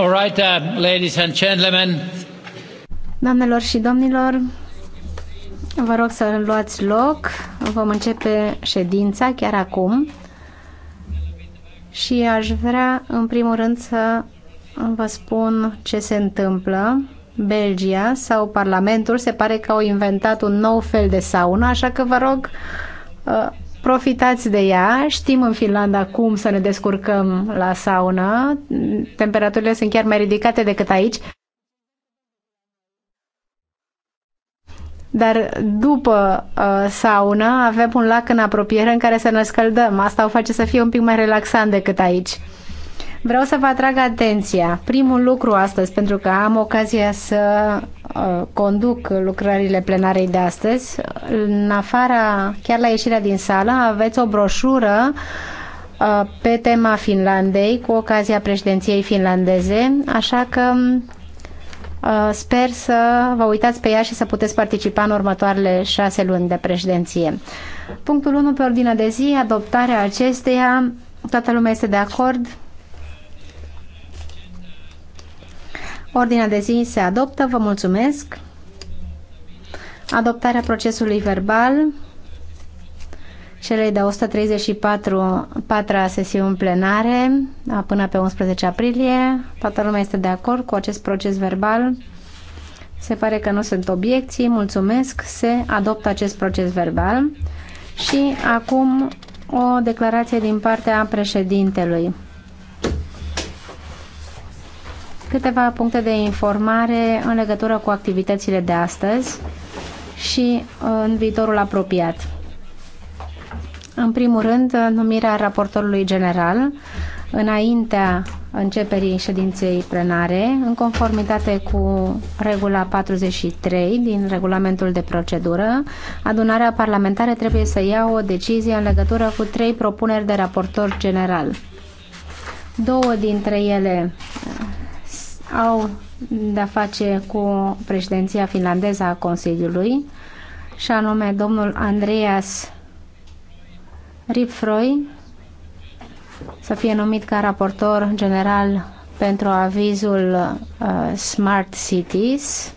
All right, uh, ladies and gentlemen. Doamnelor și domnilor, vă rog să luați loc. Vom începe ședința chiar acum. Și aș vrea, în primul rând, să vă spun ce se întâmplă. Belgia sau Parlamentul se pare că au inventat un nou fel de saună, așa că vă rog uh, profitați de ea. Știm în Finlanda cum să ne descurcăm la saună. Temperaturile sunt chiar mai ridicate decât aici. Dar după uh, sauna avem un lac în apropiere în care să ne scăldăm. Asta o face să fie un pic mai relaxant decât aici. Vreau să vă atrag atenția. Primul lucru astăzi, pentru că am ocazia să uh, conduc lucrările plenarei de astăzi, în afara, chiar la ieșirea din sală, aveți o broșură uh, pe tema Finlandei cu ocazia președinției finlandeze, așa că uh, sper să vă uitați pe ea și să puteți participa în următoarele șase luni de președinție. Punctul 1 pe ordinea de zi, adoptarea acesteia, toată lumea este de acord, Ordinea de zi se adoptă. Vă mulțumesc. Adoptarea procesului verbal celei de 134 patra sesiuni plenare până pe 11 aprilie. Toată lumea este de acord cu acest proces verbal. Se pare că nu sunt obiecții. Mulțumesc. Se adoptă acest proces verbal. Și acum o declarație din partea președintelui câteva puncte de informare în legătură cu activitățile de astăzi și uh, în viitorul apropiat. În primul rând, uh, numirea raportorului general înaintea începerii ședinței plenare, în conformitate cu regula 43 din regulamentul de procedură, adunarea parlamentară trebuie să ia o decizie în legătură cu trei propuneri de raportor general. Două dintre ele au de-a face cu președinția finlandeză a Consiliului și anume domnul Andreas Ripfroi să fie numit ca raportor general pentru avizul uh, Smart Cities,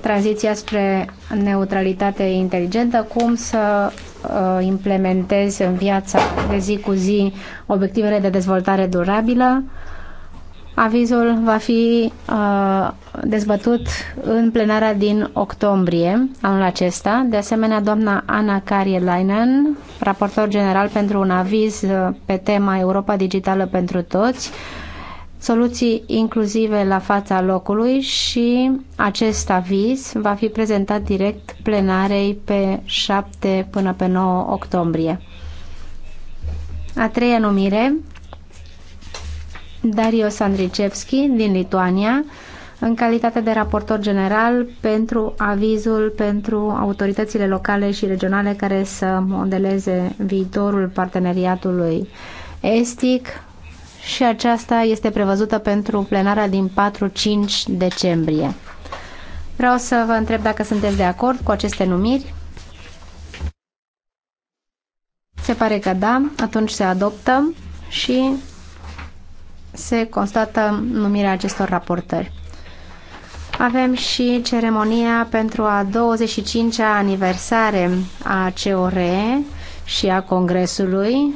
tranziția spre neutralitate inteligentă, cum să uh, implementezi în viața de zi cu zi obiectivele de dezvoltare durabilă, Avizul va fi uh, dezbătut în plenara din octombrie anul acesta. De asemenea, doamna Ana Karielainen, raportor general pentru un aviz uh, pe tema Europa Digitală pentru Toți, soluții inclusive la fața locului și acest aviz va fi prezentat direct plenarei pe 7 până pe 9 octombrie. A treia numire Darius Andricevski din Lituania, în calitate de raportor general pentru avizul pentru autoritățile locale și regionale care să modeleze viitorul parteneriatului estic și aceasta este prevăzută pentru plenarea din 4-5 decembrie. Vreau să vă întreb dacă sunteți de acord cu aceste numiri. Se pare că da, atunci se adoptă și se constată numirea acestor raportări. Avem și ceremonia pentru a 25-a aniversare a COR și a Congresului,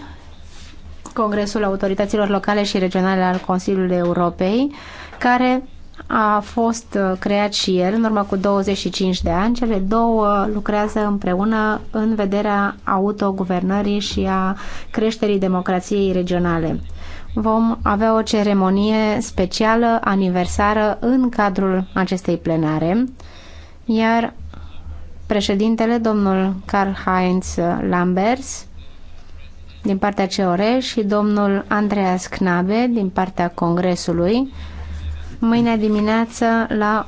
Congresul Autorităților Locale și Regionale al Consiliului Europei, care a fost creat și el în urmă cu 25 de ani. Cele două lucrează împreună în vederea autoguvernării și a creșterii democrației regionale vom avea o ceremonie specială aniversară în cadrul acestei plenare, iar președintele, domnul Karl-Heinz Lambers, din partea COR și domnul Andreas Knabe, din partea Congresului, mâine dimineață la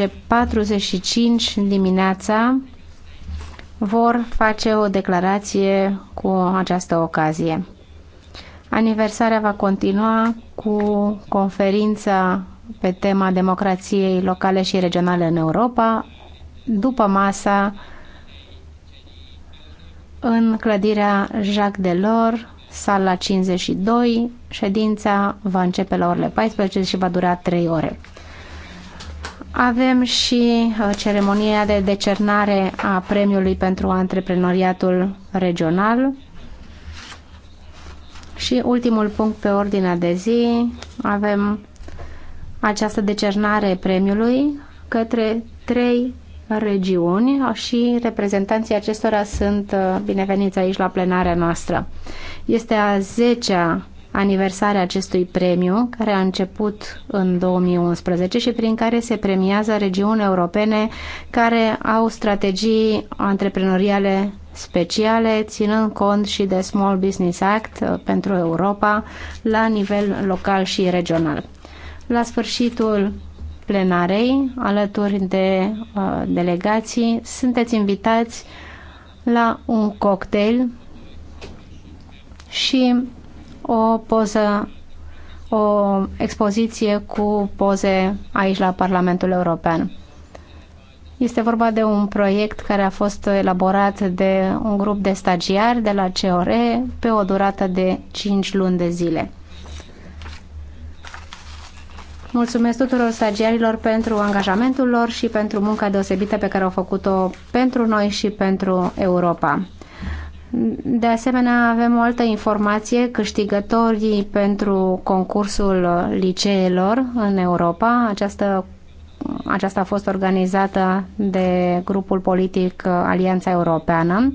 11.45 dimineața vor face o declarație cu această ocazie. Aniversarea va continua cu conferința pe tema democrației locale și regionale în Europa, după masa în clădirea Jacques Delors, sala 52, ședința va începe la orele 14 și va dura 3 ore. Avem și uh, ceremonia de decernare a premiului pentru antreprenoriatul regional, și ultimul punct pe ordinea de zi, avem această decernare premiului către trei regiuni și reprezentanții acestora sunt uh, bineveniți aici la plenarea noastră. Este a 10-a aniversare acestui premiu, care a început în 2011 și prin care se premiază regiuni europene care au strategii antreprenoriale speciale, ținând cont și de Small Business Act uh, pentru Europa la nivel local și regional. La sfârșitul plenarei, alături de uh, delegații, sunteți invitați la un cocktail și o poză, o expoziție cu poze aici la Parlamentul European. Este vorba de un proiect care a fost elaborat de un grup de stagiari de la COR pe o durată de 5 luni de zile. Mulțumesc tuturor stagiarilor pentru angajamentul lor și pentru munca deosebită pe care au făcut-o pentru noi și pentru Europa. De asemenea, avem o altă informație, câștigătorii pentru concursul liceelor în Europa. Această aceasta a fost organizată de grupul politic uh, Alianța Europeană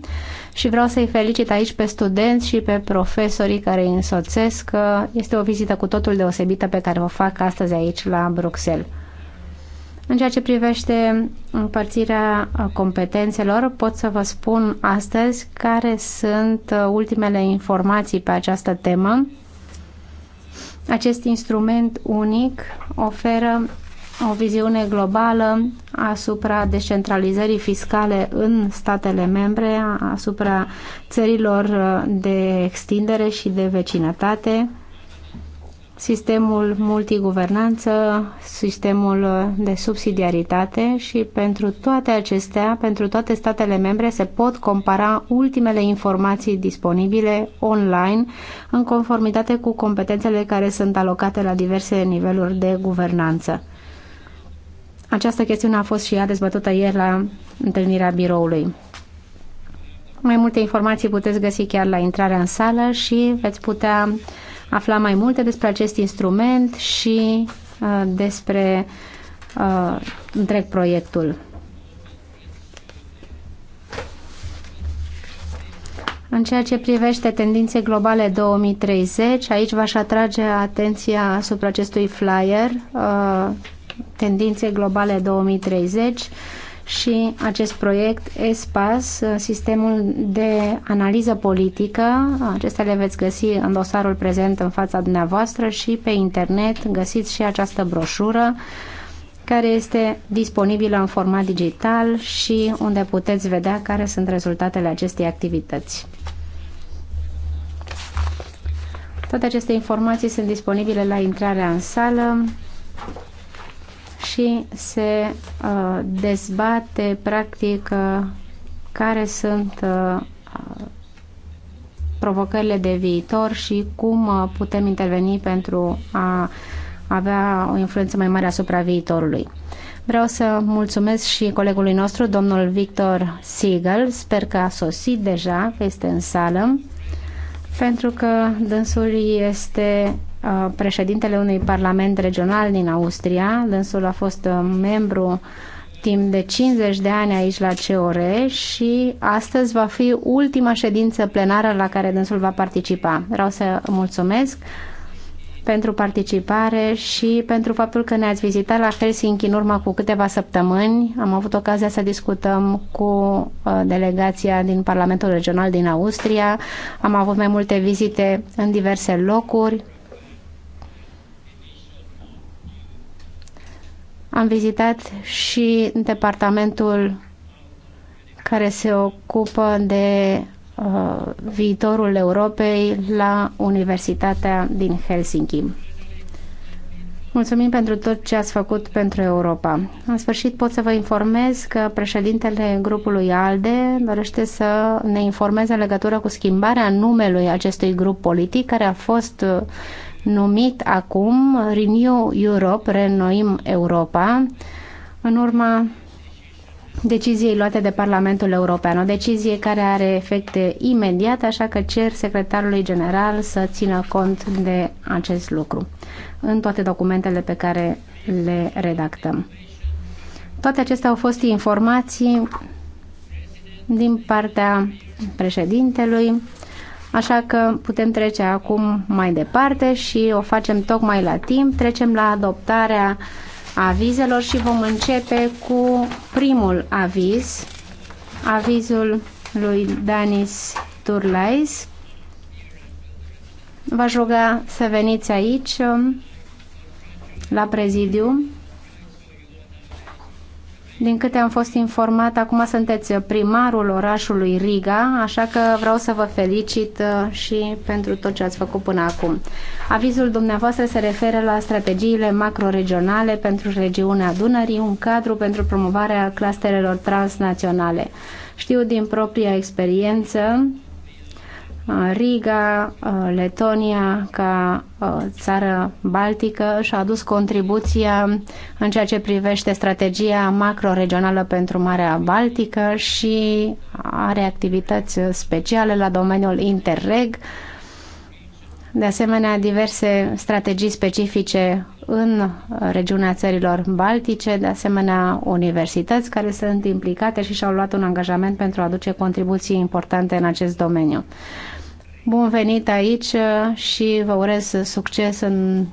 și vreau să-i felicit aici pe studenți și pe profesorii care îi însoțesc. Uh, este o vizită cu totul deosebită pe care o fac astăzi aici la Bruxelles. În ceea ce privește împărțirea uh, competențelor, pot să vă spun astăzi care sunt ultimele informații pe această temă. Acest instrument unic oferă o viziune globală asupra descentralizării fiscale în statele membre, asupra țărilor uh, de extindere și de vecinătate, sistemul multiguvernanță, sistemul uh, de subsidiaritate și pentru toate acestea, pentru toate statele membre, se pot compara ultimele informații disponibile online în conformitate cu competențele care sunt alocate la diverse niveluri de guvernanță. Această chestiune a fost și ea dezbătută ieri la întâlnirea biroului. Mai multe informații puteți găsi chiar la intrarea în sală și veți putea afla mai multe despre acest instrument și uh, despre uh, întreg proiectul. În ceea ce privește tendințe globale 2030, aici v-aș atrage atenția asupra acestui flyer uh, Tendințe Globale 2030 și acest proiect ESPAS, sistemul de analiză politică. Acestea le veți găsi în dosarul prezent în fața dumneavoastră și pe internet găsiți și această broșură care este disponibilă în format digital și unde puteți vedea care sunt rezultatele acestei activități. Toate aceste informații sunt disponibile la intrarea în sală și se uh, dezbate practic uh, care sunt uh, provocările de viitor și cum uh, putem interveni pentru a avea o influență mai mare asupra viitorului. Vreau să mulțumesc și colegului nostru, domnul Victor Siegel, sper că a sosit deja, că este în sală, pentru că dânsul este Uh, președintele unui parlament regional din Austria. Dânsul a fost uh, membru timp de 50 de ani aici la COR și astăzi va fi ultima ședință plenară la care dânsul va participa. Vreau să mulțumesc pentru participare și pentru faptul că ne-ați vizitat la Helsinki în urma cu câteva săptămâni. Am avut ocazia să discutăm cu uh, delegația din Parlamentul Regional din Austria. Am avut mai multe vizite în diverse locuri Am vizitat și departamentul care se ocupă de uh, viitorul Europei la Universitatea din Helsinki. Mulțumim pentru tot ce ați făcut pentru Europa. În sfârșit pot să vă informez că președintele grupului ALDE dorește să ne informeze în legătură cu schimbarea numelui acestui grup politic care a fost uh, numit acum Renew Europe, Renoim Europa, în urma deciziei luate de Parlamentul European, o decizie care are efecte imediate, așa că cer secretarului general să țină cont de acest lucru în toate documentele pe care le redactăm. Toate acestea au fost informații din partea președintelui Așa că putem trece acum mai departe și o facem tocmai la timp. Trecem la adoptarea avizelor și vom începe cu primul aviz, avizul lui Danis Turlais. V-aș ruga să veniți aici la prezidiu. Din câte am fost informat, acum sunteți primarul orașului Riga, așa că vreau să vă felicit uh, și pentru tot ce ați făcut până acum. Avizul dumneavoastră se referă la strategiile macroregionale pentru regiunea Dunării, un cadru pentru promovarea clusterelor transnaționale. Știu din propria experiență Riga, Letonia, ca țară baltică, și-a adus contribuția în ceea ce privește strategia macroregională pentru Marea Baltică și are activități speciale la domeniul Interreg, de asemenea diverse strategii specifice în regiunea țărilor baltice, de asemenea universități care sunt implicate și și-au luat un angajament pentru a aduce contribuții importante în acest domeniu. Bun venit aici uh, și vă urez succes în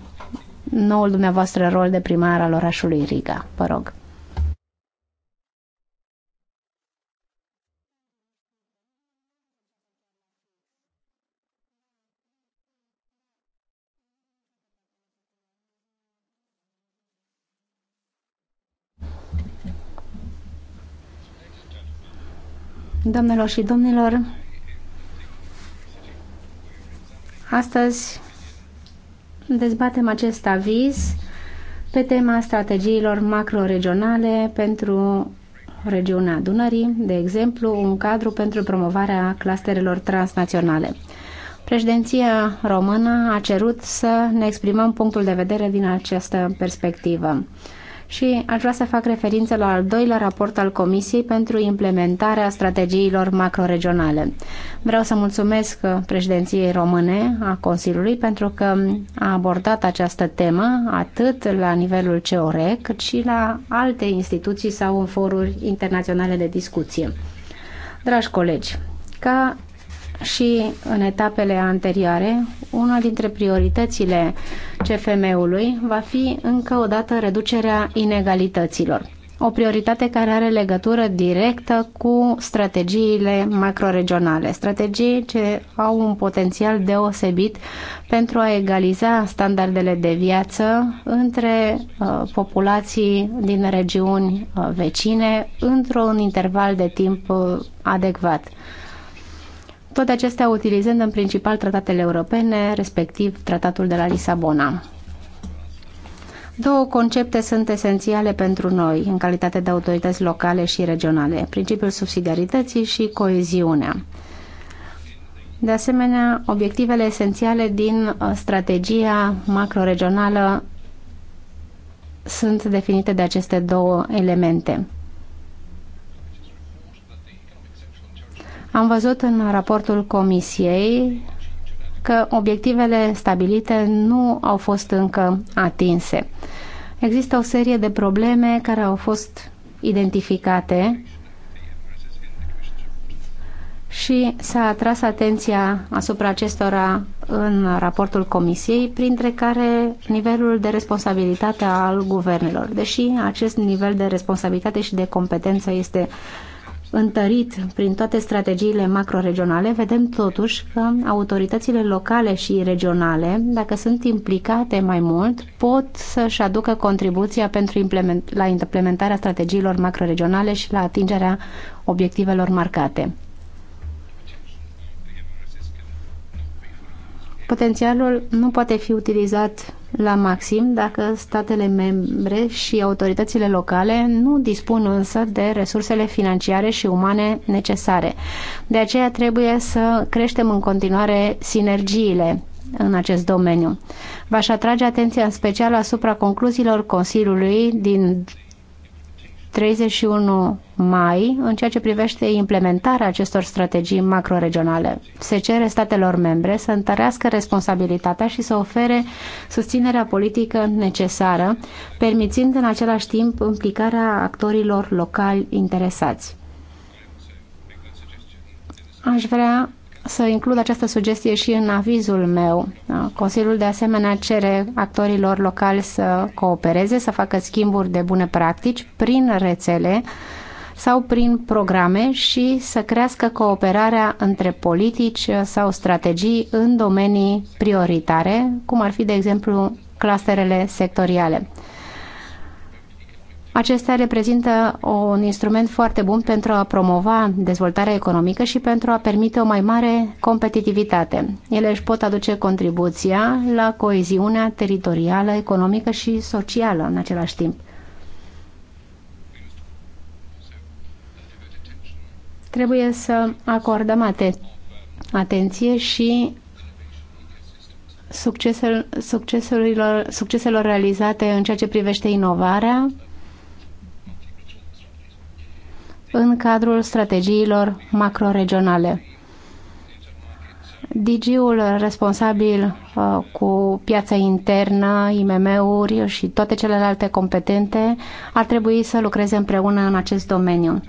noul dumneavoastră rol de primar al orașului Riga. Vă rog. Domnilor și domnilor, Astăzi dezbatem acest aviz pe tema strategiilor macroregionale pentru regiunea Dunării, de exemplu, un cadru pentru promovarea clusterelor transnaționale. Președinția română a cerut să ne exprimăm punctul de vedere din această perspectivă și aș vrea să fac referință la al doilea raport al Comisiei pentru implementarea strategiilor macroregionale. Vreau să mulțumesc președinției române a Consiliului pentru că a abordat această temă atât la nivelul COR cât și la alte instituții sau în foruri internaționale de discuție. Dragi colegi, ca și în etapele anterioare, una dintre prioritățile CFM-ului va fi încă o dată reducerea inegalităților. O prioritate care are legătură directă cu strategiile macroregionale, strategii ce au un potențial deosebit pentru a egaliza standardele de viață între uh, populații din regiuni uh, vecine într-un interval de timp uh, adecvat toate acestea utilizând în principal tratatele europene, respectiv tratatul de la Lisabona. Două concepte sunt esențiale pentru noi, în calitate de autorități locale și regionale, principiul subsidiarității și coeziunea. De asemenea, obiectivele esențiale din uh, strategia macroregională sunt definite de aceste două elemente. Am văzut în raportul Comisiei că obiectivele stabilite nu au fost încă atinse. Există o serie de probleme care au fost identificate și s-a atras atenția asupra acestora în raportul Comisiei, printre care nivelul de responsabilitate al guvernelor. Deși acest nivel de responsabilitate și de competență este uh, întărit prin toate strategiile macroregionale, vedem totuși că autoritățile locale și regionale, dacă sunt implicate mai mult, pot să-și aducă contribuția pentru implement la implementarea strategiilor macroregionale și la atingerea obiectivelor marcate. Potențialul nu poate fi utilizat la maxim dacă statele membre și autoritățile locale nu dispun însă de resursele financiare și umane necesare. De aceea trebuie să creștem în continuare sinergiile în acest domeniu. V-aș atrage atenția în special asupra concluziilor Consiliului din 31 mai în ceea ce privește implementarea acestor strategii macroregionale. Se cere statelor membre să întărească responsabilitatea și să ofere susținerea politică necesară, permițind în același timp implicarea actorilor locali interesați. Aș vrea să includ această sugestie și în avizul meu. Consiliul de asemenea cere actorilor locali să coopereze, să facă schimburi de bune practici prin rețele sau prin programe și să crească cooperarea între politici sau strategii în domenii prioritare, cum ar fi, de exemplu, clusterele sectoriale. Acestea reprezintă un instrument foarte bun pentru a promova dezvoltarea economică și pentru a permite o mai mare competitivitate. Ele își pot aduce contribuția la coeziunea teritorială, economică și socială în același timp. Trebuie să acordăm atenție și succeselor, succeselor realizate în ceea ce privește inovarea, în cadrul strategiilor macroregionale. DG-ul responsabil uh, cu piața internă, IMM-uri și toate celelalte competente ar trebui să lucreze împreună în acest domeniu.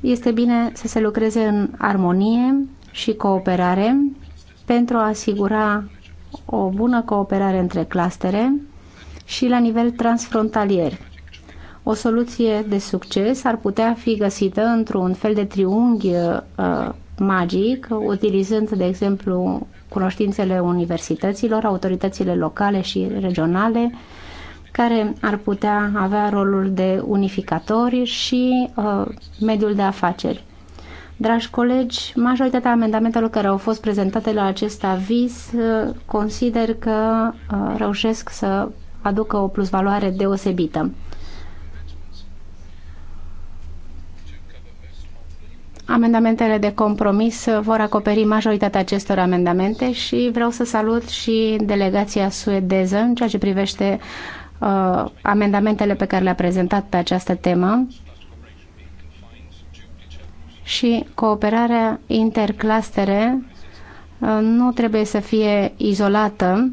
Este bine să se lucreze în armonie și cooperare pentru a asigura o bună cooperare între clastere și la nivel transfrontalier o soluție de succes ar putea fi găsită într-un fel de triunghi uh, magic, utilizând, de exemplu, cunoștințele universităților, autoritățile locale și regionale, care ar putea avea rolul de unificatori și uh, mediul de afaceri. Dragi colegi, majoritatea amendamentelor care au fost prezentate la acest aviz uh, consider că uh, reușesc să aducă o plusvaloare deosebită. Amendamentele de compromis vor acoperi majoritatea acestor amendamente și vreau să salut și delegația suedeză în ceea ce privește uh, amendamentele pe care le-a prezentat pe această temă și cooperarea interclastere uh, nu trebuie să fie izolată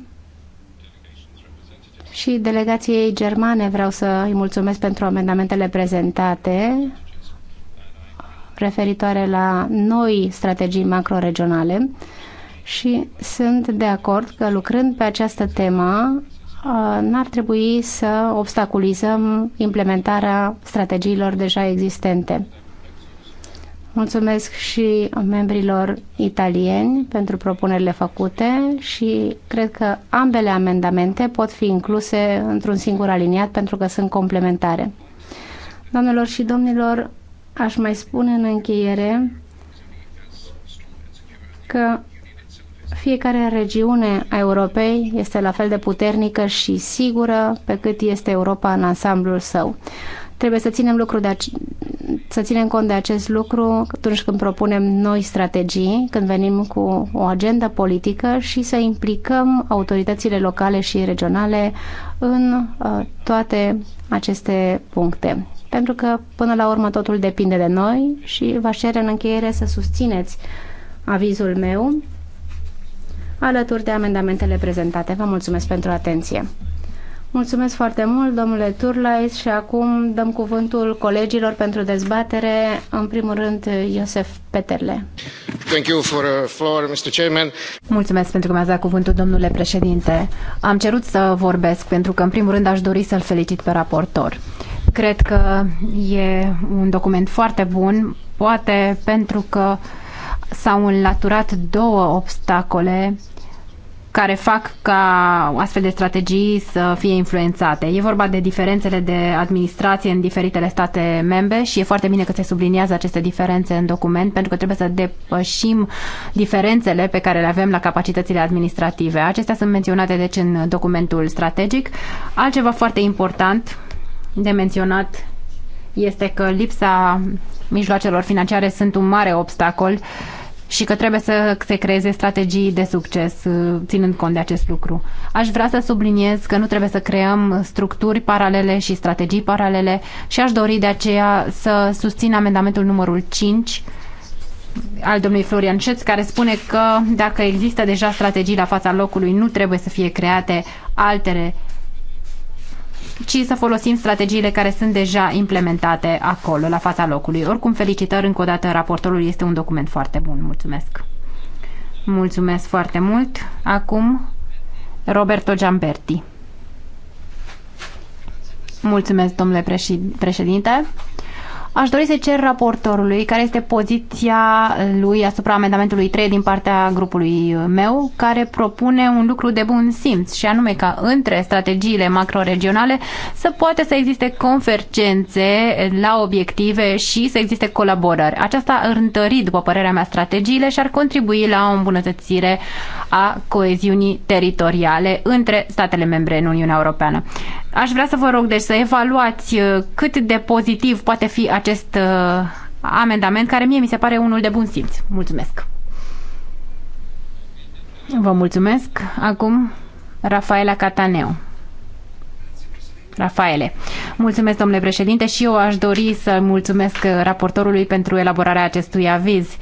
și delegației germane vreau să îi mulțumesc pentru amendamentele prezentate referitoare la noi strategii macroregionale și sunt de acord că lucrând pe această temă uh, n-ar trebui să obstaculizăm implementarea strategiilor deja existente. Mulțumesc și membrilor italieni pentru propunerile făcute și cred că ambele amendamente pot fi incluse într-un singur aliniat pentru că sunt complementare. Doamnelor și domnilor, Aș mai spune în încheiere că fiecare regiune a Europei este la fel de puternică și sigură pe cât este Europa în ansamblul său. Trebuie să ținem, lucru de să ținem cont de acest lucru atunci când propunem noi strategii, când venim cu o agendă politică și să implicăm autoritățile locale și regionale în uh, toate aceste puncte pentru că până la urmă totul depinde de noi și vă cer în încheiere să susțineți avizul meu alături de amendamentele prezentate. Vă mulțumesc pentru atenție. Mulțumesc foarte mult, domnule Turlais, și acum dăm cuvântul colegilor pentru dezbatere, în primul rând Iosef Peterle. Thank you for the uh, floor, Mr. Chairman. Mulțumesc pentru că mi-ați dat cuvântul, domnule președinte. Am cerut să vorbesc pentru că, în primul rând, aș dori să-l felicit pe raportor. Cred că e un document foarte bun, poate pentru că s-au înlaturat două obstacole care fac ca astfel de strategii să fie influențate. E vorba de diferențele de administrație în diferitele state membre și e foarte bine că se subliniază aceste diferențe în document pentru că trebuie să depășim diferențele pe care le avem la capacitățile administrative. Acestea sunt menționate deci în documentul strategic. Altceva foarte important de menționat este că lipsa mijloacelor financiare sunt un mare obstacol și că trebuie să se creeze strategii de succes uh, ținând cont de acest lucru. Aș vrea să subliniez că nu trebuie să creăm structuri paralele și strategii paralele și aș dori de aceea să susțin amendamentul numărul 5 al domnului Florian Șeț, care spune că dacă există deja strategii la fața locului, nu trebuie să fie create altele ci să folosim strategiile care sunt deja implementate acolo, la fața locului. Oricum, felicitări încă o dată raportorul, este un document foarte bun. Mulțumesc! Mulțumesc foarte mult! Acum, Roberto Giamberti. Mulțumesc, domnule președinte. Aș dori să cer raportorului care este poziția lui asupra amendamentului 3 din partea grupului meu, care propune un lucru de bun simț și anume ca între strategiile macroregionale să poate să existe convergențe la obiective și să existe colaborări. Aceasta ar întări, după părerea mea, strategiile și ar contribui la o îmbunătățire a coeziunii teritoriale între statele membre în Uniunea Europeană. Aș vrea să vă rog deci să evaluați cât de pozitiv poate fi acest uh, amendament care mie mi se pare unul de bun simț. Mulțumesc! Vă mulțumesc. Acum, Rafaela Cataneu. Rafaele. Mulțumesc, domnule președinte, și eu aș dori să mulțumesc uh, raportorului pentru elaborarea acestui aviz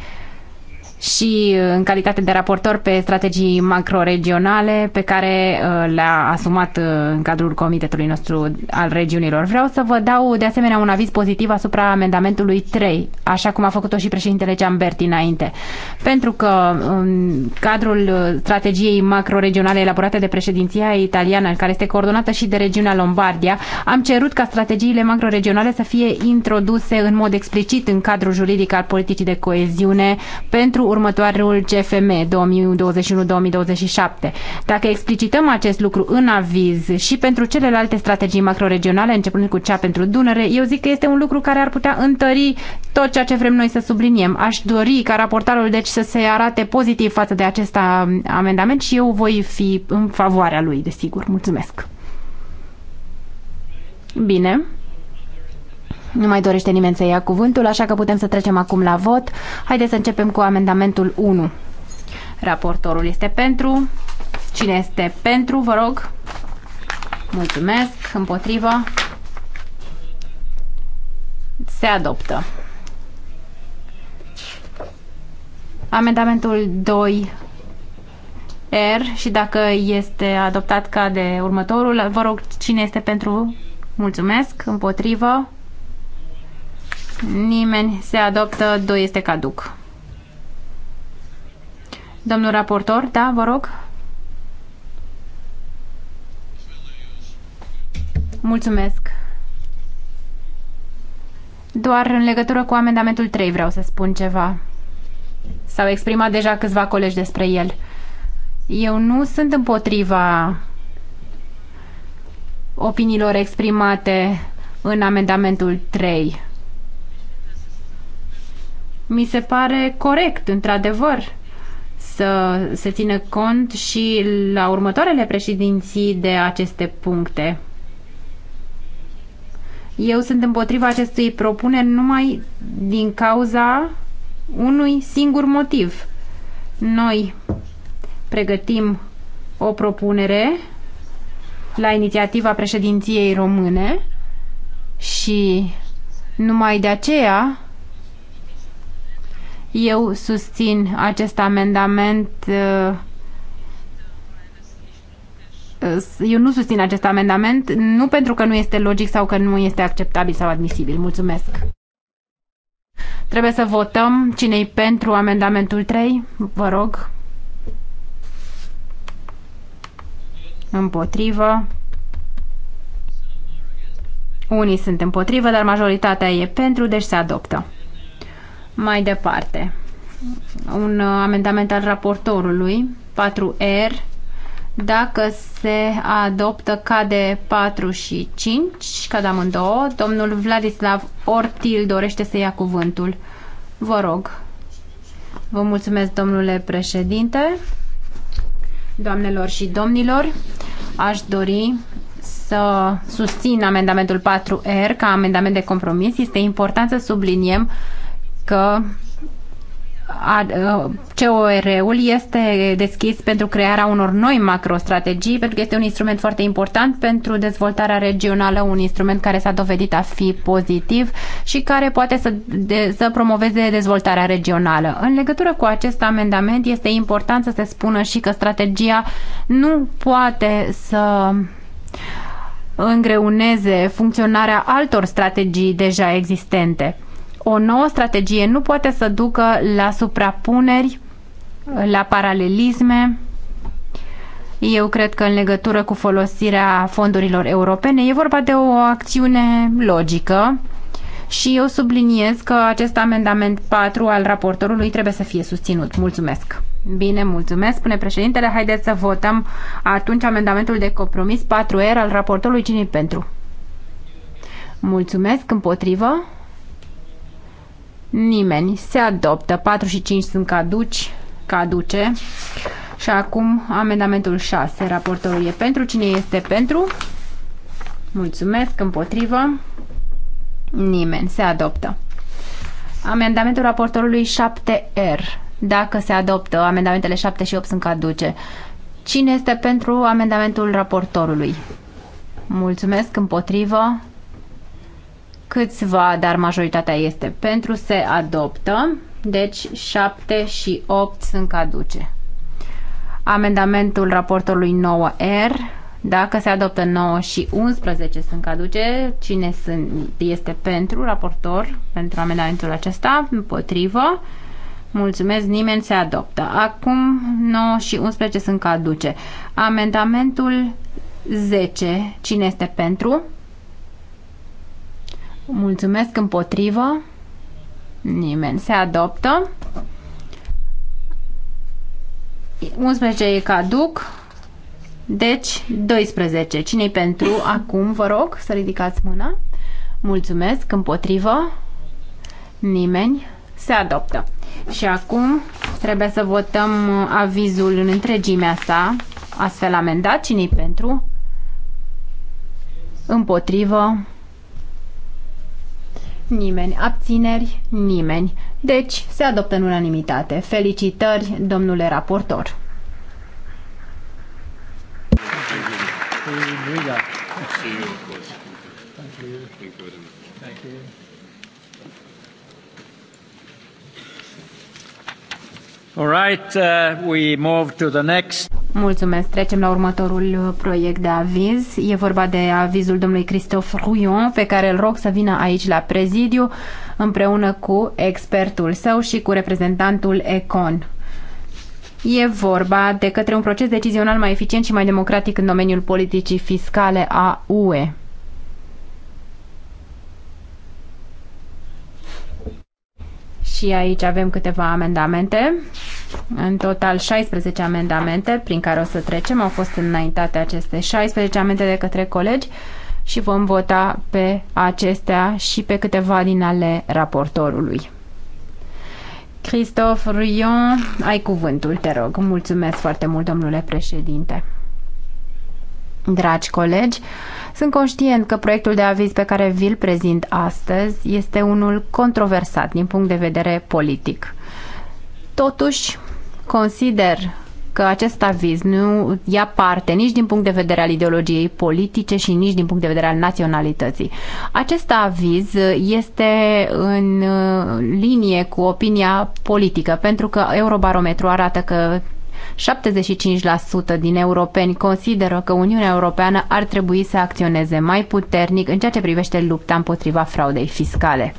și uh, în calitate de raportor pe strategii macroregionale pe care uh, le-a asumat uh, în cadrul comitetului nostru al regiunilor. Vreau să vă dau de asemenea un aviz pozitiv asupra amendamentului 3, așa cum a făcut-o și președintele Ciamberti înainte. Pentru că în cadrul strategiei macroregionale elaborate de președinția italiană, care este coordonată și de regiunea Lombardia, am cerut ca strategiile macroregionale să fie introduse în mod explicit în cadrul juridic al politicii de coeziune pentru următoarul CFM 2021-2027. Dacă explicităm acest lucru în aviz și pentru celelalte strategii macroregionale, începând cu cea pentru Dunăre, eu zic că este un lucru care ar putea întări tot ceea ce vrem noi să subliniem. Aș dori ca raportarul deci să se arate pozitiv față de acest amendament și eu voi fi în favoarea lui, desigur. Mulțumesc! Bine. Nu mai dorește nimeni să ia cuvântul, așa că putem să trecem acum la vot. Haideți să începem cu amendamentul 1. Raportorul este pentru. Cine este pentru, vă rog? Mulțumesc. Împotriva. Se adoptă. Amendamentul 2 R și dacă este adoptat ca de următorul, vă rog cine este pentru, mulțumesc, împotrivă, Nimeni se adoptă, doi este caduc. Domnul raportor, da, vă rog. Mulțumesc. Doar în legătură cu amendamentul 3 vreau să spun ceva. S-au exprimat deja câțiva colegi despre el. Eu nu sunt împotriva opiniilor exprimate în amendamentul 3 mi se pare corect, într-adevăr, să se țină cont și la următoarele președinții de aceste puncte. Eu sunt împotriva acestui propuneri numai din cauza unui singur motiv. Noi pregătim o propunere la inițiativa președinției române și numai de aceea eu susțin acest amendament uh, eu nu susțin acest amendament, nu pentru că nu este logic sau că nu este acceptabil sau admisibil. Mulțumesc. Trebuie să votăm. Cine-i pentru amendamentul 3? Vă rog. Împotrivă. Unii sunt împotrivă, dar majoritatea e pentru, deci se adoptă. Mai departe, un uh, amendament al raportorului, 4R, dacă se adoptă cade 4 și 5, cad amândouă, domnul Vladislav Ortil dorește să ia cuvântul. Vă rog. Vă mulțumesc, domnule președinte, doamnelor și domnilor. Aș dori să susțin amendamentul 4R ca amendament de compromis. Este important să subliniem uh, că uh, COR-ul este deschis pentru crearea unor noi macrostrategii, pentru că este un instrument foarte important pentru dezvoltarea regională, un instrument care s-a dovedit a fi pozitiv și care poate să, de, să promoveze dezvoltarea regională. În legătură cu acest amendament, este important să se spună și că strategia nu poate să îngreuneze funcționarea altor strategii deja existente o nouă strategie nu poate să ducă la suprapuneri, la paralelisme. Eu cred că în legătură cu folosirea fondurilor europene e vorba de o acțiune logică și eu subliniez că acest amendament 4 al raportorului trebuie să fie susținut. Mulțumesc! Bine, mulțumesc, spune președintele. Haideți să votăm atunci amendamentul de compromis 4R al raportorului. cine pentru? Mulțumesc, împotrivă. Nimeni. Se adoptă. 4 și 5 sunt caduci. Caduce. Și acum amendamentul 6. Raportorul e pentru. Cine este pentru? Mulțumesc. Împotrivă. Nimeni. Se adoptă. Amendamentul raportorului 7R. Dacă se adoptă, amendamentele 7 și 8 sunt caduce. Cine este pentru amendamentul raportorului? Mulțumesc. Împotrivă câțiva, dar majoritatea este pentru, se adoptă. Deci 7 și 8 sunt caduce. Amendamentul raportului 9R, dacă se adoptă 9 și 11 sunt caduce, cine sunt, este pentru raportor, pentru amendamentul acesta, împotrivă. Mulțumesc, nimeni se adoptă. Acum 9 și 11 sunt caduce. Amendamentul 10, cine este pentru? Mulțumesc împotrivă. Nimeni se adoptă. 11 e caduc. Deci 12. cine pentru acum? Vă rog să ridicați mâna. Mulțumesc împotrivă. Nimeni se adoptă. Și acum trebuie să votăm uh, avizul în întregimea sa, astfel amendat. Cine-i pentru? Împotrivă. Nimeni. Abțineri? Nimeni. Deci, se adoptă în unanimitate. Felicitări, domnule raportor. Thank you. All right, uh, we move to the next. Mulțumesc. Trecem la următorul uh, proiect de aviz. E vorba de avizul domnului Christophe Rouillon, pe care îl rog să vină aici la prezidiu împreună cu expertul său și cu reprezentantul Econ. E vorba de către un proces decizional mai eficient și mai democratic în domeniul politicii fiscale a UE. Și aici avem câteva amendamente, în total 16 amendamente prin care o să trecem. Au fost înaintate aceste 16 amendamente de către colegi și vom vota pe acestea și pe câteva din ale raportorului. Christophe Ruyon, ai cuvântul, te rog. Mulțumesc foarte mult, domnule președinte. Dragi colegi, sunt conștient că proiectul de aviz pe care vi-l prezint astăzi este unul controversat din punct de vedere politic. Totuși, consider că acest aviz nu ia parte nici din punct de vedere al ideologiei politice și nici din punct de vedere al naționalității. Acest aviz este în linie cu opinia politică, pentru că Eurobarometru arată că 75% din europeni consideră că Uniunea Europeană ar trebui să acționeze mai puternic în ceea ce privește lupta împotriva fraudei fiscale.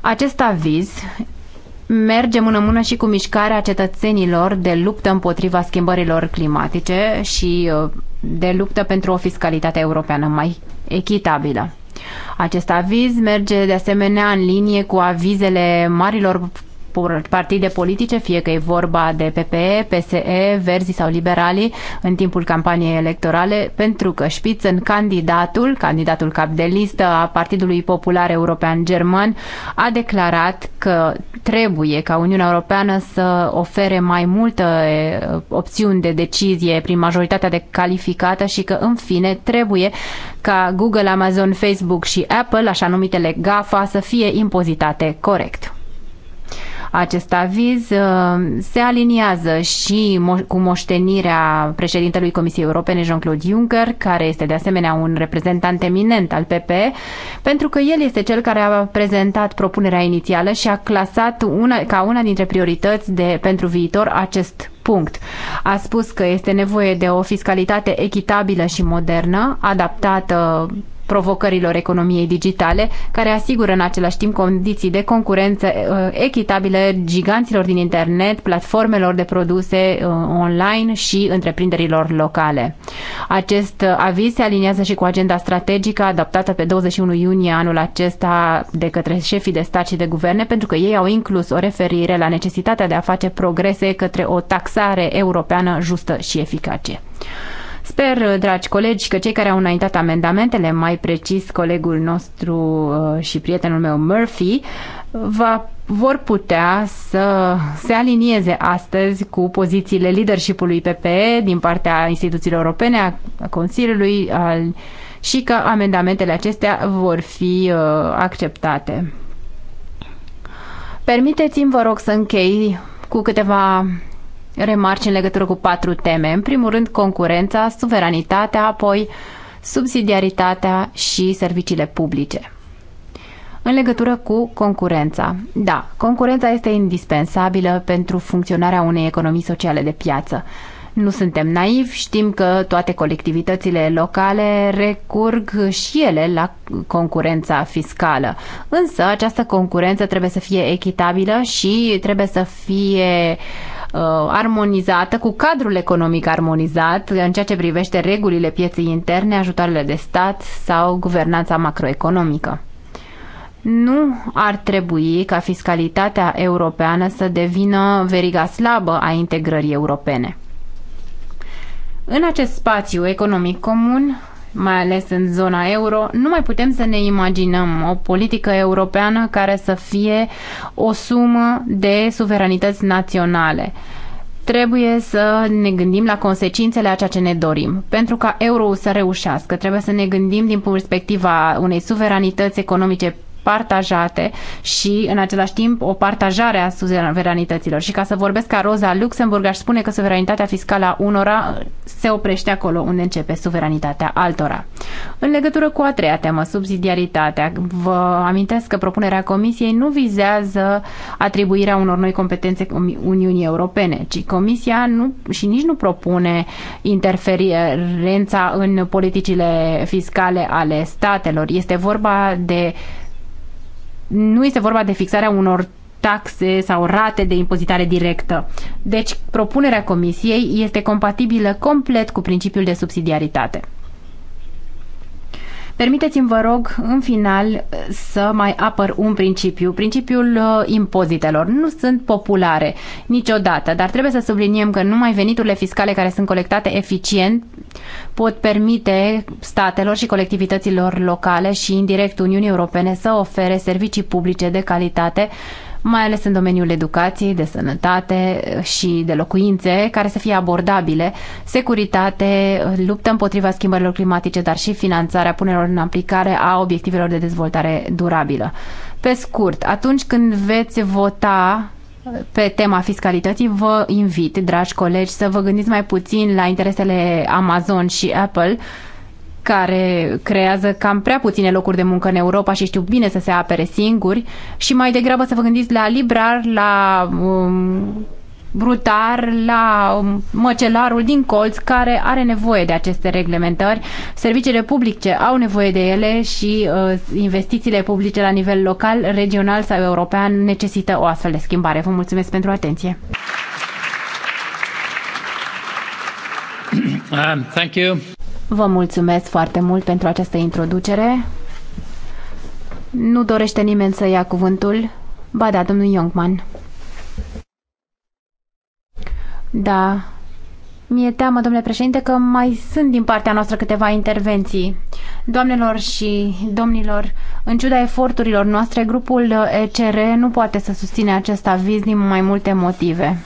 Acest aviz merge mână-mână și cu mișcarea cetățenilor de luptă împotriva schimbărilor climatice și uh, de luptă pentru o fiscalitate europeană mai echitabilă. Acest aviz merge de asemenea în linie cu avizele marilor partide politice, fie că e vorba de PPE, PSE, Verzi sau Liberalii, în timpul campaniei electorale, pentru că în candidatul, candidatul cap de listă a Partidului Popular European German, a declarat că trebuie ca Uniunea Europeană să ofere mai multe opțiuni de decizie prin majoritatea de calificată și că, în fine, trebuie ca Google, Amazon, Facebook și Apple, așa numitele GAFA, să fie impozitate corect. Acest aviz uh, se aliniază și cu moștenirea președintelui Comisiei Europene, Jean-Claude Juncker, care este de asemenea un reprezentant eminent al PP, pentru că el este cel care a prezentat propunerea inițială și a clasat una, ca una dintre priorități de, pentru viitor acest punct. A spus că este nevoie de o fiscalitate echitabilă și modernă, adaptată provocărilor economiei digitale, care asigură în același timp condiții de concurență uh, echitabile giganților din internet, platformelor de produse uh, online și întreprinderilor locale. Acest uh, aviz se aliniază și cu agenda strategică adoptată pe 21 iunie anul acesta de către șefii de stat și de guverne, pentru că ei au inclus o referire la necesitatea de a face progrese către o taxare europeană justă și eficace. Sper, dragi colegi, că cei care au înaintat amendamentele, mai precis colegul nostru uh, și prietenul meu Murphy, va, vor putea să se alinieze astăzi cu pozițiile leadership-ului PPE din partea instituțiilor europene, a Consiliului al, și că amendamentele acestea vor fi uh, acceptate. Permiteți-mi, vă rog, să închei cu câteva remarci în legătură cu patru teme. În primul rând, concurența, suveranitatea, apoi subsidiaritatea și serviciile publice. În legătură cu concurența. Da, concurența este indispensabilă pentru funcționarea unei economii sociale de piață. Nu suntem naivi, știm că toate colectivitățile locale recurg și ele la concurența fiscală. Însă această concurență trebuie să fie echitabilă și trebuie să fie uh, Uh, armonizată, cu cadrul economic armonizat în ceea ce privește regulile pieței interne, ajutoarele de stat sau guvernanța macroeconomică. Nu ar trebui ca fiscalitatea europeană să devină veriga slabă a integrării europene. În acest spațiu economic comun, mai ales în zona euro, nu mai putem să ne imaginăm o politică europeană care să fie o sumă de suveranități naționale trebuie să ne gândim la consecințele a ceea ce ne dorim. Pentru ca euro să reușească, trebuie să ne gândim din perspectiva unei suveranități economice partajate și, în același timp, o partajare a suveranităților. Și ca să vorbesc ca Roza Luxemburg, aș spune că suveranitatea fiscală a unora se oprește acolo unde începe suveranitatea altora. În legătură cu a treia temă, subsidiaritatea, vă amintesc că propunerea Comisiei nu vizează atribuirea unor noi competențe Uniunii Europene, ci Comisia nu, și nici nu propune interferența în politicile fiscale ale statelor. Este vorba de nu este vorba de fixarea unor taxe sau rate de impozitare directă. Deci, propunerea Comisiei este compatibilă complet cu principiul de subsidiaritate. Permiteți-mi, vă rog, în final eh, să mai apăr un principiu, principiul eh, impozitelor. Nu sunt populare niciodată, dar trebuie să subliniem că numai veniturile fiscale care sunt colectate eficient pot permite statelor și colectivităților locale și indirect Uniunii Europene să ofere servicii publice de calitate mai ales în domeniul educației, de sănătate uh, și de locuințe, care să fie abordabile, securitate, uh, luptă împotriva schimbărilor climatice, dar și finanțarea punerilor în aplicare a obiectivelor de dezvoltare durabilă. Pe scurt, atunci când veți vota uh, pe tema fiscalității, vă invit, dragi colegi, să vă gândiți mai puțin la interesele Amazon și Apple, care creează cam prea puține locuri de muncă în Europa și știu bine să se apere singuri și mai degrabă să vă gândiți la librar, la um, brutar, la um, măcelarul din colț care are nevoie de aceste reglementări. Serviciile publice au nevoie de ele și uh, investițiile publice la nivel local, regional sau european necesită o astfel de schimbare. Vă mulțumesc pentru atenție. Um, thank you. Vă mulțumesc foarte mult pentru această introducere. Nu dorește nimeni să ia cuvântul? Ba da, domnul Youngman. Da. Mi-e teamă, domnule președinte, că mai sunt din partea noastră câteva intervenții. Doamnelor și domnilor, în ciuda eforturilor noastre, grupul ECR nu poate să susține acest aviz din mai multe motive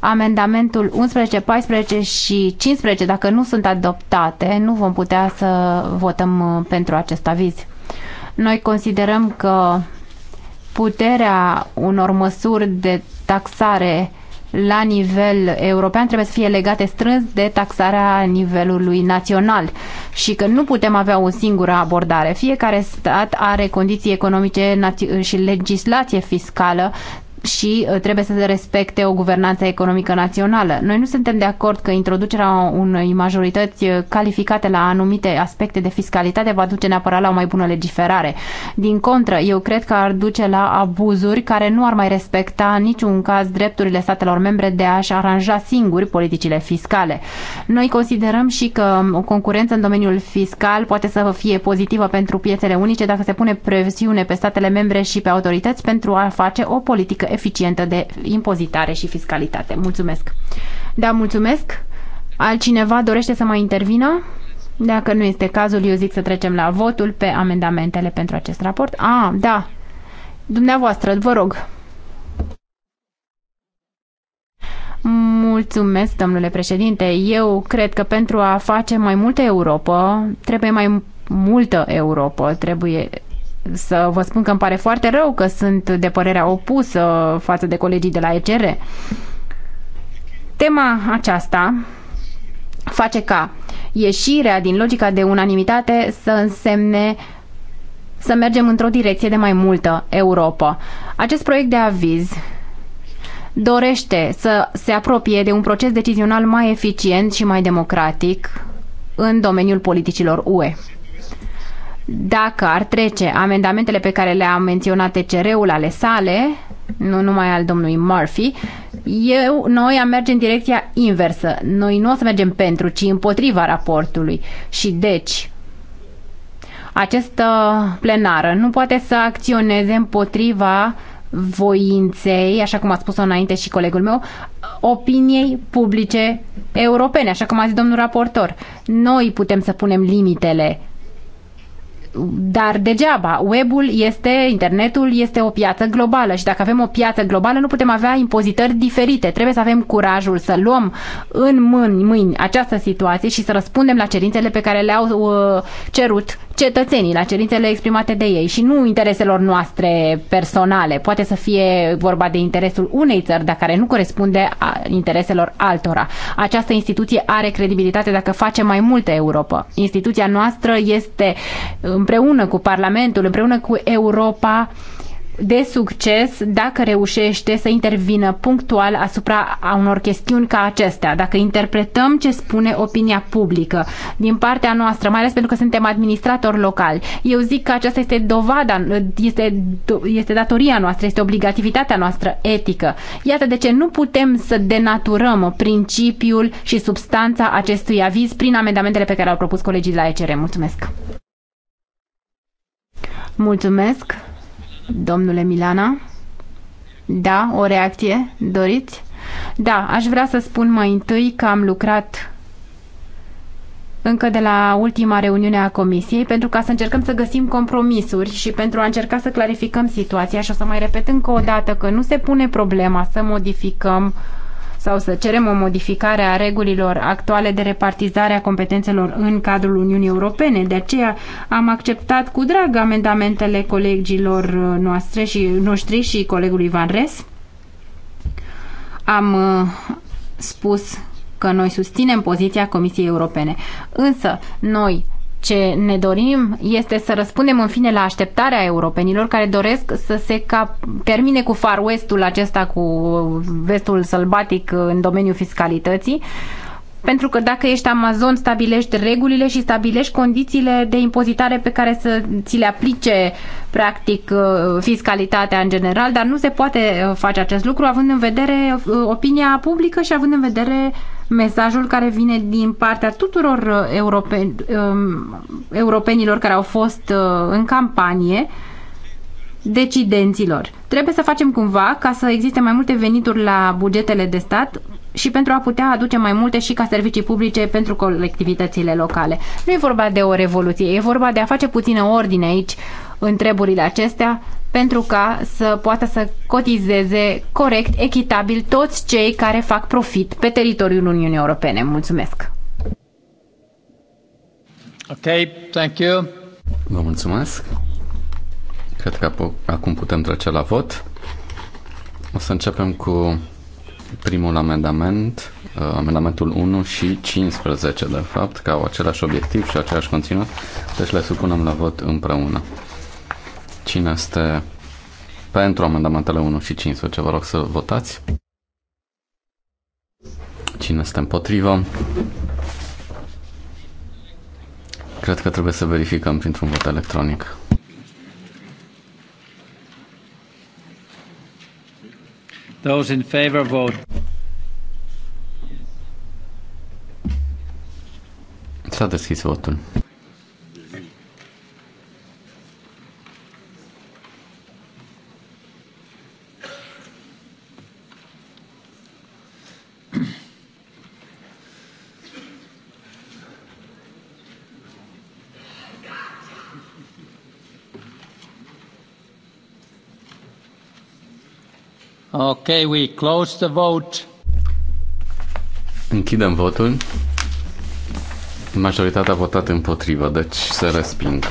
amendamentul 11, 14 și 15, dacă nu sunt adoptate, nu vom putea să votăm uh, pentru acest aviz. Noi considerăm că puterea unor măsuri de taxare la nivel european trebuie să fie legate strâns de taxarea nivelului național și că nu putem avea o singură abordare. Fiecare stat are condiții economice și legislație fiscală și uh, trebuie să se respecte o guvernanță economică națională. Noi nu suntem de acord că introducerea unei majorități uh, calificate la anumite aspecte de fiscalitate va duce neapărat la o mai bună legiferare. Din contră, eu cred că ar duce la abuzuri care nu ar mai respecta în niciun caz drepturile statelor membre de a-și aranja singuri politicile fiscale. Noi considerăm și că um, o concurență în domeniul fiscal poate să fie pozitivă pentru piețele unice dacă se pune presiune pe statele membre și pe autorități pentru a face o politică eficientă de impozitare și fiscalitate. Mulțumesc! Da, mulțumesc! Altcineva dorește să mai intervină? Dacă nu este cazul, eu zic să trecem la votul pe amendamentele pentru acest raport. A, ah, da. Dumneavoastră, vă rog. Mulțumesc, domnule președinte. Eu cred că pentru a face mai multă Europa, trebuie mai multă Europa, trebuie să vă spun că îmi pare foarte rău că sunt de părerea opusă față de colegii de la ECR. Tema aceasta face ca ieșirea din logica de unanimitate să însemne să mergem într-o direcție de mai multă Europa. Acest proiect de aviz dorește să se apropie de un proces decizional mai eficient și mai democratic în domeniul politicilor UE dacă ar trece amendamentele pe care le-a menționat ECR-ul ale sale, nu numai al domnului Murphy, eu, noi am merge în direcția inversă. Noi nu o să mergem pentru, ci împotriva raportului. Și deci, această plenară nu poate să acționeze împotriva voinței, așa cum a spus-o înainte și colegul meu, opiniei publice europene, așa cum a zis domnul raportor. Noi putem să punem limitele dar degeaba. Webul este, internetul este o piață globală și dacă avem o piață globală nu putem avea impozitări diferite. Trebuie să avem curajul să luăm în mâini, mâini această situație și să răspundem la cerințele pe care le-au uh, cerut cetățenii, la cerințele exprimate de ei și nu intereselor noastre personale. Poate să fie vorba de interesul unei țări, dar care nu corespunde a intereselor altora. Această instituție are credibilitate dacă face mai multă Europa. Instituția noastră este împreună cu Parlamentul, împreună cu Europa, de succes dacă reușește să intervină punctual asupra a unor chestiuni ca acestea, dacă interpretăm ce spune opinia publică din partea noastră, mai ales pentru că suntem administratori locali. Eu zic că aceasta este dovada, este, este datoria noastră, este obligativitatea noastră etică. Iată de ce nu putem să denaturăm principiul și substanța acestui aviz prin amendamentele pe care au propus colegii de la ECR. Mulțumesc! Mulțumesc! Domnule Milana? Da, o reacție? Doriți? Da, aș vrea să spun mai întâi că am lucrat încă de la ultima reuniune a comisiei pentru ca să încercăm să găsim compromisuri și pentru a încerca să clarificăm situația și o să mai repet încă o dată că nu se pune problema să modificăm uh, sau să cerem o modificare a regulilor actuale de repartizare a competențelor în cadrul Uniunii Europene. De aceea am acceptat cu drag amendamentele colegilor uh, noastre și, noștri și colegului Van Res. Am uh, spus că noi susținem poziția Comisiei Europene. Însă, noi ce ne dorim este să răspundem în fine la așteptarea europenilor care doresc să se cap- termine cu Far West-ul acesta, cu vestul sălbatic în domeniul fiscalității, pentru că dacă ești Amazon, stabilești regulile și stabilești condițiile de impozitare pe care să ți le aplice, practic, uh, fiscalitatea în general, dar nu se poate uh, face acest lucru având în vedere uh, opinia publică și având în vedere mesajul care vine din partea tuturor uh, europeni, um, europenilor care au fost uh, în campanie, decidenților. Trebuie să facem cumva ca să existe mai multe venituri la bugetele de stat și pentru a putea aduce mai multe și ca servicii publice pentru colectivitățile locale. Nu e vorba de o revoluție, e vorba de a face puțină ordine aici în treburile acestea pentru ca să poată să cotizeze corect, echitabil toți cei care fac profit pe teritoriul Uniunii Europene. Mulțumesc! Ok, thank you. Vă mulțumesc. Cred că acum putem trece la vot. O să începem cu primul amendament, uh, amendamentul 1 și 15, de fapt, că au același obiectiv și același conținut, deci le supunem la vot împreună. Cine este pentru amendamentele 1 și 15? Vă rog să votați. Cine este împotrivă? Cred că trebuie să verificăm printr-un vot electronic. Those in favor vote. S-a deschis votul. Okay, we close the vote. Închidem votul. Majoritatea a votat împotrivă, deci se resping.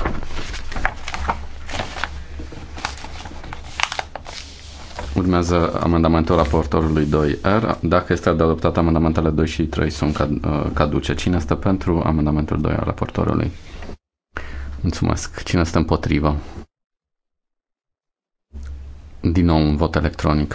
Urmează amendamentul raportorului 2R. Dacă este adoptat, amendamentele 2 și 3 sunt uh, caduce. Cine este pentru amendamentul 2 al raportorului? Mulțumesc. Cine este împotrivă? Din nou un vot electronic.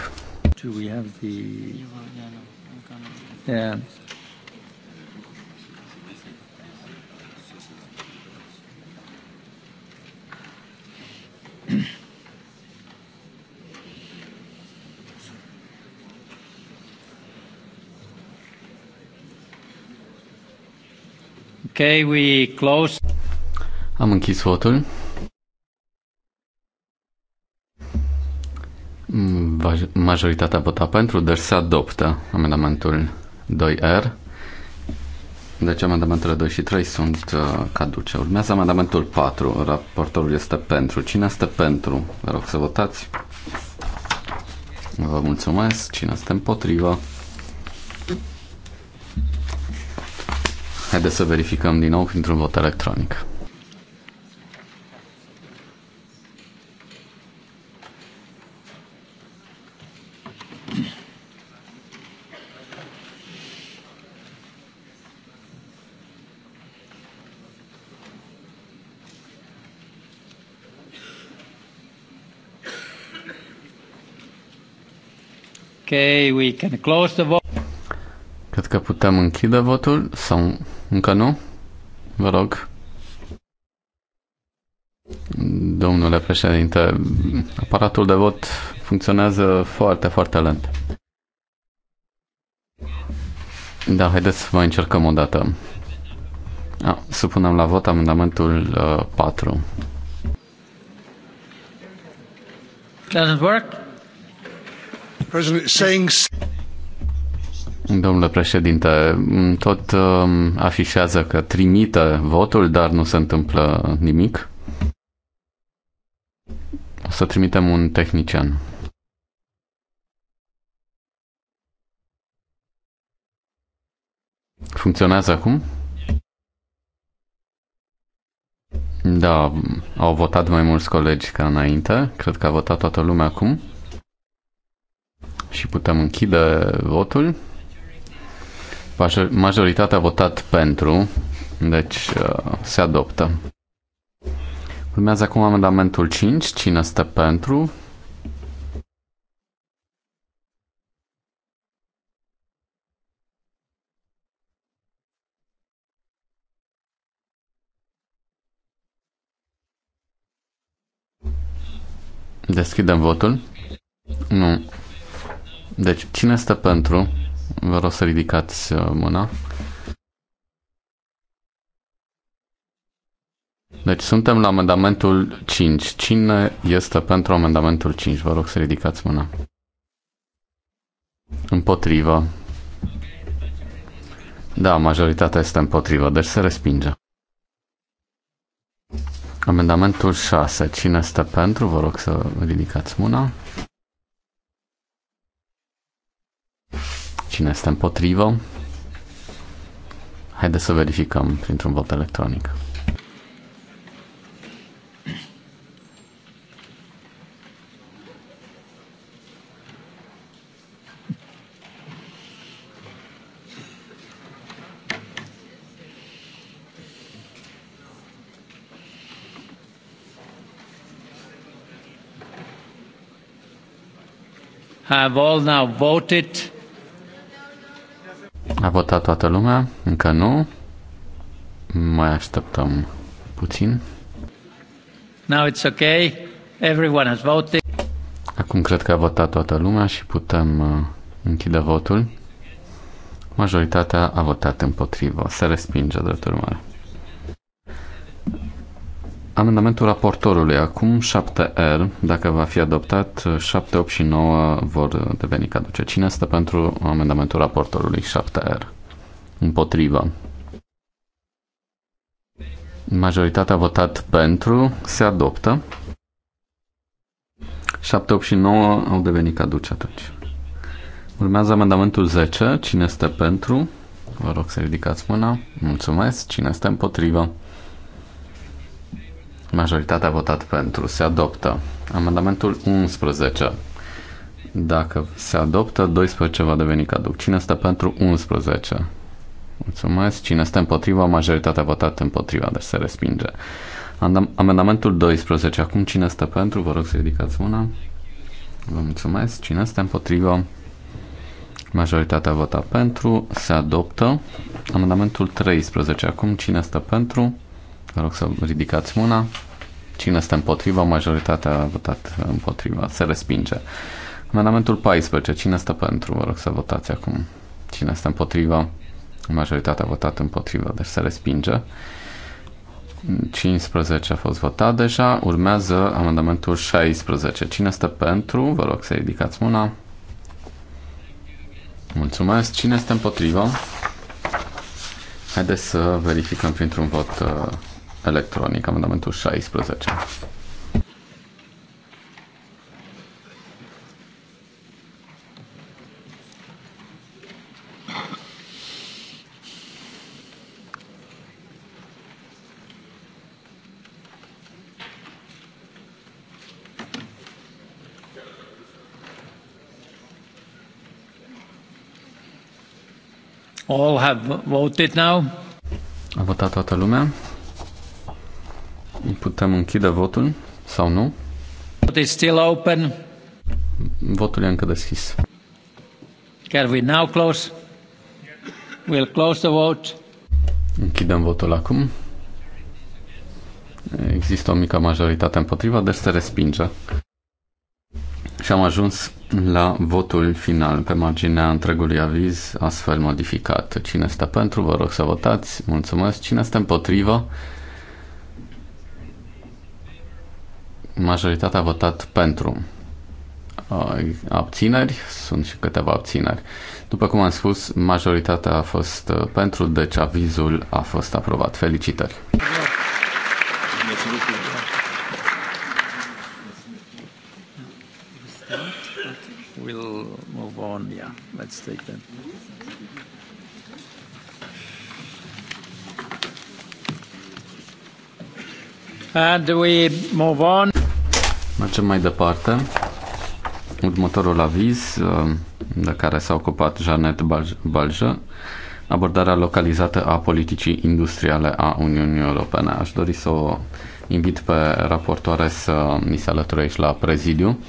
Okay, we close. Am închis votul. Majoritatea vota pentru, deci se adoptă amendamentul 2R. Deci amendamentele 2 și 3 sunt uh, caduce. Urmează amendamentul 4. Raportorul este pentru. Cine este pentru? Vă rog să votați. Vă mulțumesc. Cine este împotrivă? Haideți să verificăm din nou printr-un vot electronic. Okay, we can close the vote. Cred că putem închide votul sau încă nu? Vă rog. Domnule președinte, aparatul de vot funcționează foarte, foarte lent. Da, haideți să mai încercăm o dată. A, supunem la vot amendamentul uh, 4. Doesn't work? Domnule președinte, mm, tot uh, afișează că trimite votul, dar nu se întâmplă nimic. O să trimitem un tehnician. Funcționează acum? Da, au votat mai mulți colegi ca înainte. Cred că a votat toată lumea acum și putem închide votul. Majoritatea a votat pentru, deci uh, se adoptă. Urmează acum amendamentul 5. Cine este pentru? Deschidem votul. Nu. Deci, cine este pentru? Vă rog să ridicați uh, mâna. Deci suntem la amendamentul 5. Cine este pentru amendamentul 5? Vă rog să ridicați mâna. Împotrivă. Da, majoritatea este împotrivă, deci se respinge. Amendamentul 6. Cine este pentru? Vă rog să ridicați mâna. Cine este împotrivă? Haideți să verificăm printr-un vot electronic. have all now voted. A votat toată lumea? Încă nu. Mai așteptăm puțin. Now it's okay. Everyone has voted. Acum cred că a votat toată lumea și putem uh, închide votul. Majoritatea a votat împotrivă. Se respinge, drept urmare. Amendamentul raportorului acum 7R, dacă va fi adoptat, 7, 8 și 9 vor deveni caduce. Cine stă pentru amendamentul raportorului 7R? Împotrivă. Majoritatea a votat pentru, se adoptă. 7, 8 și 9 au devenit caduce atunci. Urmează amendamentul 10. Cine este pentru? Vă rog să ridicați mâna. Mulțumesc. Cine este împotrivă? Majoritatea a votat pentru. Se adoptă. Amendamentul 11. Dacă se adoptă, 12 va deveni caduc. Cine stă pentru 11? Mulțumesc. Cine este împotriva? Majoritatea a votat împotriva, deci se respinge. Amendamentul 12. Acum cine stă pentru? Vă rog să ridicați mâna. Vă mulțumesc. Cine este împotriva? Majoritatea a votat pentru. Se adoptă. Amendamentul 13. Acum cine stă pentru? Vă rog să ridicați mâna. Cine este împotriva? Majoritatea a votat împotriva. Se respinge. Amendamentul 14. Cine este pentru? Vă rog să votați acum. Cine este împotriva? Majoritatea a votat împotriva, deci se respinge. 15 a fost votat deja. Urmează amendamentul 16. Cine este pentru? Vă rog să ridicați mâna. Mulțumesc. Cine este împotriva? Haideți să verificăm printr-un vot uh, electronic, amendamentul 16. All have voted now. A votat toată lumea. Putem închide votul sau nu? Vote is still open. Votul e încă deschis. Can we now close? We'll close the vote. Închidem votul acum. Există o mică majoritate împotriva, deci se respinge. Și am ajuns la votul final pe marginea întregului aviz, astfel modificat. Cine este pentru, vă rog să votați. Mulțumesc. Cine este împotriva? Majoritatea a votat pentru. Abțineri, sunt și câteva abțineri. După cum am spus, majoritatea a fost uh, pentru, deci avizul a fost aprobat. Felicitări! We'll move on, yeah. Let's take them. And we move on. Mergem mai departe. Următorul aviz uh, de care s-a ocupat Janet Balja, abordarea localizată a politicii industriale a Uniunii Europene. Aș dori să o invit pe raportoare să mi se alăture aici la prezidiu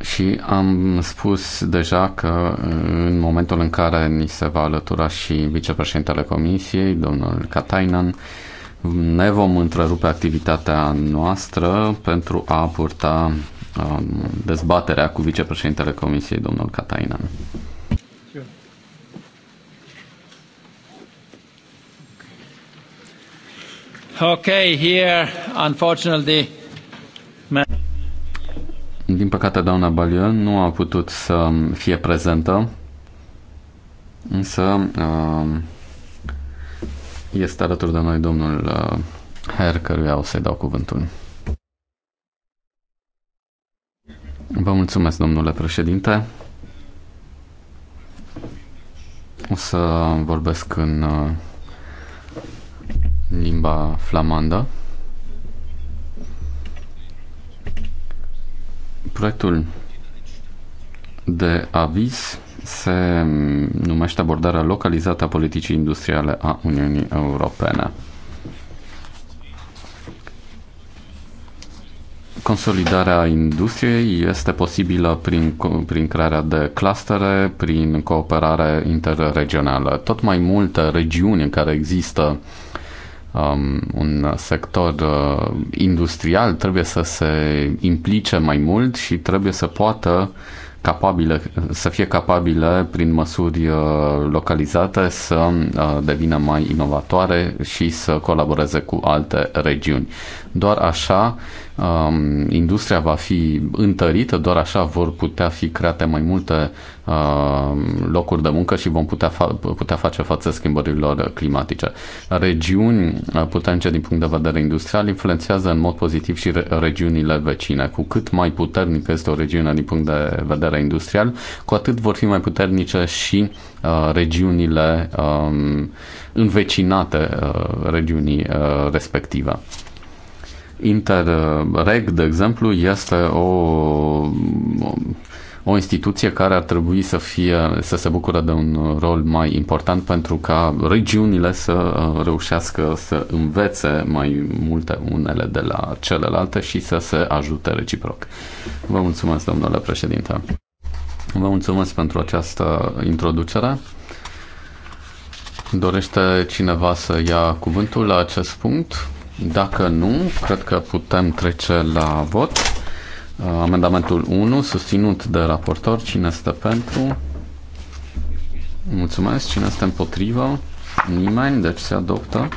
și am spus deja că uh, în momentul în care ni se va alătura și vicepreședintele Comisiei, domnul Katainen, ne vom întrerupe activitatea noastră pentru a purta um, dezbaterea cu vicepreședintele Comisiei, domnul Catainan. Okay, here, unfortunately, din păcate, doamna Balion nu a putut să fie prezentă, însă uh, este alături de noi domnul uh, Her, căruia o să-i dau cuvântul. Vă mulțumesc, domnule președinte. O să vorbesc în uh, limba flamandă. Proiectul de aviz se numește abordarea localizată a politicii industriale a Uniunii Europene. Consolidarea industriei este posibilă prin, prin crearea de clustere, prin cooperare interregională. Tot mai multe regiuni în care există um, un sector uh, industrial trebuie să se implice mai mult și trebuie să poată uh, capabile, să fie capabile prin măsuri uh, localizate să uh, devină mai inovatoare și să colaboreze cu alte regiuni. Doar așa um, industria va fi întărită, doar așa vor putea fi create mai multe Uh, locuri de muncă și vom putea, fa- putea face față schimbărilor climatice. Regiuni uh, puternice din punct de vedere industrial influențează în mod pozitiv și re- regiunile vecine. Cu cât mai puternică este o regiune din punct de vedere industrial, cu atât vor fi mai puternice și uh, regiunile um, învecinate uh, regiunii uh, respective. Interreg, de exemplu, este o, o instituție care ar trebui să, fie, să se bucură de un rol mai important pentru ca regiunile să uh, reușească să învețe mai multe unele de la celelalte și să se ajute reciproc. Vă mulțumesc, domnule președinte. Vă mulțumesc pentru această introducere. Dorește cineva să ia cuvântul la acest punct? Dacă nu, cred că putem trece la vot. Uh, amendamentul 1, susținut de raportor. Cine este pentru? Mulțumesc. Cine este împotrivă? Nimeni, deci se adoptă.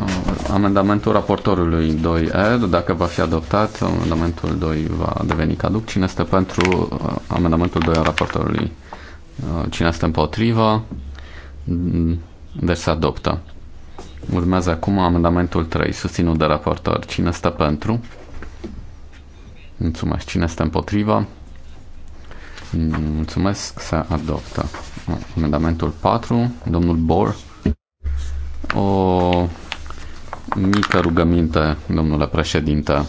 Uh, amendamentul raportorului 2R, dacă va fi adoptat, amendamentul 2 va deveni caduc. Cine este pentru uh, amendamentul 2 al raportorului? Cine este împotrivă? Mm, deci se adoptă. Urmează acum amendamentul 3, susținut de raportor. Cine stă pentru? Mulțumesc. Cine este împotriva? Mulțumesc. Se adoptă. Amendamentul 4. Domnul Bor. O mică rugăminte, domnule președinte.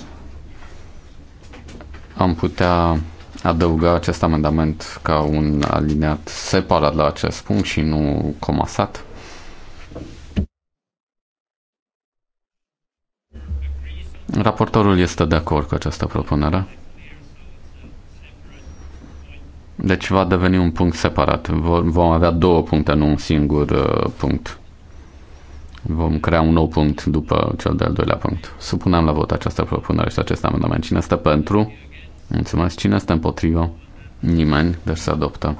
Am putea adăuga acest amendament ca un alineat separat la acest punct și nu comasat? Raportorul este de acord cu această propunere. Deci va deveni un punct separat. Vom avea două puncte, nu un singur uh, punct. Vom crea un nou punct după cel de-al doilea punct. Supunem la vot această propunere și acest amendament. Cine este pentru? Mulțumesc. Cine este împotrivă? Nimeni. Deci se adoptă.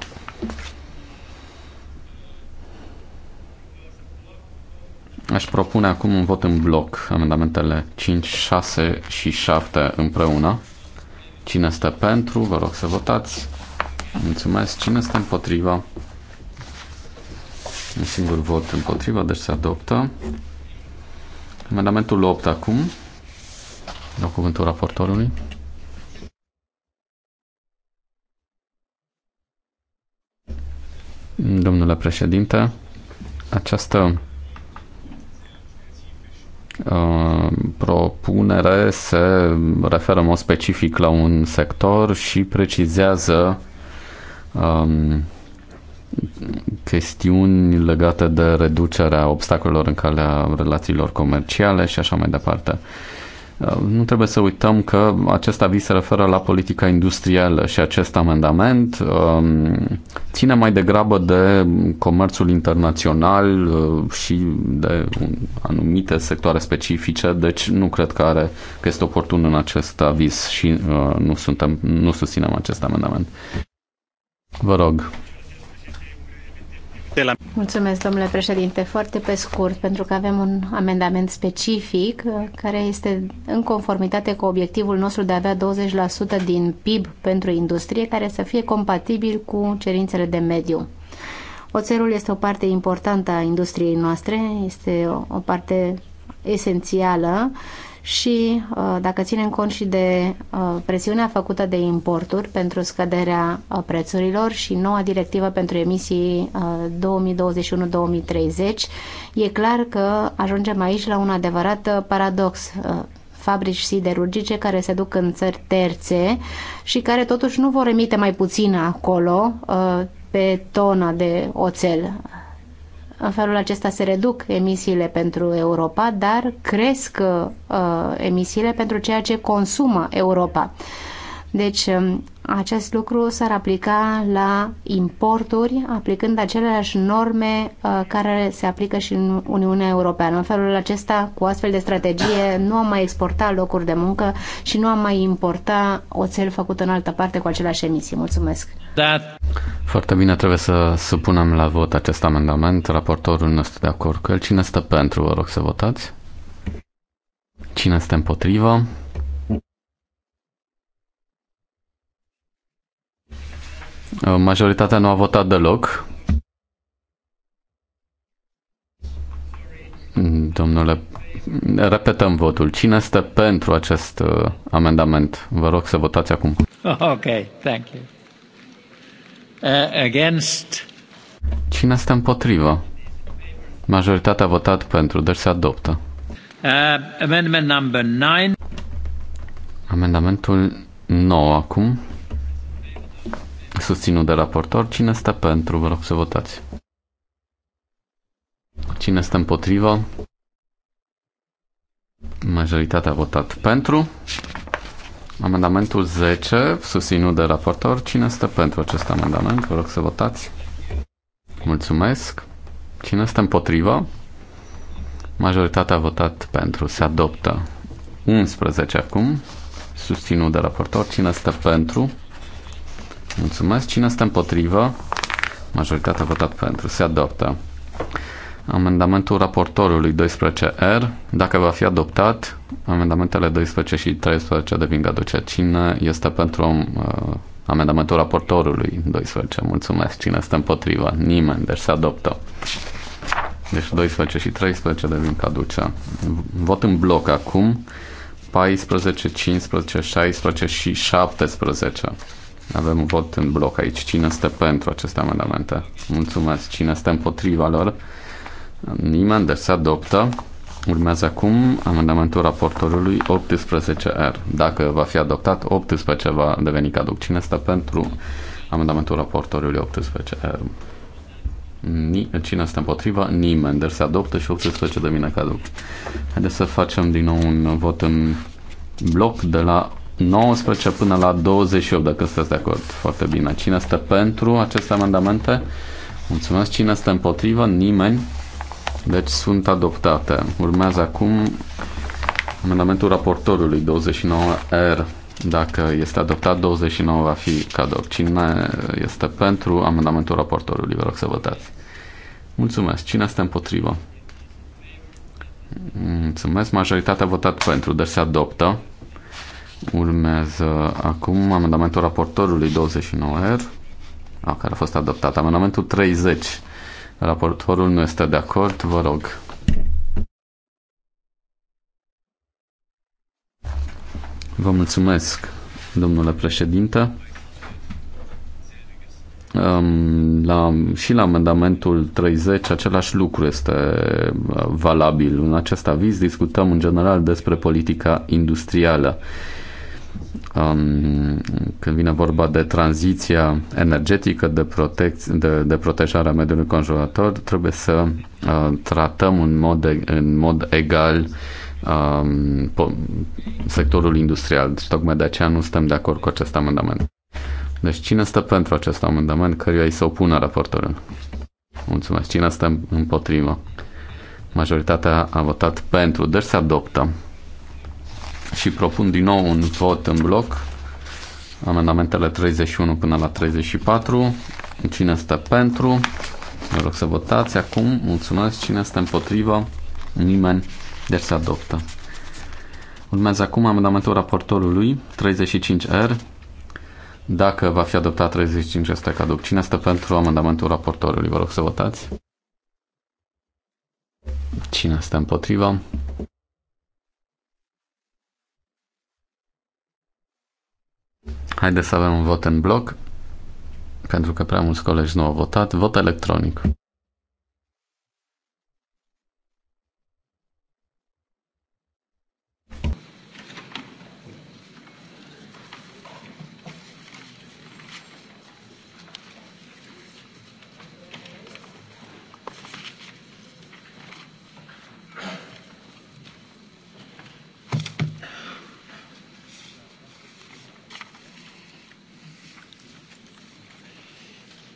Aș propune acum un vot în bloc, amendamentele 5, 6 și 7 împreună. Cine este pentru, vă rog să votați. Mulțumesc. Cine este împotriva? Un singur vot împotriva, deci se adoptă. Amendamentul 8 acum. Dau cuvântul raportorului. Domnule președinte, această Uh, propunere se referă în mod specific la un sector și precizează um, chestiuni legate de reducerea obstacolelor în calea relațiilor comerciale și așa mai departe. Uh, nu trebuie să uităm că acest aviz se referă la politica industrială și acest amendament um, ține mai degrabă de comerțul internațional uh, și de anumite sectoare specifice, deci nu cred că, are, că este oportun în acest aviz și uh, nu, suntem, nu susținem acest amendament. Vă rog. De la... Mulțumesc, domnule președinte. Foarte pe scurt, pentru că avem un amendament specific uh, care este în conformitate cu obiectivul nostru de a avea 20% din PIB pentru industrie care să fie compatibil cu cerințele de mediu. Oțelul este o parte importantă a industriei noastre, este o parte esențială și uh, dacă ținem cont și de uh, presiunea făcută de importuri pentru scăderea uh, prețurilor și noua directivă pentru emisii 2021-2030, e clar că ajungem aici la un adevărat paradox fabrici siderurgice care se duc în țări terțe și care totuși nu vor emite mai puțin acolo pe tonă de oțel în felul acesta se reduc emisiile pentru Europa, dar cresc uh, emisiile pentru ceea ce consumă Europa. Uh, deci, um, acest lucru s-ar aplica la importuri, aplicând aceleași norme uh, care se aplică și în Uniunea Europeană. În felul acesta, cu astfel de strategie, nu am mai exporta locuri de muncă și nu am mai importa oțel făcut în altă parte cu aceleași emisii. Mulțumesc! Da. Foarte bine, trebuie să supunem la vot acest amendament. Raportorul nu este de acord cu el. Cine stă pentru, vă rog să votați? Cine este împotrivă? Uh, majoritatea nu a votat deloc. Mm, domnule, repetăm votul. Cine este pentru acest uh, amendament? Vă rog să votați acum. Ok, thank you. Uh, against... Cine este împotrivă? Majoritatea a votat pentru, deci se adoptă. Uh, amendment number 9. Amendamentul 9 acum susținut de raportor. Cine stă pentru? Vă rog să votați. Cine stă împotrivă? Majoritatea a votat pentru. Amendamentul 10, susținut de raportor. Cine stă pentru acest amendament? Vă rog să votați. Mulțumesc. Cine stă împotrivă? Majoritatea a votat pentru. Se adoptă. 11 acum, susținut de raportor. Cine stă pentru? Mulțumesc. Cine este împotrivă? Majoritatea a votat pentru. Se adoptă. Amendamentul raportorului 12R, dacă va fi adoptat, amendamentele 12 și 13 devin caduce. Cine este pentru uh, amendamentul raportorului 12? Mulțumesc. Cine este împotrivă? Nimeni. Deci se adoptă. Deci 12 și 13 devin caduce. Vot în bloc acum. 14, 15, 16 și 17. Avem un vot în bloc aici. Cine stă pentru aceste amendamente? Mulțumesc. Cine stă împotriva lor? Nimeni, deci se adoptă. Urmează acum amendamentul raportorului 18R. Dacă va fi adoptat, 18 va deveni caduc. Cine stă pentru amendamentul raportorului 18R? Ni- cine stă împotriva? Nimeni. Deci se adoptă și 18 devine caduc. Haideți să facem din nou un vot în bloc de la 19 până la 28, dacă sunteți de acord. Foarte bine. Cine este pentru aceste amendamente? Mulțumesc. Cine este împotrivă? Nimeni. Deci sunt adoptate. Urmează acum amendamentul raportorului 29R. Dacă este adoptat, 29 va fi cadou. Cine este pentru amendamentul raportorului? Vă rog să votați. Mulțumesc. Cine este împotrivă? Mulțumesc. Majoritatea a votat pentru, deci se adoptă. Urmează acum amendamentul raportorului 29R, care a fost adoptat. Amendamentul 30. Raportorul nu este de acord, vă rog. Vă mulțumesc, domnule președinte. La, și la amendamentul 30 același lucru este uh, valabil. În acest aviz discutăm în general despre politica industrială um, când vine vorba de tranziția energetică, de, protec- de, de protejarea mediului conjurător, trebuie să uh, tratăm în mod, de, în mod egal um, sectorul industrial. Deci, tocmai de aceea nu suntem de acord cu acest amendament. Deci, cine stă pentru acest amendament, căruia îi se opună raportorul? Mulțumesc. Cine stă împotrivă? Majoritatea a votat pentru, deci se adoptă și propun din nou un vot în bloc. Amendamentele 31 până la 34. Cine este pentru? Vă rog să votați acum. Mulțumesc. Cine este împotrivă? Nimeni. Deci se adoptă. Urmează acum amendamentul raportorului 35R. Dacă va fi adoptat 35 este caduc. Cine este pentru amendamentul raportorului? Vă rog să votați. Cine este împotriva? Haideți să avem un vot în bloc, pentru că prea mulți colegi nu au votat. Vot electronic.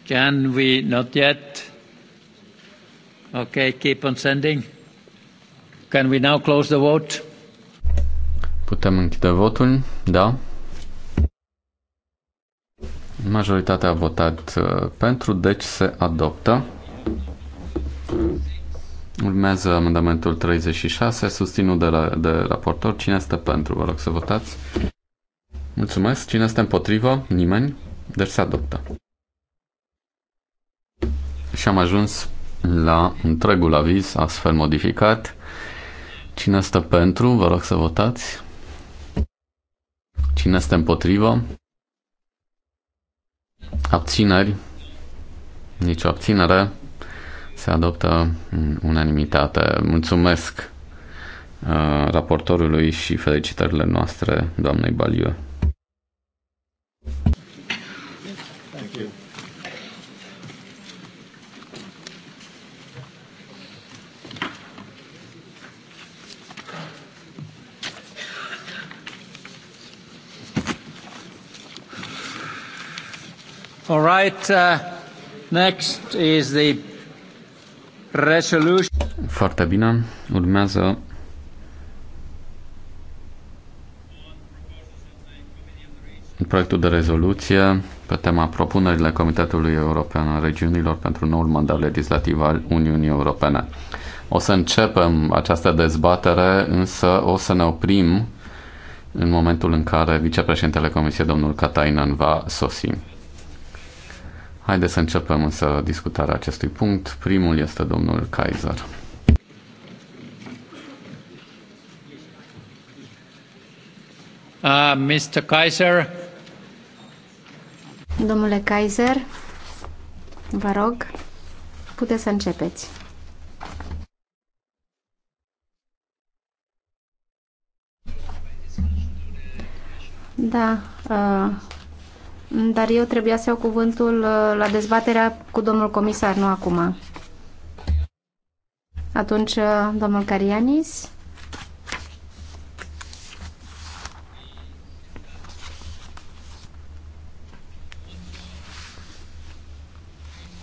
Can we not yet? Okay, keep on sending. Can we now close the vote? Putem închide votul, da. Majoritatea a votat uh, pentru, deci se adoptă. Urmează amendamentul 36, susținut de, la, de raportor. Cine este pentru? Vă rog să votați. Mulțumesc. Cine este împotrivă? Nimeni. Deci se adoptă. Și am ajuns la întregul aviz, astfel modificat. Cine stă pentru, vă rog să votați. Cine este împotrivă? Abțineri? Nici o abținere. Se adoptă în unanimitate. Mulțumesc uh, raportorului și felicitările noastre, doamnei Baliu. All right. Uh, next is the resolution. Foarte bine. Urmează proiectul de rezoluție pe tema propunerile Comitetului European al Regiunilor pentru noul mandat legislativ al Uniunii Europene. O să începem această dezbatere, însă o să ne oprim în momentul în care vicepreședintele Comisiei, domnul Katainen, va sosi. Haideți să începem însă discutarea acestui punct. Primul este domnul Kaiser. Uh, Mr. Kaiser. Domnule Kaiser, vă rog, puteți să începeți. Da, uh, dar eu trebuia să iau cuvântul uh, la dezbaterea cu domnul comisar, nu acum. Atunci, uh, domnul Carianis.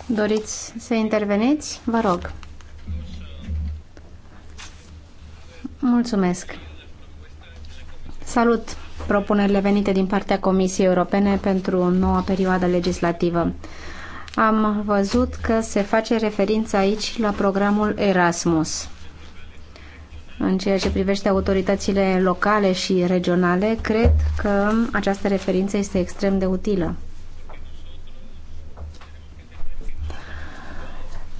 Doriți să interveniți? Vă rog. Mulțumesc. Salut propunerile venite din partea Comisiei Europene pentru noua perioadă legislativă. Am văzut că se face referință aici la programul Erasmus. În ceea ce privește autoritățile locale și regionale, cred că această referință este extrem de utilă.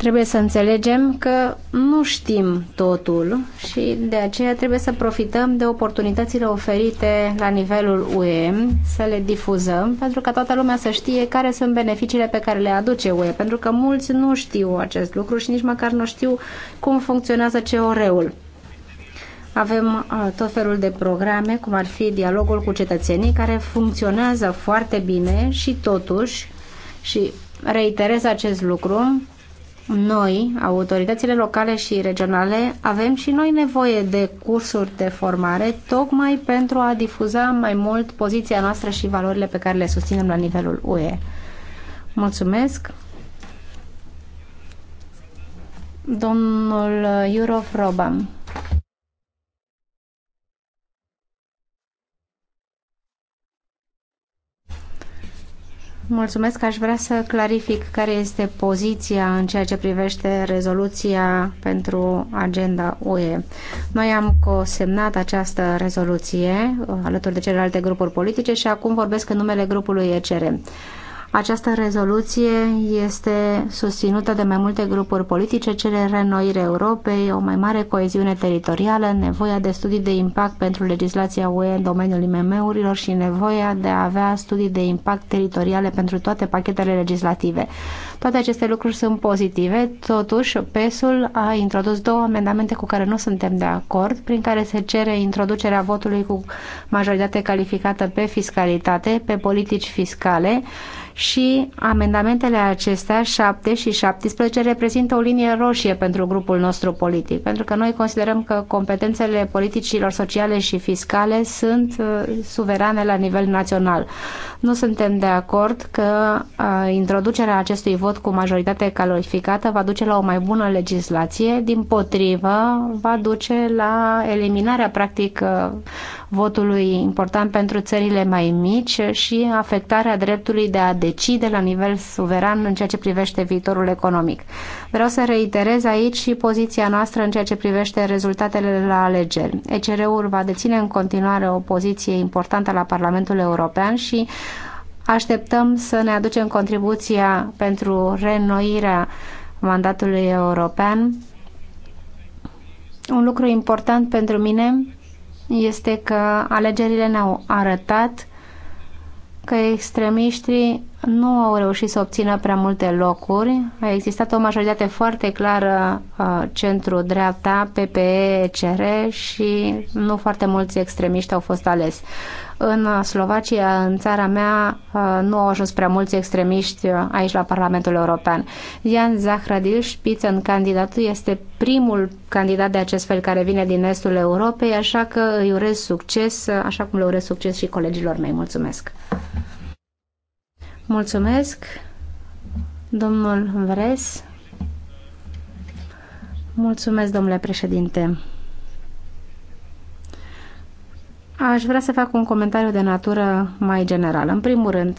Trebuie să înțelegem că nu știm totul și de aceea trebuie să profităm de oportunitățile oferite la nivelul UE, să le difuzăm, pentru ca toată lumea să știe care sunt beneficiile pe care le aduce UE, pentru că mulți nu știu acest lucru și nici măcar nu știu cum funcționează COR-ul. Avem uh, tot felul de programe, cum ar fi dialogul cu cetățenii, care funcționează foarte bine și totuși, și reiterez acest lucru, noi, autoritățile locale și regionale, avem și noi nevoie de cursuri de formare tocmai pentru a difuza mai mult poziția noastră și valorile pe care le susținem la nivelul UE. Mulțumesc! Domnul Iurov Robam. mulțumesc. Aș vrea să clarific care este poziția în ceea ce privește rezoluția pentru agenda UE. Noi am cosemnat această rezoluție uh, alături de celelalte grupuri politice și acum vorbesc în numele grupului ECR. Această rezoluție este susținută de mai multe grupuri politice, cele renoire Europei, o mai mare coeziune teritorială, nevoia de studii de impact pentru legislația UE în domeniul IMM-urilor și nevoia de a avea studii de impact teritoriale pentru toate pachetele legislative. Toate aceste lucruri sunt pozitive, totuși PES-ul a introdus două amendamente cu care nu suntem de acord, prin care se cere introducerea votului cu majoritate calificată pe fiscalitate, pe politici fiscale, și amendamentele acestea, 7 și 17, reprezintă o linie roșie pentru grupul nostru politic, pentru că noi considerăm că competențele politicilor sociale și fiscale sunt uh, suverane la nivel național. Nu suntem de acord că uh, introducerea acestui vot cu majoritate calificată va duce la o mai bună legislație, din potrivă va duce la eliminarea practic uh, votului important pentru țările mai mici și afectarea dreptului de a decide la nivel suveran în ceea ce privește viitorul economic. Vreau să reiterez aici și poziția noastră în ceea ce privește rezultatele la alegeri. ECR-ul va deține în continuare o poziție importantă la Parlamentul European și așteptăm să ne aducem contribuția pentru reînnoirea mandatului european. Un lucru important pentru mine este că alegerile ne-au arătat că extremiștii nu au reușit să obțină prea multe locuri. A existat o majoritate foarte clară uh, centru-dreapta, PPE, CR și nu foarte mulți extremiști au fost ales. În Slovacia, în țara mea, uh, nu au ajuns prea mulți extremiști uh, aici la Parlamentul European. Jan Zahradil în candidatul, este primul candidat de acest fel care vine din estul Europei, așa că îi urez succes, uh, așa cum le urez succes și colegilor mei. Mulțumesc! Mulțumesc, domnul Vres. Mulțumesc, domnule președinte. Aș vrea să fac un comentariu de natură mai generală. În primul rând,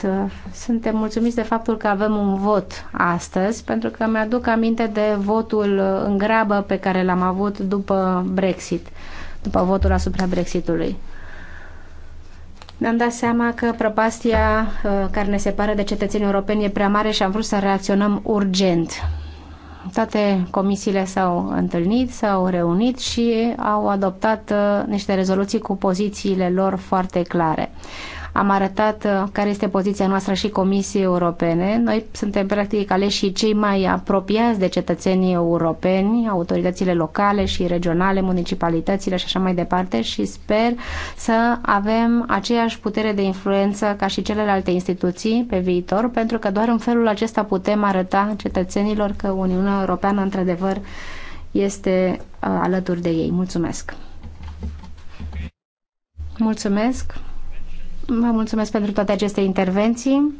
suntem mulțumiți de faptul că avem un vot astăzi, pentru că mi-aduc aminte de votul în grabă pe care l-am avut după Brexit, după votul asupra Brexitului. Ne-am dat seama că prăpastia uh, care ne separă de cetățenii europeni e prea mare și am vrut să reacționăm urgent toate comisiile s-au întâlnit, s-au reunit și au adoptat uh, niște rezoluții cu pozițiile lor foarte clare. Am arătat uh, care este poziția noastră și Comisiei Europene. Noi suntem practic aleși cei mai apropiați de cetățenii europeni, autoritățile locale și regionale, municipalitățile și așa mai departe și sper să avem aceeași putere de influență ca și celelalte instituții pe viitor, pentru că doar în felul acesta putem arăta cetățenilor că Uniunea Europeană într-adevăr este uh, alături de ei. Mulțumesc! Mulțumesc! Vă mulțumesc pentru toate aceste intervenții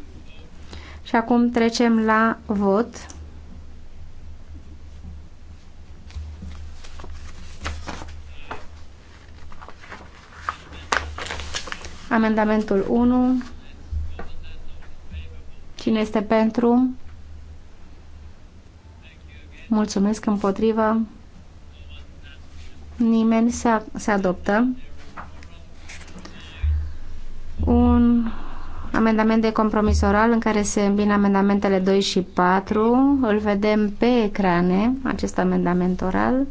și acum trecem la vot. Amendamentul 1. Cine este pentru? Mulțumesc împotriva. Nimeni se, se adoptă un amendament de compromis oral în care se îmbină amendamentele 2 și 4. Îl vedem pe ecrane, acest amendament oral.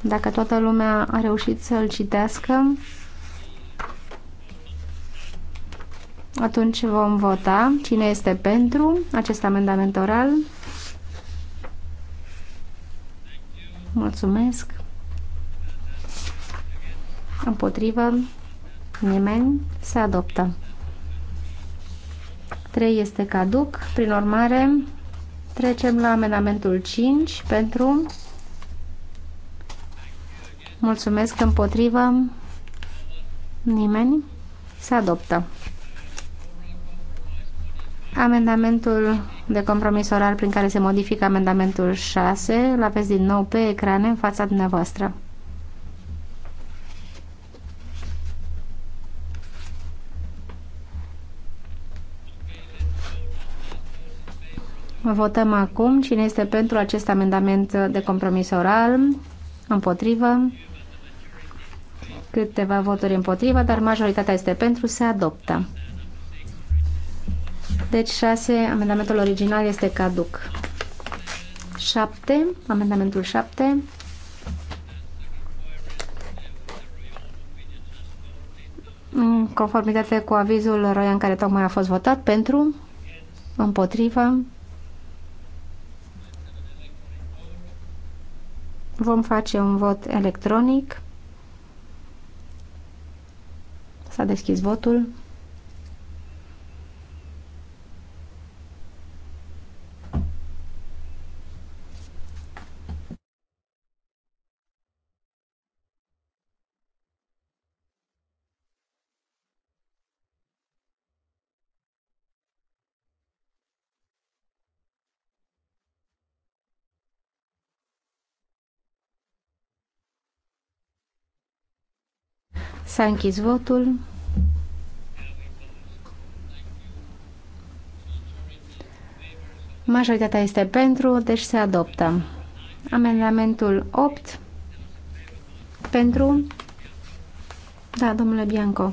Dacă toată lumea a reușit să-l citească, atunci vom vota cine este pentru acest amendament oral. Mulțumesc. Împotrivă. Nimeni. Se adoptă. 3 este caduc. Prin urmare, trecem la amendamentul 5 pentru... Mulțumesc. Împotrivă. Nimeni. Se adoptă. Amendamentul de compromis oral prin care se modifică amendamentul 6 l aveți din nou pe ecrane în fața dumneavoastră. Votăm acum cine este pentru acest amendament de compromis oral, împotrivă, câteva voturi împotrivă, dar majoritatea este pentru, se adoptă. Deci 6, amendamentul original este caduc. 7, amendamentul 7. În conformitate cu avizul Roian care tocmai a fost votat pentru, împotrivă, vom face un vot electronic. S-a deschis votul. S-a închis votul. Majoritatea este pentru, deci se adoptă. Amendamentul 8 pentru. Da, domnule Bianco.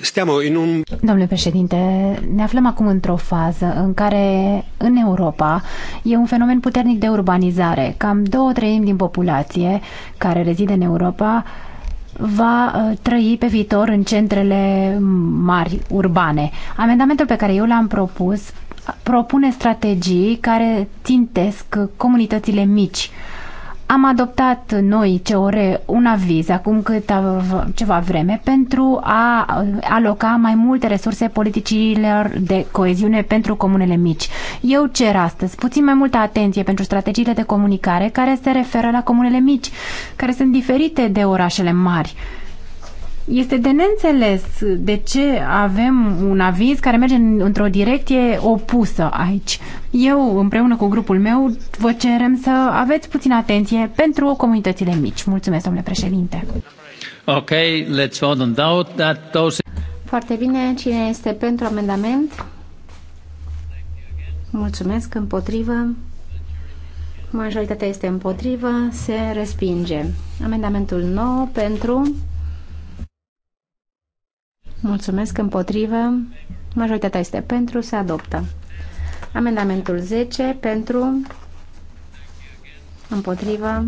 Stiamo in un... Domnule președinte, ne aflăm acum într-o fază în care în Europa e un fenomen puternic de urbanizare. Cam două treimi din populație care rezide în Europa va uh, trăi pe viitor în centrele mari urbane. Amendamentul pe care eu l-am propus propune strategii care țintesc comunitățile mici am adoptat noi, ore un aviz acum câta, ceva vreme pentru a aloca mai multe resurse politicilor de coeziune pentru comunele mici. Eu cer astăzi puțin mai multă atenție pentru strategiile de comunicare care se referă la comunele mici, care sunt diferite de orașele mari. Este de neînțeles de ce avem un aviz care merge într-o direcție opusă aici. Eu, împreună cu grupul meu, vă cerem să aveți puțin atenție pentru comunitățile mici. Mulțumesc, domnule președinte. Ok, let's vote on doubt that those... Foarte bine. Cine este pentru amendament? Mulțumesc. Împotrivă? Majoritatea este împotrivă. Se respinge. Amendamentul 9 pentru... Mulțumesc împotrivă. Majoritatea este pentru. Se adoptă. Amendamentul 10 pentru. Împotrivă.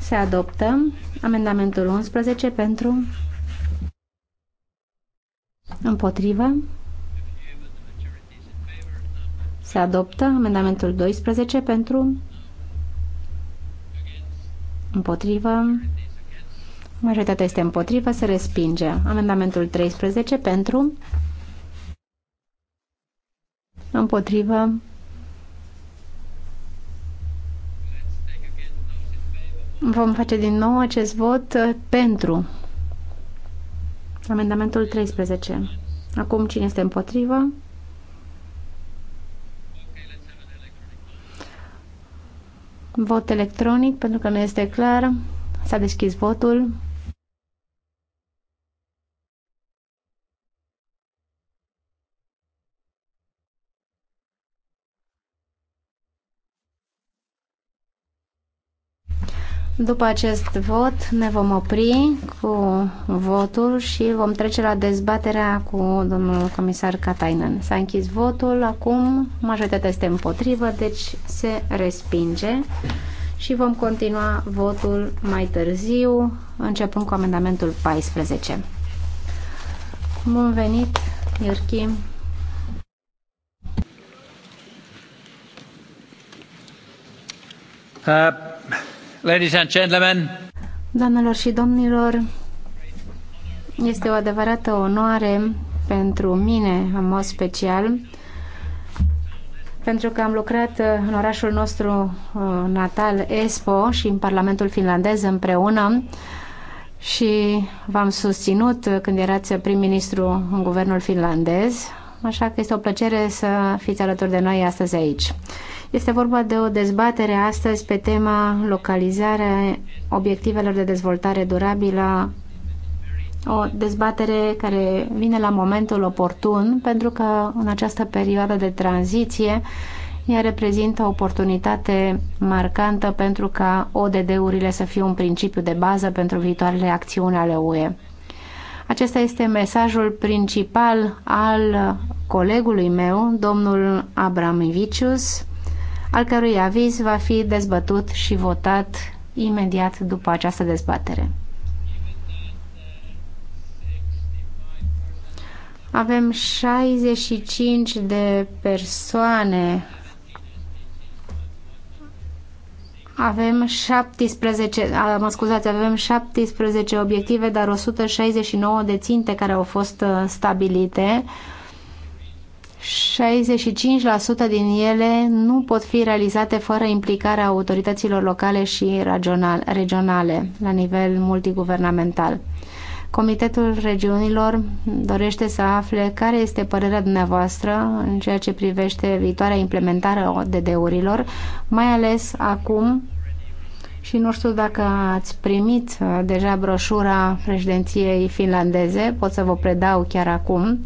Se adoptă. Amendamentul 11 pentru. Împotrivă. Se adoptă amendamentul 12 pentru împotrivă Majoritatea este împotrivă, se respinge. Amendamentul 13 pentru, împotrivă, Vom face din nou acest vot uh, pentru amendamentul 13. Acum cine este împotrivă? Vot electronic, pentru că nu este clar. S-a deschis votul. După acest vot ne vom opri cu votul și vom trece la dezbaterea cu domnul comisar Katainen. S-a închis votul, acum majoritatea este împotrivă, deci se respinge și vom continua votul mai târziu, începând cu amendamentul 14. Bun venit, Iorchi! Uh. Ladies and gentlemen. Doamnelor și domnilor, este o adevărată onoare pentru mine, în mod special, pentru că am lucrat uh, în orașul nostru uh, natal, Espo, și în Parlamentul finlandez împreună și v-am susținut uh, când erați prim-ministru în guvernul finlandez așa că este o plăcere să fiți alături de noi astăzi aici. Este vorba de o dezbatere astăzi pe tema localizarea obiectivelor de dezvoltare durabilă o dezbatere care vine la momentul oportun, pentru că în această perioadă de tranziție ea reprezintă o oportunitate marcantă pentru ca ODD-urile să fie un principiu de bază pentru viitoarele acțiuni ale UE. Acesta este mesajul principal al colegului meu, domnul Abramivicius, al cărui aviz va fi dezbătut și votat imediat după această dezbatere. Avem 65 de persoane Avem 17, mă scuzați, avem 17 obiective, dar 169 de ținte care au fost uh, stabilite. 65% din ele nu pot fi realizate fără implicarea autorităților locale și regionale la nivel multiguvernamental. Comitetul Regiunilor dorește să afle care este părerea dumneavoastră în ceea ce privește viitoarea implementare a ODD-urilor, mai ales acum și nu știu dacă ați primit uh, deja broșura președinției finlandeze, pot să vă predau chiar acum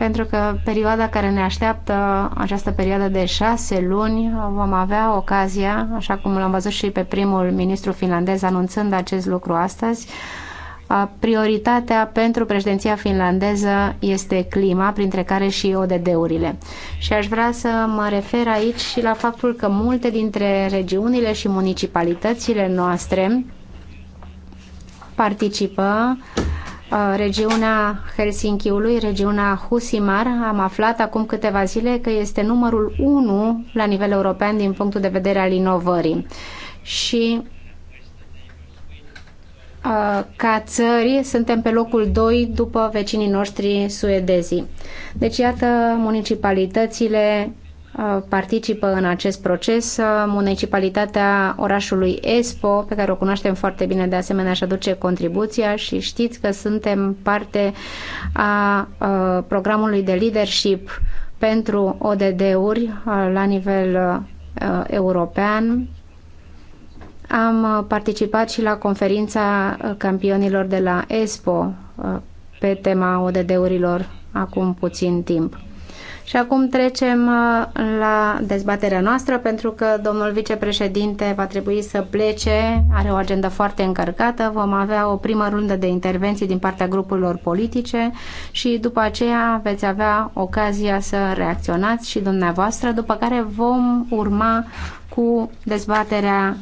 pentru că perioada care ne așteaptă, această perioadă de șase luni, vom avea ocazia, așa cum l-am văzut și pe primul ministru finlandez anunțând acest lucru astăzi, prioritatea pentru președinția finlandeză este clima, printre care și ODD-urile. Și aș vrea să mă refer aici și la faptul că multe dintre regiunile și municipalitățile noastre participă uh, Uh, regiunea Helsinkiului, regiunea Husimar. Am aflat acum câteva zile că este numărul 1 la nivel european din punctul de vedere al inovării. Și uh, ca țări suntem pe locul 2 după vecinii noștri suedezii. Deci iată municipalitățile Uh, participă în acest proces. Uh, municipalitatea orașului Espo, pe care o cunoaștem foarte bine de asemenea, și aduce contribuția și știți că suntem parte a uh, programului de leadership pentru ODD-uri la nivel european. Am participat și la conferința campionilor de la Espo pe tema ODD-urilor acum puțin timp. Și acum trecem uh, la dezbaterea noastră, pentru că domnul vicepreședinte va trebui să plece, are o agendă foarte încărcată, vom avea o primă rundă de intervenții din partea grupurilor politice și după aceea veți avea ocazia să reacționați și dumneavoastră, după care vom urma cu dezbaterea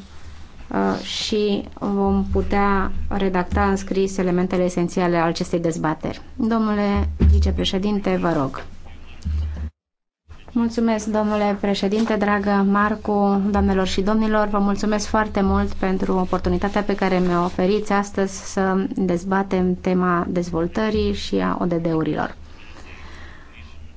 uh, și vom putea redacta în scris elementele esențiale ale acestei dezbateri. Domnule vicepreședinte, vă rog. Mulțumesc, domnule președinte, dragă Marcu, doamnelor și domnilor. Vă mulțumesc foarte mult pentru oportunitatea pe care mi-o oferiți astăzi să dezbatem tema dezvoltării și a ODD-urilor.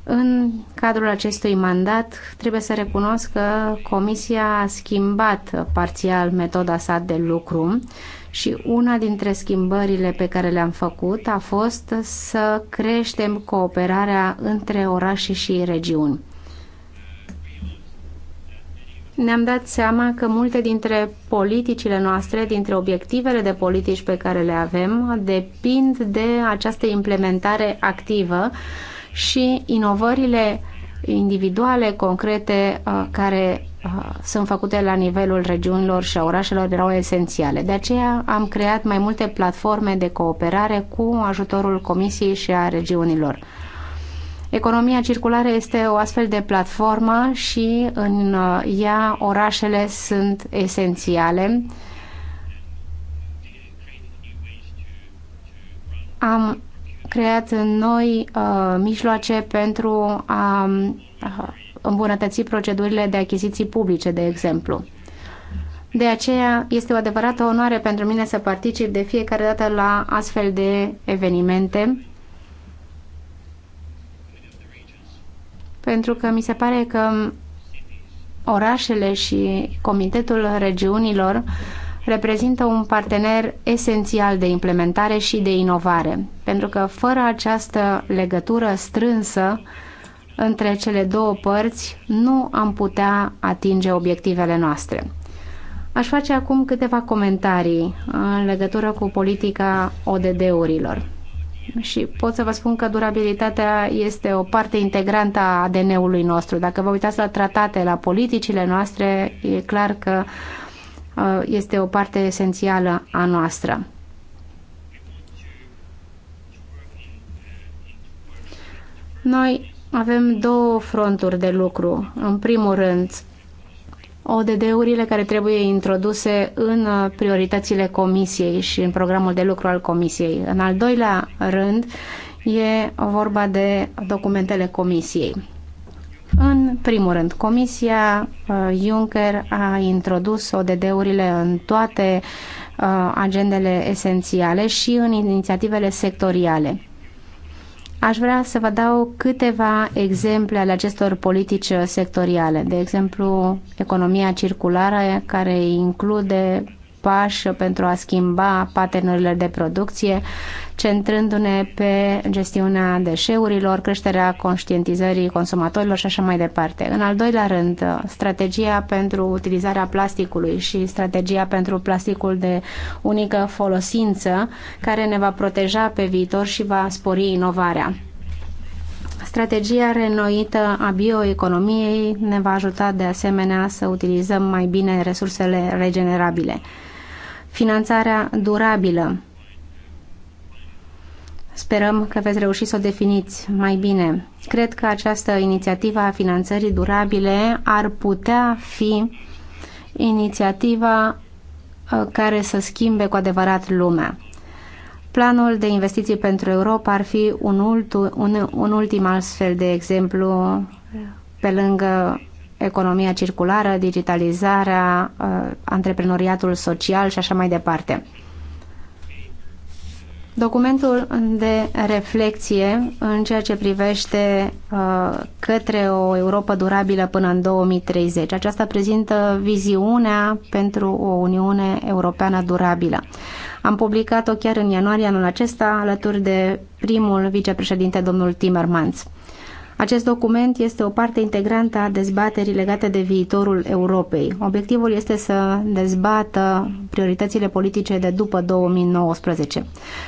În cadrul acestui mandat, trebuie să recunosc că Comisia a schimbat parțial metoda sa de lucru și una dintre schimbările pe care le-am făcut a fost să creștem cooperarea între orașe și regiuni ne-am dat seama că multe dintre politicile noastre, dintre obiectivele de politici pe care le avem, depind de această implementare activă și inovările individuale, concrete, uh, care uh, sunt făcute la nivelul regiunilor și a orașelor erau esențiale. De aceea am creat mai multe platforme de cooperare cu ajutorul Comisiei și a regiunilor. Economia circulară este o astfel de platformă și în uh, ea orașele sunt esențiale. Am creat noi uh, mijloace pentru a uh, îmbunătăți procedurile de achiziții publice, de exemplu. De aceea este o adevărată onoare pentru mine să particip de fiecare dată la astfel de evenimente pentru că mi se pare că orașele și Comitetul Regiunilor reprezintă un partener esențial de implementare și de inovare, pentru că fără această legătură strânsă între cele două părți nu am putea atinge obiectivele noastre. Aș face acum câteva comentarii în legătură cu politica ODD-urilor și pot să vă spun că durabilitatea este o parte integrantă a ADN-ului nostru. Dacă vă uitați la tratate, la politicile noastre, e clar că uh, este o parte esențială a noastră. Noi avem două fronturi de lucru. În primul rând, ODD-urile care trebuie introduse în uh, prioritățile comisiei și în programul de lucru al comisiei. În al doilea rând, e vorba de documentele comisiei. În primul rând, Comisia uh, Juncker a introdus ODD-urile în toate uh, agendele esențiale și în inițiativele sectoriale. Aș vrea să vă dau câteva exemple ale acestor politici sectoriale, de exemplu economia circulară care include pași pentru a schimba paternurile de producție, centrându-ne pe gestiunea deșeurilor, creșterea conștientizării consumatorilor și așa mai departe. În al doilea rând, strategia pentru utilizarea plasticului și strategia pentru plasticul de unică folosință, care ne va proteja pe viitor și va spori inovarea. Strategia renoită a bioeconomiei ne va ajuta de asemenea să utilizăm mai bine resursele regenerabile. Finanțarea durabilă. Sperăm că veți reuși să o definiți mai bine. Cred că această inițiativă a finanțării durabile ar putea fi inițiativa ă, care să schimbe cu adevărat lumea. Planul de investiții pentru Europa ar fi un, ultu, un, un ultim astfel de exemplu pe lângă economia circulară, digitalizarea, uh, antreprenoriatul social și așa mai departe. Documentul de reflexie în ceea ce privește uh, către o Europa durabilă până în 2030. Aceasta prezintă viziunea pentru o Uniune Europeană durabilă. Am publicat-o chiar în ianuarie anul acesta alături de primul vicepreședinte, domnul Timmermans. Acest document este o parte integrantă a dezbaterii legate de viitorul Europei. Obiectivul este să dezbată prioritățile politice de după 2019.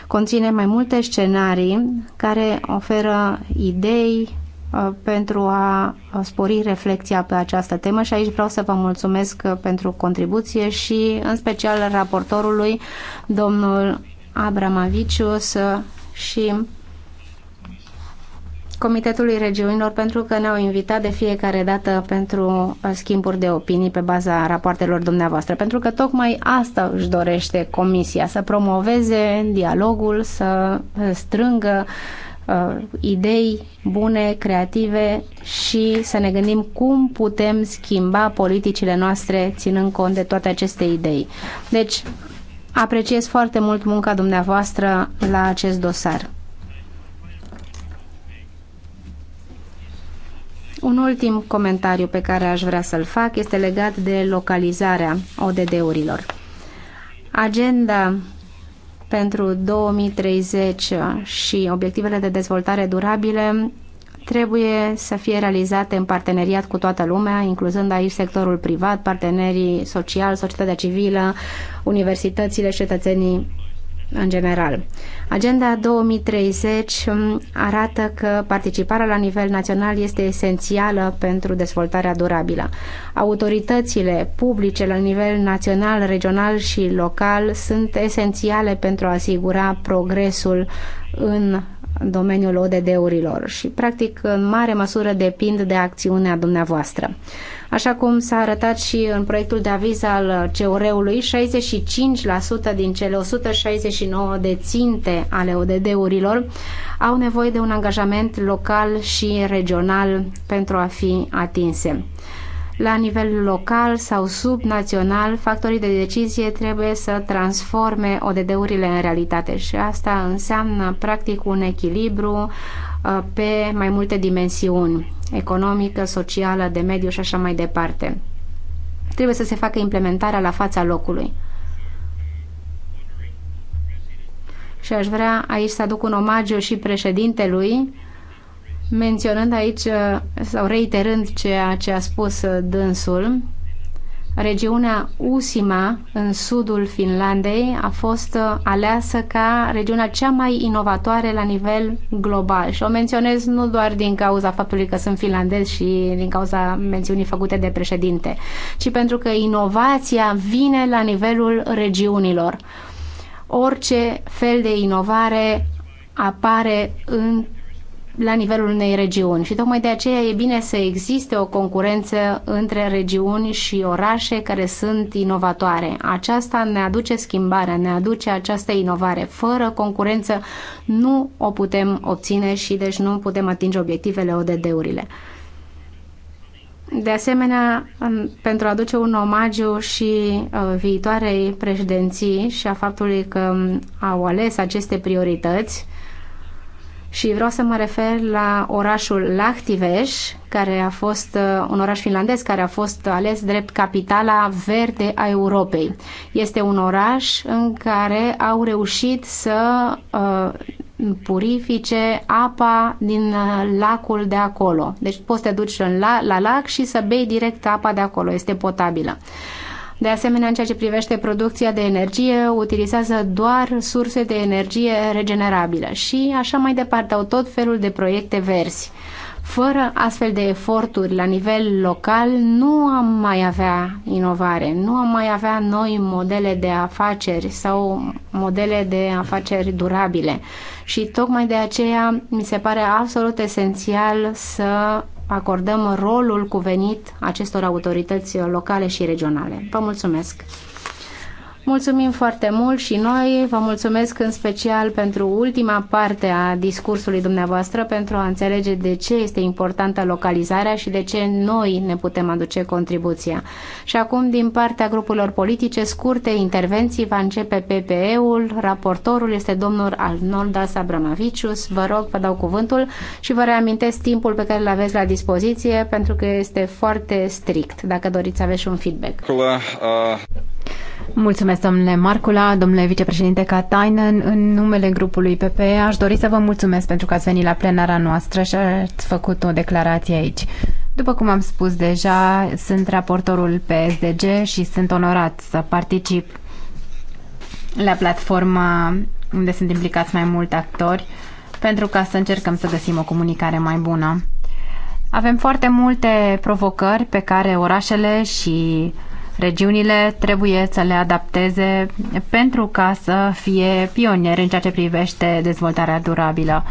Conține mai multe scenarii care oferă idei, uh, pentru a uh, spori reflexia pe această temă și aici vreau să vă mulțumesc uh, pentru contribuție și în special raportorului domnul Abramavicius și Comitetului Regiunilor pentru că ne-au invitat de fiecare dată pentru uh, schimburi de opinii pe baza rapoartelor dumneavoastră, pentru că tocmai asta își dorește Comisia, să promoveze dialogul, să uh, strângă uh, idei bune, creative și să ne gândim cum putem schimba politicile noastre ținând cont de toate aceste idei. Deci, apreciez foarte mult munca dumneavoastră la acest dosar. Un ultim comentariu pe care aș vrea să-l fac este legat de localizarea ODD-urilor. Agenda pentru 2030 și obiectivele de dezvoltare durabile trebuie să fie realizate în parteneriat cu toată lumea, incluzând aici sectorul privat, partenerii sociali, societatea civilă, universitățile, cetățenii în general. Agenda 2030 um, arată că participarea la nivel național este esențială pentru dezvoltarea durabilă. Autoritățile publice la nivel național, regional și local sunt esențiale pentru a asigura progresul în domeniul ODD-urilor și, practic, în mare măsură depind de acțiunea dumneavoastră. Așa cum s-a arătat și în proiectul de aviz al CEUR-ului, 65% din cele 169 de ținte ale ODD-urilor au nevoie de un angajament local și regional pentru a fi atinse. La nivel local sau subnațional, factorii de decizie trebuie să transforme ODD-urile în realitate și asta înseamnă practic un echilibru uh, pe mai multe dimensiuni economică, socială, de mediu și așa mai departe. Trebuie să se facă implementarea la fața locului. Și aș vrea aici să aduc un omagiu și președintelui, menționând aici sau reiterând ceea ce a spus uh, dânsul, Regiunea Usima, în sudul Finlandei, a fost uh, aleasă ca regiunea cea mai inovatoare la nivel global. Și o menționez nu doar din cauza faptului că sunt finlandez și din cauza mențiunii făcute de președinte, ci pentru că inovația vine la nivelul regiunilor. Orice fel de inovare apare în la nivelul unei regiuni și tocmai de aceea e bine să existe o concurență între regiuni și orașe care sunt inovatoare. Aceasta ne aduce schimbarea, ne aduce această inovare. Fără concurență nu o putem obține și deci nu putem atinge obiectivele ODD-urile. De asemenea, pentru a aduce un omagiu și uh, viitoarei președinții și a faptului că au ales aceste priorități, și vreau să mă refer la orașul Lahtiveș, care a fost uh, un oraș finlandez care a fost ales drept capitala verde a Europei. Este un oraș în care au reușit să uh, purifice apa din uh, lacul de acolo. Deci poți să te duci la, la lac și să bei direct apa de acolo, este potabilă. Uh, de asemenea, în ceea ce privește producția de energie, utilizează doar surse de energie regenerabilă și așa mai departe. Au tot felul de proiecte verzi. Fără astfel de eforturi la nivel local, nu am mai avea inovare, nu am mai avea noi modele de afaceri sau modele de afaceri durabile. Și tocmai de aceea mi se pare absolut esențial să acordăm rolul cuvenit acestor autorități locale și regionale. Vă mulțumesc! Mulțumim foarte mult și noi vă mulțumesc în special pentru ultima parte a discursului dumneavoastră pentru a înțelege de ce este importantă localizarea și de ce noi ne putem aduce contribuția. Și acum din partea grupurilor politice scurte intervenții va începe PPE-ul, raportorul este domnul Arnoldas Abramavicius, vă rog, vă dau cuvântul și vă reamintesc timpul pe care îl aveți la dispoziție pentru că este foarte strict, dacă doriți să aveți un feedback. uh... Mulțumesc, domnule Marcula, domnule vicepreședinte Katainen. În numele grupului PPE. aș dori să vă mulțumesc pentru că ați venit la plenara noastră și ați făcut o declarație aici. După cum am spus deja, sunt raportorul PSDG și sunt onorat să particip la platforma unde sunt implicați mai mulți actori pentru ca să încercăm să găsim o comunicare mai bună. Avem foarte multe provocări pe care orașele și Regiunile trebuie să le adapteze pentru ca să fie pionieri în ceea ce privește dezvoltarea durabilă.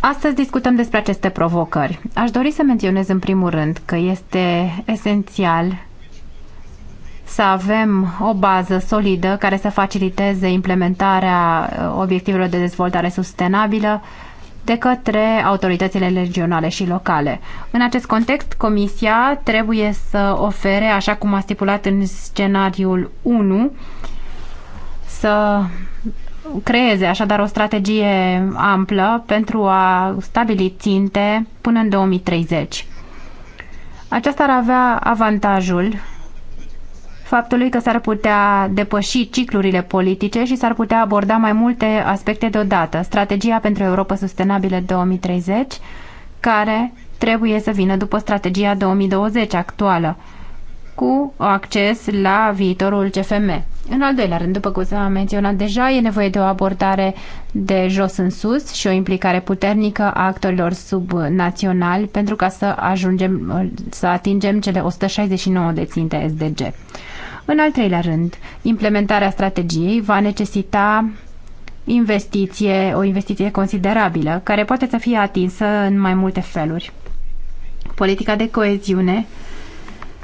Astăzi discutăm despre aceste provocări. Aș dori să menționez în primul rând că este esențial să avem o bază solidă care să faciliteze implementarea uh, obiectivelor de dezvoltare sustenabilă de către autoritățile regionale și locale. În acest context, Comisia trebuie să ofere, așa cum a stipulat în scenariul 1, să creeze așadar o strategie amplă pentru a stabili ținte până în 2030. Aceasta ar avea avantajul faptului că s-ar putea depăși ciclurile politice și s-ar putea aborda mai multe aspecte deodată. Strategia pentru Europa Sustenabilă 2030, care trebuie să vină după strategia 2020 actuală, cu acces la viitorul CFM. În al doilea rând, după cum s-a menționat deja, e nevoie de o abordare de jos în sus și o implicare puternică a actorilor subnaționali pentru ca să ajungem să atingem cele 169 de ținte SDG. În al treilea rând, implementarea strategiei va necesita investiție, o investiție considerabilă, care poate să fie atinsă în mai multe feluri. Politica de coeziune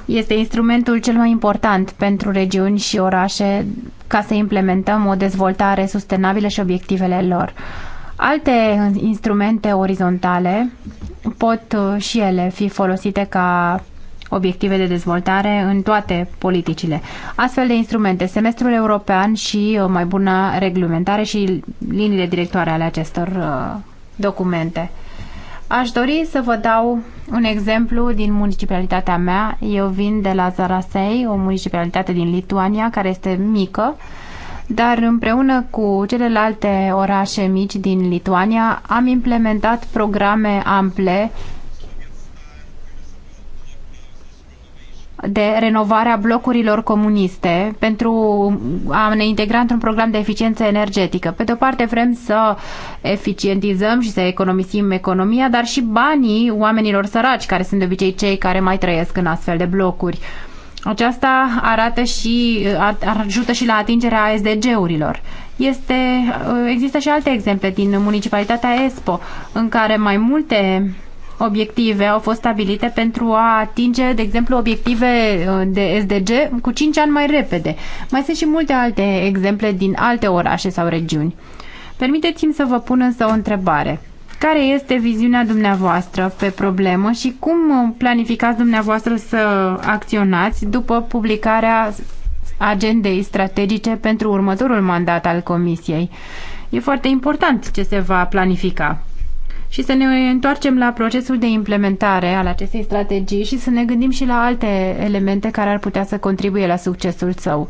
este instrumentul cel mai important pentru regiuni și orașe ca să implementăm o dezvoltare sustenabilă și obiectivele lor. Alte instrumente orizontale pot uh, și ele fi folosite ca obiective de dezvoltare în toate politicile. Astfel de instrumente, semestrul european și o uh, mai bună reglementare și liniile directoare ale acestor uh, documente. Aș dori să vă dau un exemplu din municipalitatea mea. Eu vin de la Zarasei, o municipalitate din Lituania care este mică, dar împreună cu celelalte orașe mici din Lituania am implementat programe ample de renovare a blocurilor comuniste pentru a ne integra într-un program de eficiență energetică. Pe de o parte vrem să eficientizăm și să economisim economia, dar și banii oamenilor săraci, care sunt de obicei cei care mai trăiesc în astfel de blocuri. Aceasta arată și ajută și la atingerea SDG-urilor. Este, există și alte exemple din municipalitatea Espo, în care mai multe obiective au fost stabilite pentru a atinge, de exemplu, obiective uh, de SDG cu 5 ani mai repede. Mai sunt și multe alte exemple din alte orașe sau regiuni. Permiteți-mi să vă pun însă o întrebare. Care este viziunea dumneavoastră pe problemă și cum uh, planificați dumneavoastră să acționați după publicarea agendei strategice pentru următorul mandat al Comisiei? E foarte important ce se va planifica și să ne întoarcem la procesul de implementare al acestei strategii și să ne gândim și la alte elemente care ar putea să contribuie la succesul său.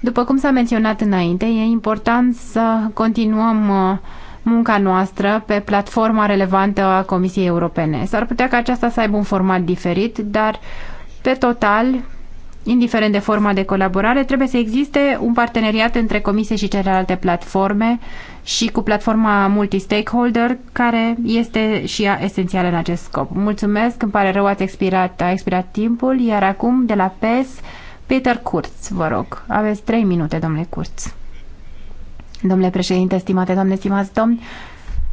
După cum s-a menționat înainte, e important să continuăm uh, munca noastră pe platforma relevantă a Comisiei Europene. S-ar putea ca aceasta să aibă un format diferit, dar pe total indiferent de forma de colaborare, trebuie să existe un parteneriat între comisie și celelalte platforme și cu platforma multi-stakeholder, care este și ea esențială în acest scop. Mulțumesc, îmi pare rău, ați expirat, a expirat timpul, iar acum, de la PES, Peter Kurz, vă rog. Aveți trei minute, domnule Kurz. Domnule președinte, stimate doamne, stimați domni,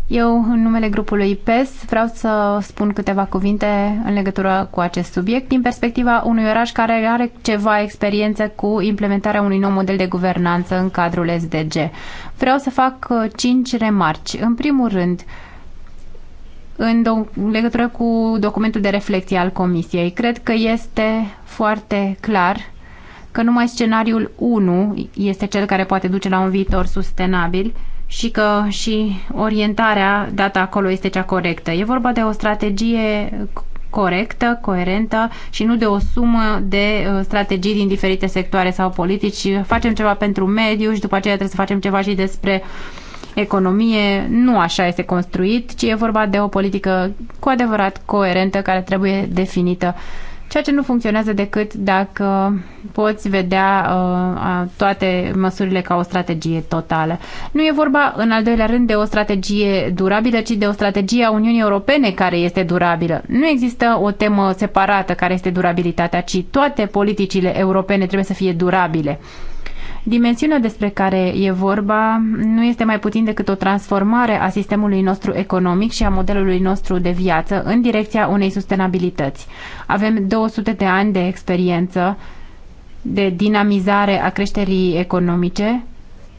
eu, în numele grupului PES, vreau să spun câteva cuvinte în legătură cu acest subiect din perspectiva unui oraș care are ceva experiență cu implementarea unui nou model de guvernanță în cadrul SDG. Vreau să fac uh, cinci remarci. În primul rând, în, legătură cu documentul de reflecție al Comisiei, cred că este foarte clar că numai scenariul 1 este cel care poate duce la un viitor sustenabil și că și orientarea dată acolo este cea corectă. E vorba de o strategie corectă, coerentă și nu de o sumă de uh, strategii din diferite sectoare sau politici. Facem ceva pentru mediu și după aceea trebuie să facem ceva și despre economie. Nu așa este construit, ci e vorba de o politică cu adevărat coerentă care trebuie definită ceea ce nu funcționează decât dacă poți vedea uh, toate măsurile ca o strategie totală. Nu e vorba, în al doilea rând, de o strategie durabilă, ci de o strategie a Uniunii Europene care este durabilă. Nu există o temă separată care este durabilitatea, ci toate politicile europene trebuie să fie durabile. Dimensiunea despre care e vorba nu este mai puțin decât o transformare a sistemului nostru economic și a modelului nostru de viață în direcția unei sustenabilități. Avem 200 de ani de experiență de dinamizare a creșterii economice,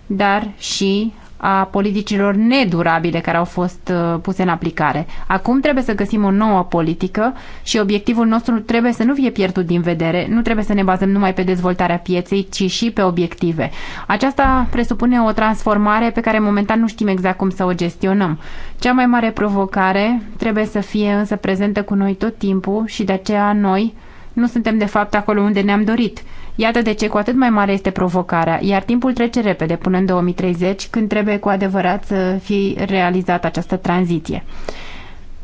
dar și a politicilor nedurabile care au fost uh, puse în aplicare. Acum trebuie să găsim o nouă politică și obiectivul nostru trebuie să nu fie pierdut din vedere. Nu trebuie să ne bazăm numai pe dezvoltarea pieței, ci și pe obiective. Aceasta presupune o transformare pe care momentan nu știm exact cum să o gestionăm. Cea mai mare provocare trebuie să fie însă prezentă cu noi tot timpul și de aceea noi nu suntem de fapt acolo unde ne-am dorit. Iată de ce cu atât mai mare este provocarea, iar timpul trece repede până în 2030, când trebuie cu adevărat să fie realizată această tranziție.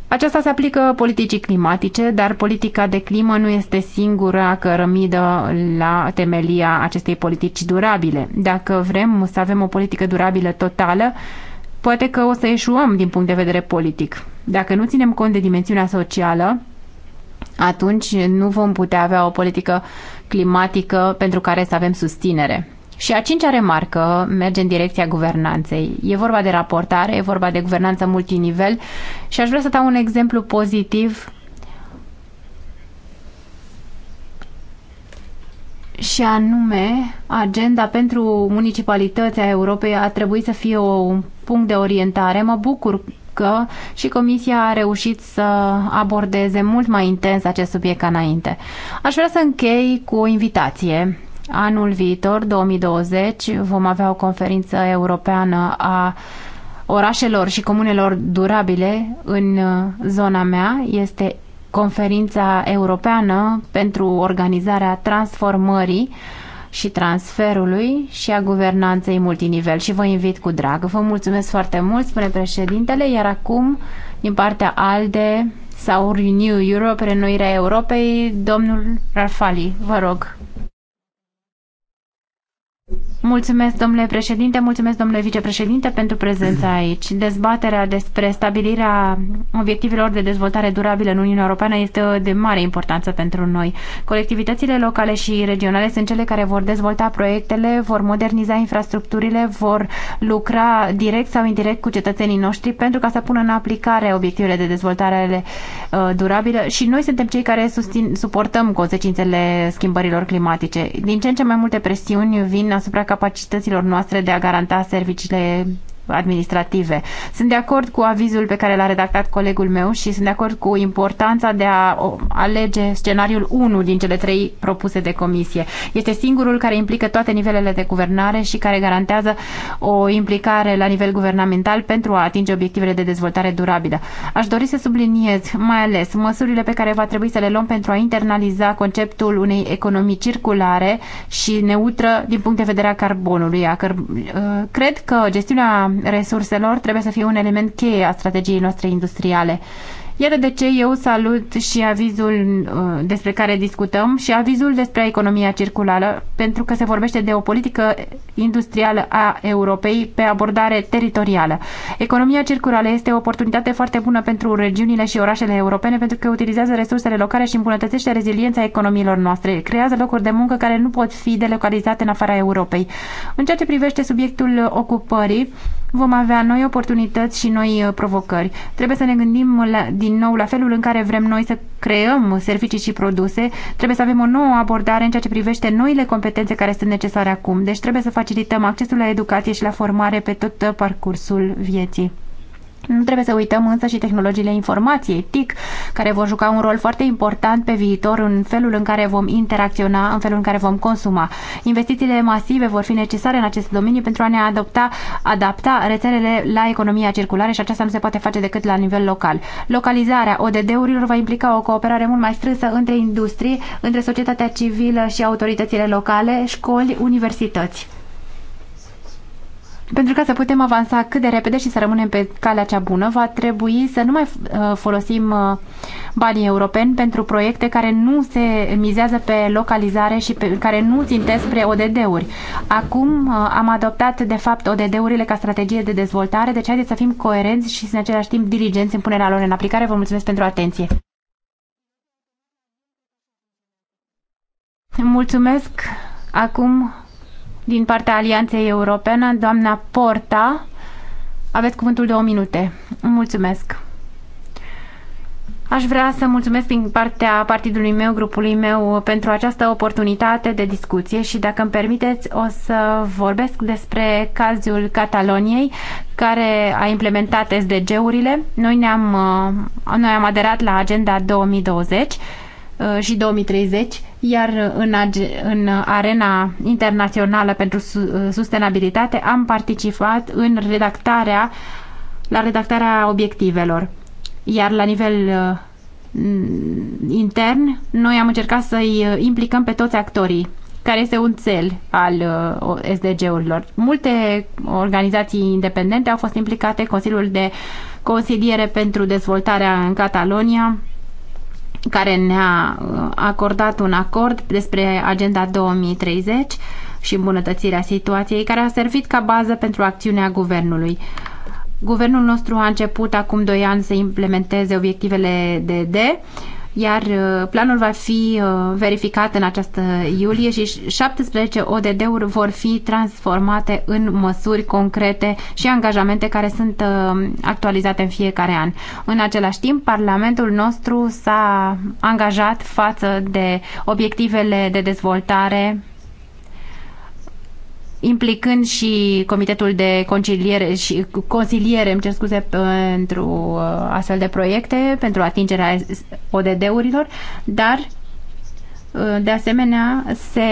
Aceasta se aplică politicii climatice, dar politica de climă nu este singura cărămidă la temelia acestei politici durabile. Dacă vrem să avem o politică durabilă totală, poate că o să eșuăm din punct de vedere politic. Dacă nu ținem cont de dimensiunea socială, atunci nu vom putea avea o politică climatică pentru care să avem susținere. Și a cincea remarcă merge în direcția guvernanței. E vorba de raportare, e vorba de guvernanță multinivel și aș vrea să dau un exemplu pozitiv și anume agenda pentru municipalități Europei a trebuit să fie un punct de orientare. Mă bucur că și Comisia a reușit să abordeze mult mai intens acest subiect ca înainte. Aș vrea să închei cu o invitație. Anul viitor, 2020, vom avea o conferință europeană a orașelor și comunelor durabile în uh, zona mea. Este conferința europeană pentru organizarea transformării uh, și transferului și a guvernanței multinivel și vă invit cu drag. Vă mulțumesc foarte mult, spune președintele, iar acum, din partea ALDE sau Renew Europe, Renoirea Europei, domnul Rafali, vă rog. Mulțumesc, domnule președinte, mulțumesc, domnule vicepreședinte, pentru prezența aici. Dezbaterea despre stabilirea obiectivelor de dezvoltare durabilă în Uniunea Europeană este de mare importanță pentru noi. Colectivitățile locale și regionale sunt cele care vor dezvolta proiectele, vor moderniza infrastructurile, vor lucra direct sau indirect cu cetățenii noștri pentru ca să pună în aplicare obiectivele de dezvoltare uh, durabilă și noi suntem cei care susțin, suportăm consecințele schimbărilor climatice. Din ce în ce mai multe presiuni vin asupra capacităților noastre de a garanta serviciile administrative. Sunt de acord cu avizul pe care l-a redactat colegul meu și sunt de acord cu importanța de a alege scenariul 1 din cele trei propuse de comisie. Este singurul care implică toate nivelele de guvernare și care garantează o implicare la nivel guvernamental pentru a atinge obiectivele de dezvoltare durabilă. Aș dori să subliniez mai ales măsurile pe care va trebui să le luăm pentru a internaliza conceptul unei economii circulare și neutră din punct de vedere a carbonului. Uh, cred că gestiunea resurselor trebuie să fie un element cheie a strategiei noastre industriale. Iată de ce eu salut și avizul uh, despre care discutăm și avizul despre economia circulară, pentru că se vorbește de o politică industrială a Europei pe abordare teritorială. Economia circulară este o oportunitate foarte bună pentru regiunile și orașele europene, pentru că utilizează resursele locale și îmbunătățește reziliența economiilor noastre, creează locuri de muncă care nu pot fi delocalizate în afara Europei. În ceea ce privește subiectul ocupării, vom avea noi oportunități și noi uh, provocări. Trebuie să ne gândim la, din nou la felul în care vrem noi să creăm servicii și produse. Trebuie să avem o nouă abordare în ceea ce privește noile competențe care sunt necesare acum. Deci trebuie să facilităm accesul la educație și la formare pe tot uh, parcursul vieții. Nu trebuie să uităm însă și tehnologiile informației, TIC, care vor juca un rol foarte important pe viitor în felul în care vom interacționa, în felul în care vom consuma. Investițiile masive vor fi necesare în acest domeniu pentru a ne adopta, adapta rețelele la economia circulară și aceasta nu se poate face decât la nivel local. Localizarea ODD-urilor va implica o cooperare mult mai strânsă între industrie, între societatea civilă și autoritățile locale, școli, universități. Pentru ca să putem avansa cât de repede și să rămânem pe calea cea bună, va trebui să nu mai uh, folosim uh, banii europeni pentru proiecte care nu se mizează pe localizare și pe, care nu țintesc spre ODD-uri. Acum uh, am adoptat, de fapt, ODD-urile ca strategie de dezvoltare, deci haideți să fim coerenți și, în același timp, diligenți în punerea lor în aplicare. Vă mulțumesc pentru atenție! Mulțumesc! Acum din partea Alianței Europene, doamna Porta. Aveți cuvântul două minute. Mulțumesc! Aș vrea să mulțumesc din partea partidului meu, grupului meu, pentru această oportunitate de discuție și, dacă îmi permiteți, o să vorbesc despre cazul Cataloniei, care a implementat SDG-urile. Noi, ne-am, uh, noi am aderat la Agenda 2020 Uh, și 2030, iar în, în arena internațională pentru uh, sustenabilitate am participat în redactarea, la redactarea obiectivelor. Iar la nivel uh, intern, noi am încercat să-i implicăm pe toți actorii care este un cel al SDG-urilor. Multe organizații independente au fost implicate, Consiliul de Consiliere pentru Dezvoltarea în Catalonia, care ne-a uh, acordat un acord despre Agenda 2030 și îmbunătățirea situației, care a servit ca bază pentru acțiunea guvernului. Guvernul nostru a început acum doi ani să implementeze obiectivele DD iar uh, planul va fi uh, verificat în această iulie și 17 ODD-uri vor fi transformate în măsuri concrete și angajamente care sunt uh, actualizate în fiecare an. În același timp, Parlamentul nostru s-a angajat față de obiectivele de dezvoltare implicând și Comitetul de Conciliere și Consiliere, îmi cer scuze, pentru uh, astfel de proiecte, pentru atingerea ODD-urilor, dar uh, de asemenea, se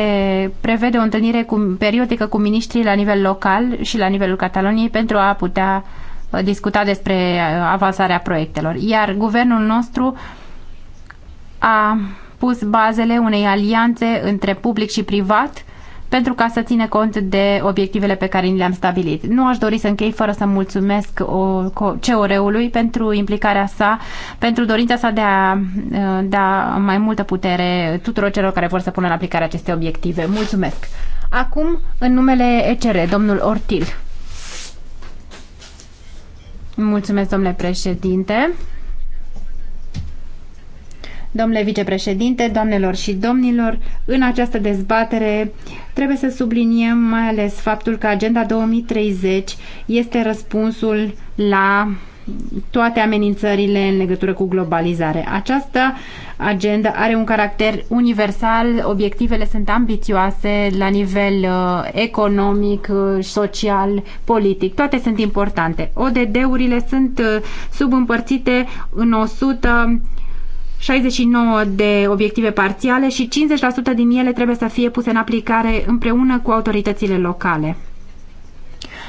prevede o întâlnire cu, periodică cu miniștrii la nivel local și la nivelul Cataloniei pentru a putea uh, discuta despre avansarea proiectelor. Iar guvernul nostru a pus bazele unei alianțe între public și privat pentru ca să ține cont de obiectivele pe care ni le-am stabilit. Nu aș dori să închei fără să mulțumesc CEOR-ului pentru implicarea sa, pentru dorința sa de a da mai multă putere tuturor celor care vor să pună în aplicare aceste obiective. Mulțumesc! Acum, în numele ECR, domnul Ortil. Mulțumesc, domnule președinte. Domnule vicepreședinte, doamnelor și domnilor, în această dezbatere trebuie să subliniem mai ales faptul că Agenda 2030 este răspunsul la toate amenințările în legătură cu globalizare. Această agenda are un caracter universal, obiectivele sunt ambițioase la nivel uh, economic, uh, social, politic, toate sunt importante. ODD-urile sunt uh, subîmpărțite în 100 69 de obiective parțiale și 50% din ele trebuie să fie puse în aplicare împreună cu autoritățile locale.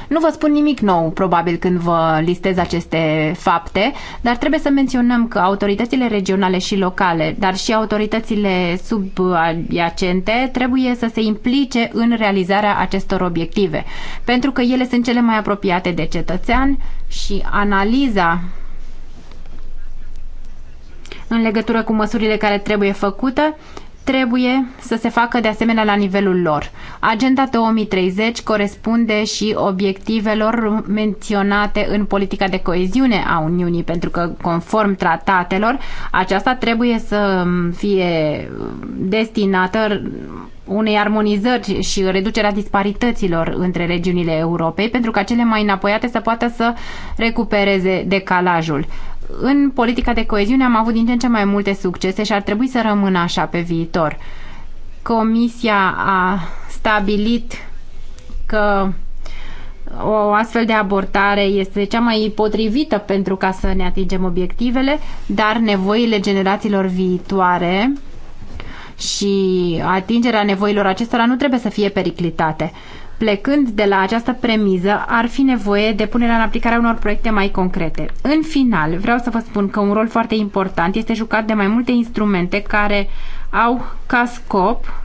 Nu vă spun nimic nou, probabil, când vă listez aceste fapte, dar trebuie să menționăm că autoritățile regionale și locale, dar și autoritățile subiacente, trebuie să se implice în realizarea acestor obiective, pentru că ele sunt cele mai apropiate de cetățean și analiza în legătură cu măsurile care trebuie făcute, trebuie să se facă de asemenea la nivelul lor. Agenda 2030 corespunde și obiectivelor menționate în politica de coeziune a Uniunii, pentru că conform tratatelor, aceasta trebuie să fie destinată unei armonizări și reducerea disparităților între regiunile Europei, pentru ca cele mai înapoiate să poată să recupereze decalajul în politica de coeziune am avut din ce în ce mai multe succese și ar trebui să rămână așa pe viitor. Comisia a stabilit că o astfel de abordare este cea mai potrivită pentru ca să ne atingem obiectivele, dar nevoile generațiilor viitoare și atingerea nevoilor acestora nu trebuie să fie periclitate. Plecând de la această premiză, ar fi nevoie de punerea în aplicare a unor proiecte mai concrete. În final, vreau să vă spun că un rol foarte important este jucat de mai multe instrumente care au ca scop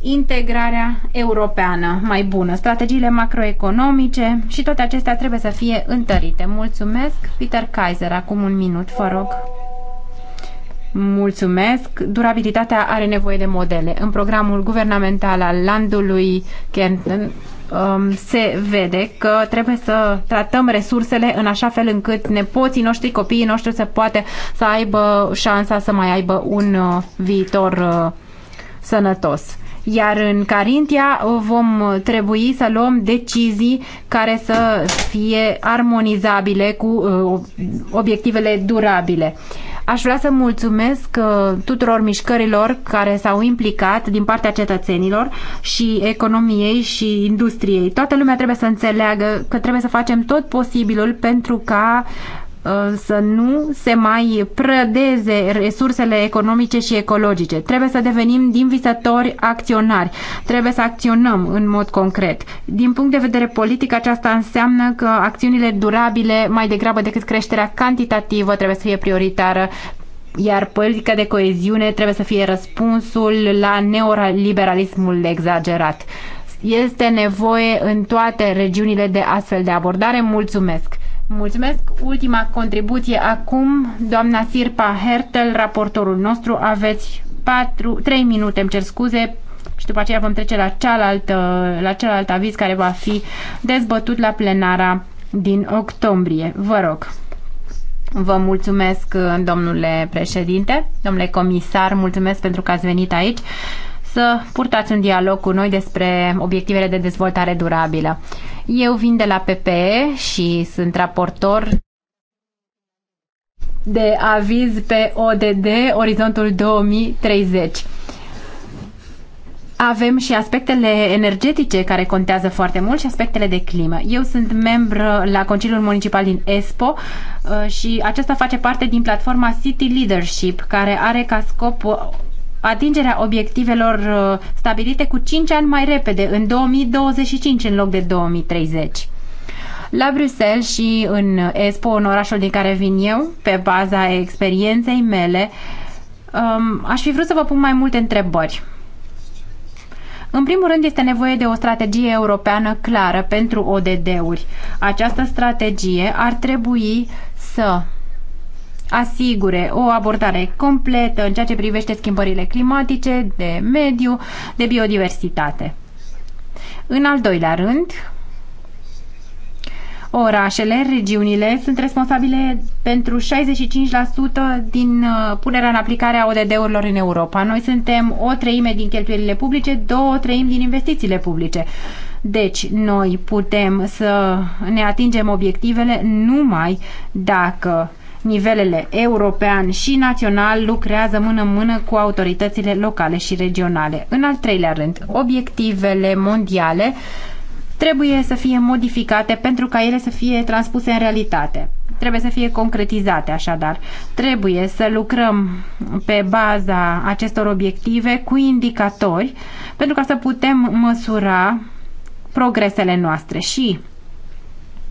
integrarea europeană mai bună, strategiile macroeconomice și toate acestea trebuie să fie întărite. Mulțumesc, Peter Kaiser, acum un minut, vă rog. Mulțumesc. Durabilitatea are nevoie de modele. În programul guvernamental al landului Kenton um, se vede că trebuie să tratăm resursele în așa fel încât nepoții noștri, copiii noștri să poate să aibă șansa să mai aibă un uh, viitor uh, sănătos iar în Carintia uh, vom trebui să luăm decizii care să fie armonizabile cu obiectivele durabile. Aș vrea să mulțumesc uh, tuturor mișcărilor care s-au implicat din partea cetățenilor și economiei și industriei. Toată lumea trebuie să înțeleagă că trebuie să facem tot posibilul pentru ca Uh, să nu se mai prădeze resursele economice și ecologice. Trebuie să devenim din visători acționari. Trebuie să acționăm în mod concret. Din punct de vedere politic, aceasta înseamnă că acțiunile durabile, mai degrabă decât creșterea cantitativă, trebuie să fie prioritară iar politica de coeziune trebuie să fie răspunsul la neoliberalismul exagerat. Este nevoie în toate regiunile de astfel de abordare. Mulțumesc! Mulțumesc. Ultima contribuție acum, doamna Sirpa Hertel, raportorul nostru. Aveți 4, 3 minute, îmi cer scuze, și după aceea vom trece la, cealaltă, la celălalt aviz care va fi dezbătut la plenara din octombrie. Vă rog. Vă mulțumesc, domnule președinte, domnule comisar, mulțumesc pentru că ați venit aici să purtați un dialog cu noi despre obiectivele de dezvoltare durabilă. Eu vin de la PPE și sunt raportor de aviz pe ODD Orizontul 2030. Avem și aspectele energetice care contează foarte mult și aspectele de climă. Eu sunt membru la Consiliul Municipal din ESPO uh, și acesta face parte din platforma City Leadership, care are ca scop atingerea obiectivelor uh, stabilite cu 5 ani mai repede, în 2025 în loc de 2030. La Bruxelles și în Expo, în orașul din care vin eu, pe baza experienței mele, um, aș fi vrut să vă pun mai multe întrebări. În primul rând, este nevoie de o strategie europeană clară pentru ODD-uri. Această strategie ar trebui să asigure o abordare completă în ceea ce privește schimbările climatice, de mediu, de biodiversitate. În al doilea rând, orașele, regiunile sunt responsabile pentru 65% din uh, punerea în aplicare a ODD-urilor în Europa. Noi suntem o treime din cheltuielile publice, două treimi din investițiile publice. Deci, noi putem să ne atingem obiectivele numai dacă uh, nivelele european și național lucrează mână-mână cu autoritățile locale și regionale. În al treilea rând, obiectivele mondiale trebuie să fie modificate pentru ca ele să fie transpuse în realitate. Trebuie să fie concretizate, așadar. Trebuie să lucrăm pe baza acestor obiective cu indicatori pentru ca să putem măsura progresele noastre și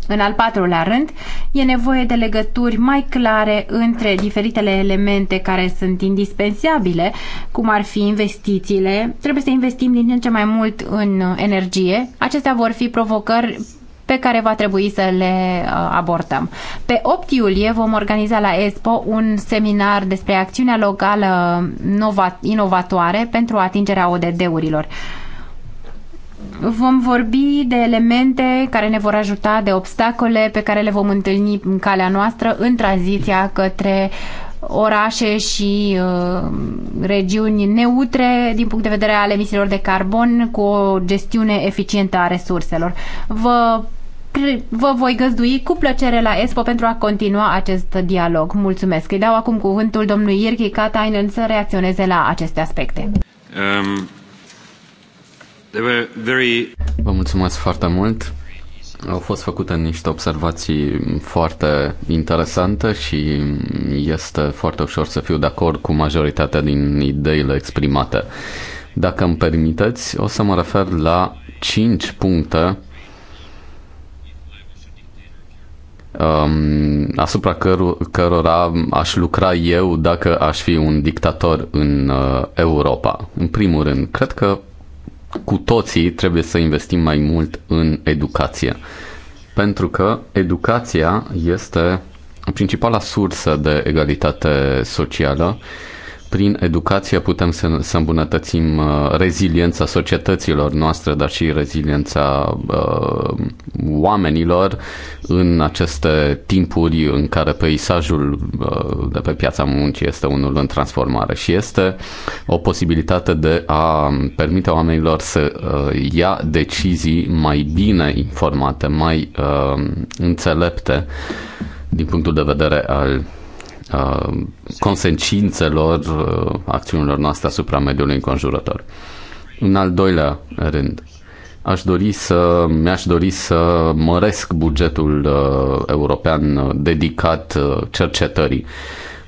în al patrulea rând, e nevoie de legături mai clare între diferitele elemente care sunt indispensabile, cum ar fi investițiile. Trebuie să investim din ce în ce mai mult în uh, energie. Acestea vor fi provocări pe care va trebui să le uh, abordăm. Pe 8 iulie vom organiza la ESPO un seminar despre acțiunea locală inovatoare pentru atingerea ODD-urilor vom vorbi de elemente care ne vor ajuta, de obstacole pe care le vom întâlni în calea noastră în tranziția către orașe și uh, regiuni neutre din punct de vedere al emisiilor de carbon cu o gestiune eficientă a resurselor. Vă vă voi găzdui cu plăcere la ESPO pentru a continua acest dialog. Mulțumesc. Îi dau acum cuvântul domnului Irki Katainen să reacționeze la aceste aspecte. Um. Vă mulțumesc foarte mult. Au fost făcute niște observații foarte interesante și este foarte ușor să fiu de acord cu majoritatea din ideile exprimate. Dacă îmi permiteți, o să mă refer la 5 puncte um, asupra căru- cărora aș lucra eu dacă aș fi un dictator în uh, Europa. În primul rând, cred că cu toții trebuie să investim mai mult în educație. Pentru că educația este principala sursă de egalitate socială prin educație putem să, să îmbunătățim uh, reziliența societăților noastre, dar și reziliența uh, oamenilor în aceste timpuri în care peisajul uh, de pe piața muncii este unul în transformare și este o posibilitate de a permite oamenilor să uh, ia decizii mai bine informate, mai uh, înțelepte din punctul de vedere al Uh, consecințelor uh, acțiunilor noastre asupra mediului înconjurător. În al doilea rând, aș dori să, mi-aș dori să măresc bugetul uh, european dedicat cercetării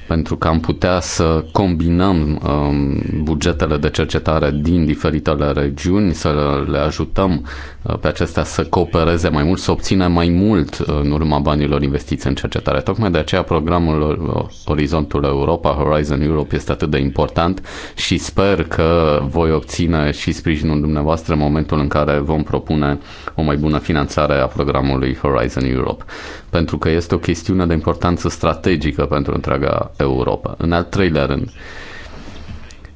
pentru că am putea să combinăm um, bugetele de cercetare din diferitele regiuni, să le ajutăm uh, pe acestea să coopereze mai mult, să obțină mai mult uh, în urma banilor investiți în cercetare. Tocmai de aceea programul Orizontul Europa, Horizon Europe, este atât de important și sper că voi obține și sprijinul dumneavoastră în momentul în care vom propune o mai bună finanțare a programului Horizon Europe, pentru că este o chestiune de importanță strategică pentru întreaga Europa. În al treilea rând,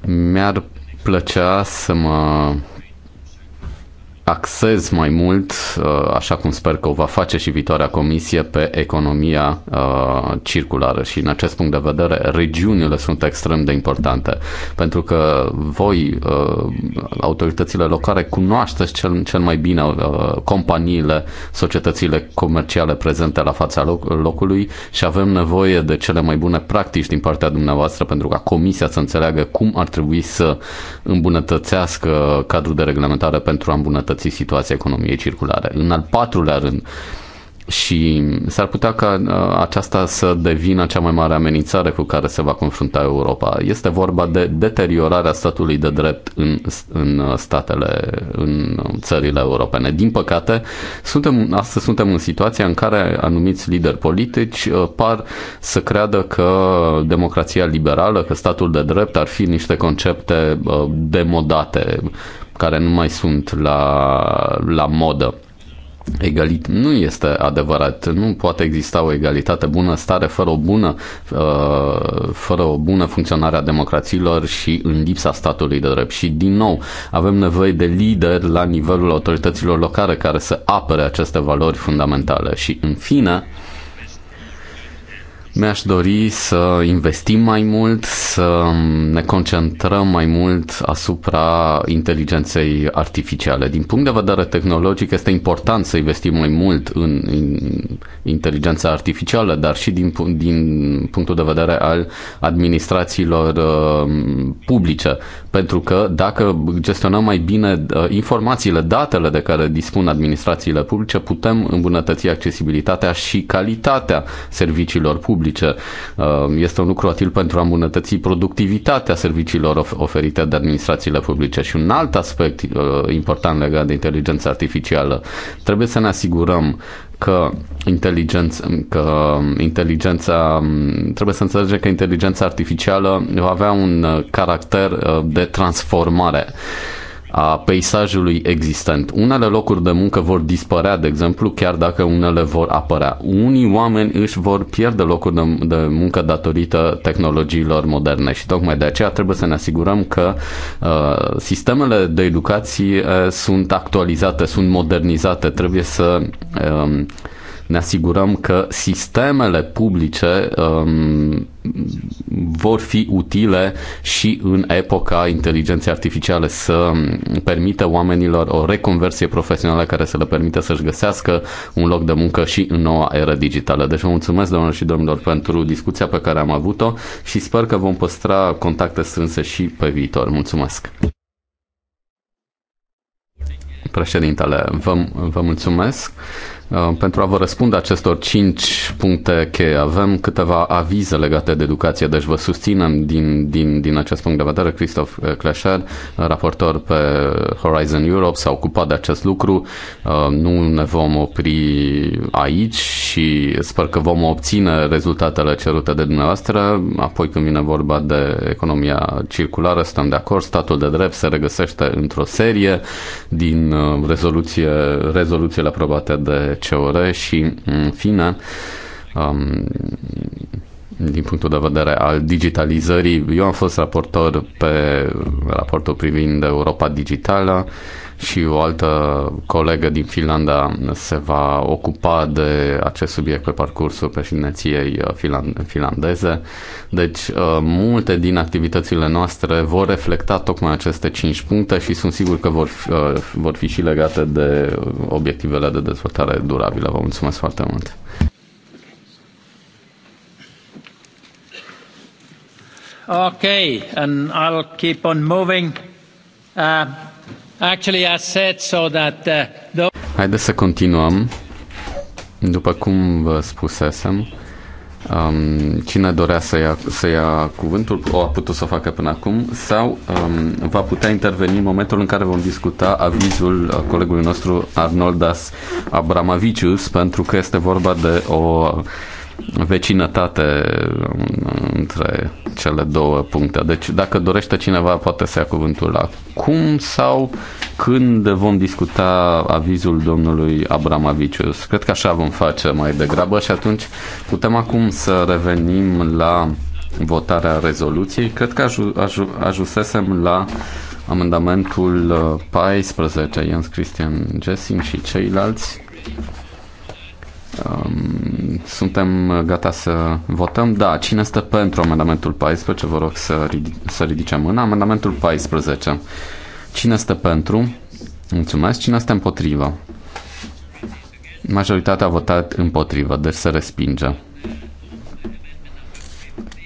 mi-ar plăcea să mă axez mai mult, uh, așa cum sper că o va face și viitoarea comisie, pe economia uh, circulară și în acest punct de vedere regiunile sunt extrem de importante pentru că voi, uh, autoritățile locale, cunoașteți cel, cel mai bine companiile, societățile comerciale prezente la fața loc, locului și avem nevoie de cele mai bune practici din partea dumneavoastră pentru ca comisia să înțeleagă cum ar trebui să îmbunătățească cadrul de reglementare pentru a îmbunătăți îmbunătăți situația economiei circulare. În al patrulea rând, și s-ar putea ca uh, aceasta să devină cea mai mare amenințare cu care se va confrunta Europa. Este vorba de deteriorarea statului de drept în, în uh, statele, în uh, țările europene. Din păcate, suntem, astăzi suntem în situația în care anumiți lideri politici par să creadă că democrația liberală, că statul de drept ar fi niște concepte demodate care nu mai sunt la, la modă. Egalit- nu este adevărat, nu poate exista o egalitate bună stare fără o bună, uh, fără o bună funcționare a democrațiilor și în lipsa statului de drept. Și din nou, avem nevoie de lideri la nivelul autorităților locale care să apere aceste valori fundamentale. Și în fine, mi-aș dori să investim mai mult, să ne concentrăm mai mult asupra inteligenței artificiale. Din punct de vedere tehnologic este important să investim mai mult în, inteligența artificială, dar și din, din punctul de vedere al administrațiilor uh, publice. Pentru că dacă gestionăm mai bine uh, informațiile, datele de care dispun administrațiile publice, putem îmbunătăți accesibilitatea și calitatea serviciilor publice publice. Uh, este un lucru util pentru a îmbunătăți productivitatea serviciilor oferite de administrațiile publice. Și un alt aspect uh, important legat de inteligența artificială, trebuie să ne asigurăm că inteligența, că inteligența trebuie să înțelegem că inteligența artificială va avea un uh, caracter de transformare a peisajului existent. Unele locuri de muncă vor dispărea, de exemplu, chiar dacă unele vor apărea. Unii oameni își vor pierde locuri de, de muncă datorită tehnologiilor moderne și tocmai de aceea trebuie să ne asigurăm că uh, sistemele de educație uh, sunt actualizate, sunt modernizate, trebuie să uh, ne asigurăm că sistemele publice um, vor fi utile și în epoca inteligenței artificiale să um, permită oamenilor o reconversie profesională care să le permită să-și găsească un loc de muncă și în noua era digitală. Deci vă mulțumesc, doamnelor și domnilor, pentru discuția pe care am avut-o și sper că vom păstra contacte strânse și pe viitor. Mulțumesc! Președintele, vă, vă mulțumesc. Uh, pentru a vă răspunde acestor cinci puncte cheie, avem câteva avize legate de educație, deci vă susținem din, din, din acest punct de vedere. Christoph Cleșer, uh, uh, raportor pe Horizon Europe, s-a ocupat de acest lucru. Nu ne vom opri aici și sper că vom obține rezultatele cerute de dumneavoastră. Apoi când vine vorba de economia circulară, stăm de acord, statul de drept se regăsește într-o serie din uh, rezoluție, rezoluțiile aprobate de COR și, în fine, um, din punctul de vedere al digitalizării. Eu am fost raportor pe raportul privind Europa Digitală și o altă colegă din Finlanda se va ocupa de acest subiect pe parcursul președinției uh, finlandeze. Deci uh, multe din activitățile noastre vor reflecta tocmai aceste cinci puncte și sunt sigur că vor, fi, uh, vor fi și legate de obiectivele de dezvoltare durabilă. Vă mulțumesc foarte mult! Okay, and I'll keep on moving. Uh, Uh, Haideți să continuăm. După cum vă spusesem, um, cine dorea să ia, să ia cuvântul, o a putut să o facă până acum, sau um, va putea interveni în momentul în care vom discuta avizul uh, colegului nostru Arnoldas Abramavicius, pentru că este vorba de o vecinătate um, între cele două puncte. Deci dacă dorește cineva poate să ia cuvântul la cum sau când vom discuta avizul domnului Abramavicius. Cred că așa vom face mai degrabă și atunci putem acum să revenim la votarea rezoluției. Cred că aju- aju- ajusesem la amendamentul 14, uh, Jens Christian Jessing și ceilalți suntem gata să votăm. Da, cine este pentru amendamentul 14? Vă rog să, ridic- să ridice mâna. Amendamentul 14. Cine este pentru? Mulțumesc. Cine este împotrivă? Majoritatea a votat împotrivă, deci se respinge.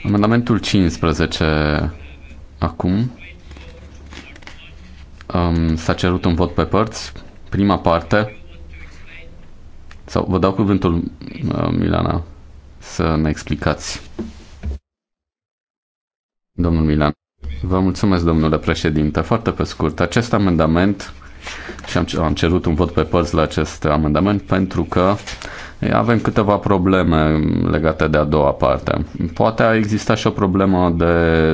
Amendamentul 15 acum. Um, s-a cerut un vot pe părți. Prima parte sau vă dau cuvântul, uh, Milana, să ne explicați. Domnul Milan. Vă mulțumesc, domnule președinte. Foarte pe scurt, acest amendament și am, am cerut un vot pe părți la acest amendament pentru că avem câteva probleme legate de a doua parte. Poate a existat și o problemă de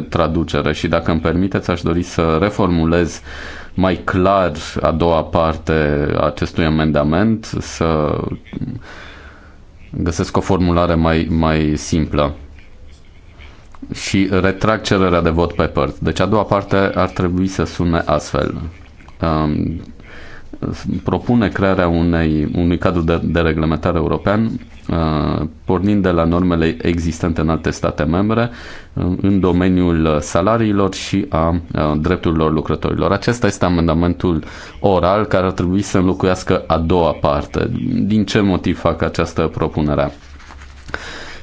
traducere și dacă îmi permiteți aș dori să reformulez uh, mai clar a doua parte a acestui amendament, să găsesc o formulare mai, mai simplă și retrag cererea de vot pe părți. Deci a doua parte ar trebui să sune astfel. Um, propune crearea unei, unui cadru de, de reglementare european Uh, pornind de la normele existente în alte state membre uh, în domeniul salariilor și a uh, drepturilor lucrătorilor. Acesta este amendamentul oral care ar trebui să înlocuiască a doua parte. Din ce motiv fac această propunere?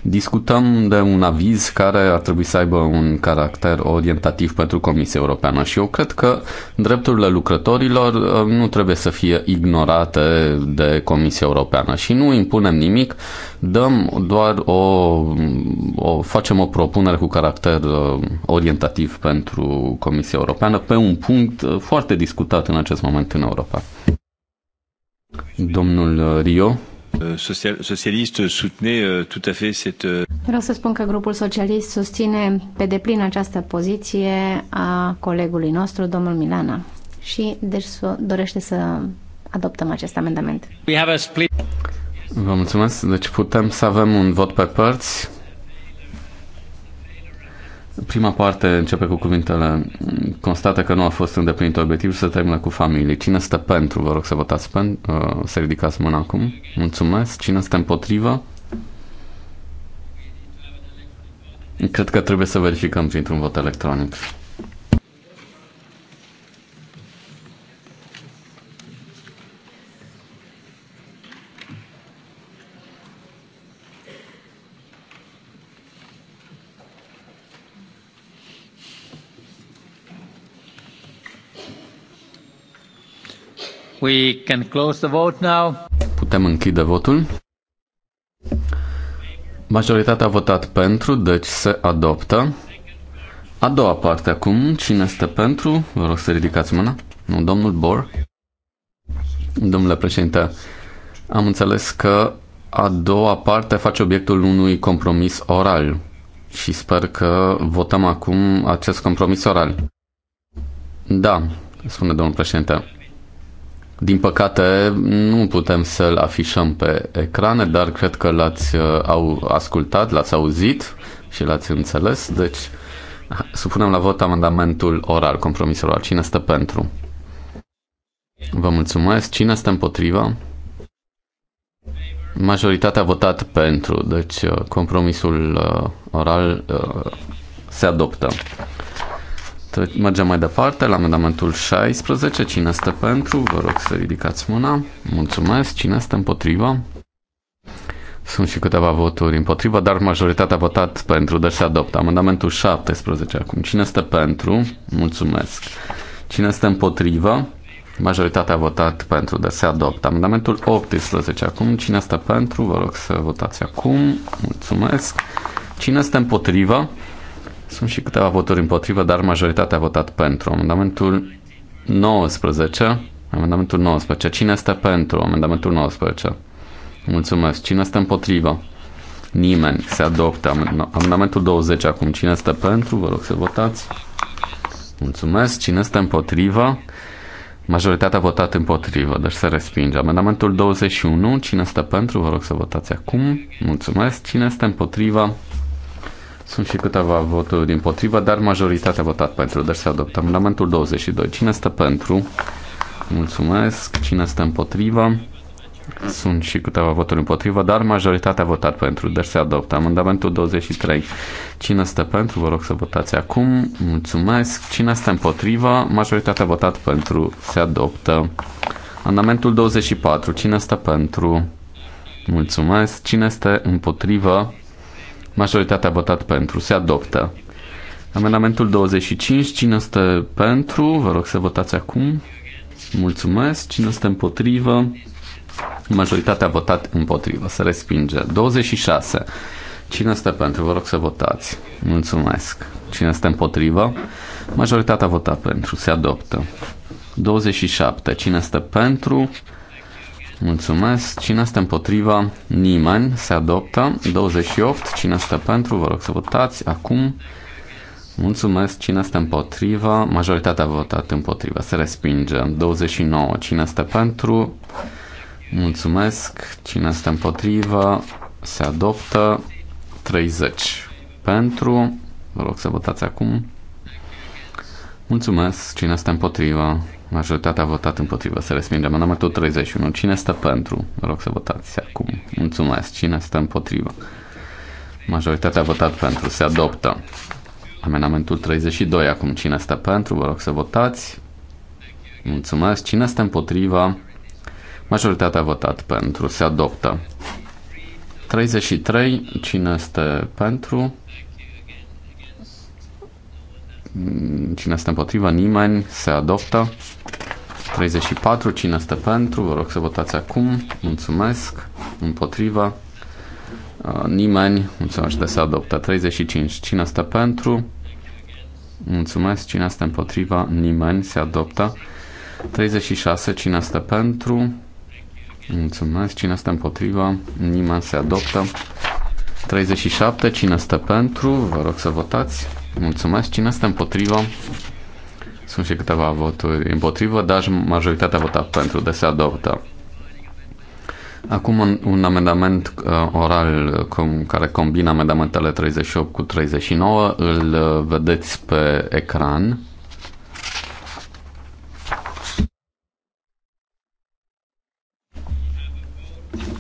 Discutăm de un aviz care ar trebui să aibă un caracter orientativ pentru Comisia Europeană și eu cred că drepturile lucrătorilor uh, nu trebuie să fie ignorate de Comisia Europeană și nu impunem nimic, dăm doar o, o facem o propunere cu caracter uh, orientativ pentru Comisia Europeană pe un punct uh, foarte discutat în acest moment în Europa. Domnul Rio. Euh, social, socialist soutenait euh, tout à fait cette... Euh, Vreau să spun că grupul socialist susține pe deplin această poziție a colegului nostru, domnul Milana, și deci dorește să adoptăm acest amendament. We have a split. Vă mulțumesc. Deci putem să avem un vot pe părți Prima parte începe cu cuvintele constată că nu a fost îndeplinit obiectivul să termină cu familie. Cine stă pentru? Vă rog să votați pentru. Uh, să ridicați mâna acum. Mulțumesc. Cine stă împotrivă? Cred că trebuie să verificăm printr-un vot electronic. We can close the vote now. Putem închide votul. Majoritatea a votat pentru, deci se adoptă. A doua parte acum, cine este pentru? Vă rog să ridicați mâna. Nu, domnul Bor. Domnule președinte, am înțeles că a doua parte face obiectul unui compromis oral și sper că votăm acum acest compromis oral. Da, spune domnul președinte. Din păcate, nu putem să-l afișăm pe ecrane, dar cred că l-ați uh, au ascultat, l-ați auzit și l-ați înțeles. Deci, supunem la vot amendamentul oral, compromisul oral. Cine stă pentru? Vă mulțumesc. Cine stă împotriva? Majoritatea a votat pentru, deci uh, compromisul uh, oral se adoptă. Mergem mai departe la amendamentul 16. Cine este pentru? Vă rog să ridicați mâna. Mulțumesc. Cine este împotriva? Sunt și câteva voturi împotriva, dar majoritatea a votat pentru, deși se adoptă. Amendamentul 17 acum. Cine este pentru? Mulțumesc. Cine este împotriva? Majoritatea a votat pentru, deci se adoptă. Amendamentul 18 acum. Cine este pentru? Vă rog să votați acum. Mulțumesc. Cine este împotriva? Sunt și câteva voturi împotrivă, dar majoritatea a votat pentru. Amendamentul 19. Amendamentul 19. Cine este pentru amendamentul 19? Mulțumesc. Cine este împotrivă? Nimeni. Se adoptă. Amendamentul 20 acum. Cine este pentru? Vă rog să votați. Mulțumesc. Cine este împotrivă? Majoritatea a votat împotrivă, deci se respinge. Amendamentul 21. Cine este pentru? Vă rog să votați acum. Mulțumesc. Cine este împotrivă? Sunt și câteva voturi din potrivă, dar majoritatea a votat pentru, deci se adoptă. Amendamentul 22. Cine stă pentru? Mulțumesc. Cine stă împotrivă? Sunt și câteva voturi împotrivă, dar majoritatea a votat pentru, deci se adoptă. Amendamentul 23. Cine stă pentru? Vă rog să votați acum. Mulțumesc. Cine stă împotrivă? Majoritatea a votat pentru, se adoptă. Amendamentul 24. Cine stă pentru? Mulțumesc. Cine stă împotrivă? Majoritatea a votat pentru. Se adoptă. Amendamentul 25. Cine stă pentru? Vă rog să votați acum. Mulțumesc. Cine stă împotrivă? Majoritatea a votat împotrivă. Se respinge. 26. Cine stă pentru? Vă rog să votați. Mulțumesc. Cine stă împotrivă? Majoritatea a votat pentru. Se adoptă. 27. Cine stă pentru? Mulțumesc. Cine este împotriva? Nimeni. Se adoptă. 28. Cine este pentru? Vă rog să votați acum. Mulțumesc. Cine este împotriva? Majoritatea a votat împotriva. Se respinge. 29. Cine este pentru? Mulțumesc. Cine este împotriva? Se adoptă. 30. Pentru. Vă rog să votați acum. Mulțumesc. Cine este împotriva? Majoritatea a votat împotrivă. Se respinge numărul 31. Cine stă pentru? Vă rog să votați acum. Mulțumesc. Cine stă împotrivă? Majoritatea a votat pentru. Se adoptă. Amendamentul 32. Acum cine stă pentru? Vă rog să votați. Mulțumesc. Cine stă împotriva? Majoritatea a votat pentru. Se adoptă. 33. Cine stă pentru? Mm, cine este împotriva? Nimeni. Se adoptă. 34. Cine este pentru? Vă rog să votați acum. Mulțumesc. Împotriva. Uh, nimeni. Mulțumesc de se adoptă. 35. Cine este pentru? Mulțumesc. Cine este împotriva? Nimeni. Se adoptă. 36. Cine este pentru? Mulțumesc. Cine este împotriva? Nimeni se adoptă. 37. Cine este pentru? Vă rog să votați. Mulțumesc. Cine este împotrivă? Sunt și câteva voturi împotrivă, dar majoritatea a votat pentru, de se adoptă. Acum un, un amendament uh, oral cum, care combina amendamentele 38 cu 39, îl uh, vedeți pe ecran.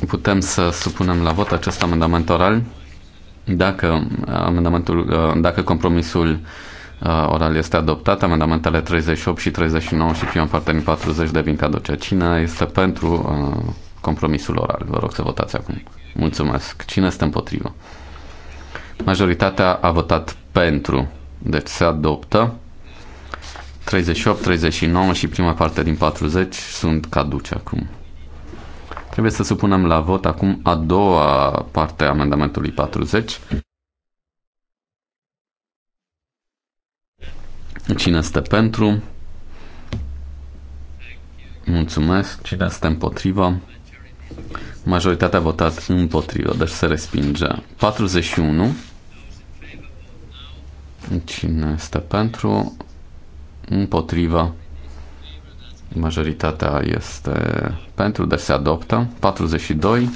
Putem să supunem la vot acest amendament oral? Dacă uh, amendamentul, uh, dacă compromisul uh, oral este adoptat, amendamentele 38 și 39 și prima parte din 40 devin caduce. Cine este pentru compromisul oral? Vă rog să votați acum. Mulțumesc. Cine este împotrivă? Majoritatea a votat pentru. Deci se adoptă. 38, 39 și prima parte din 40 sunt caduce acum. Trebuie să supunem la vot acum a doua parte a amendamentului 40. Cine este pentru? Mulțumesc. Cine este împotriva? Majoritatea a votat împotriva, deci se respinge. 41. Cine este pentru? Împotriva. Majoritatea este pentru, deci se adoptă. 42.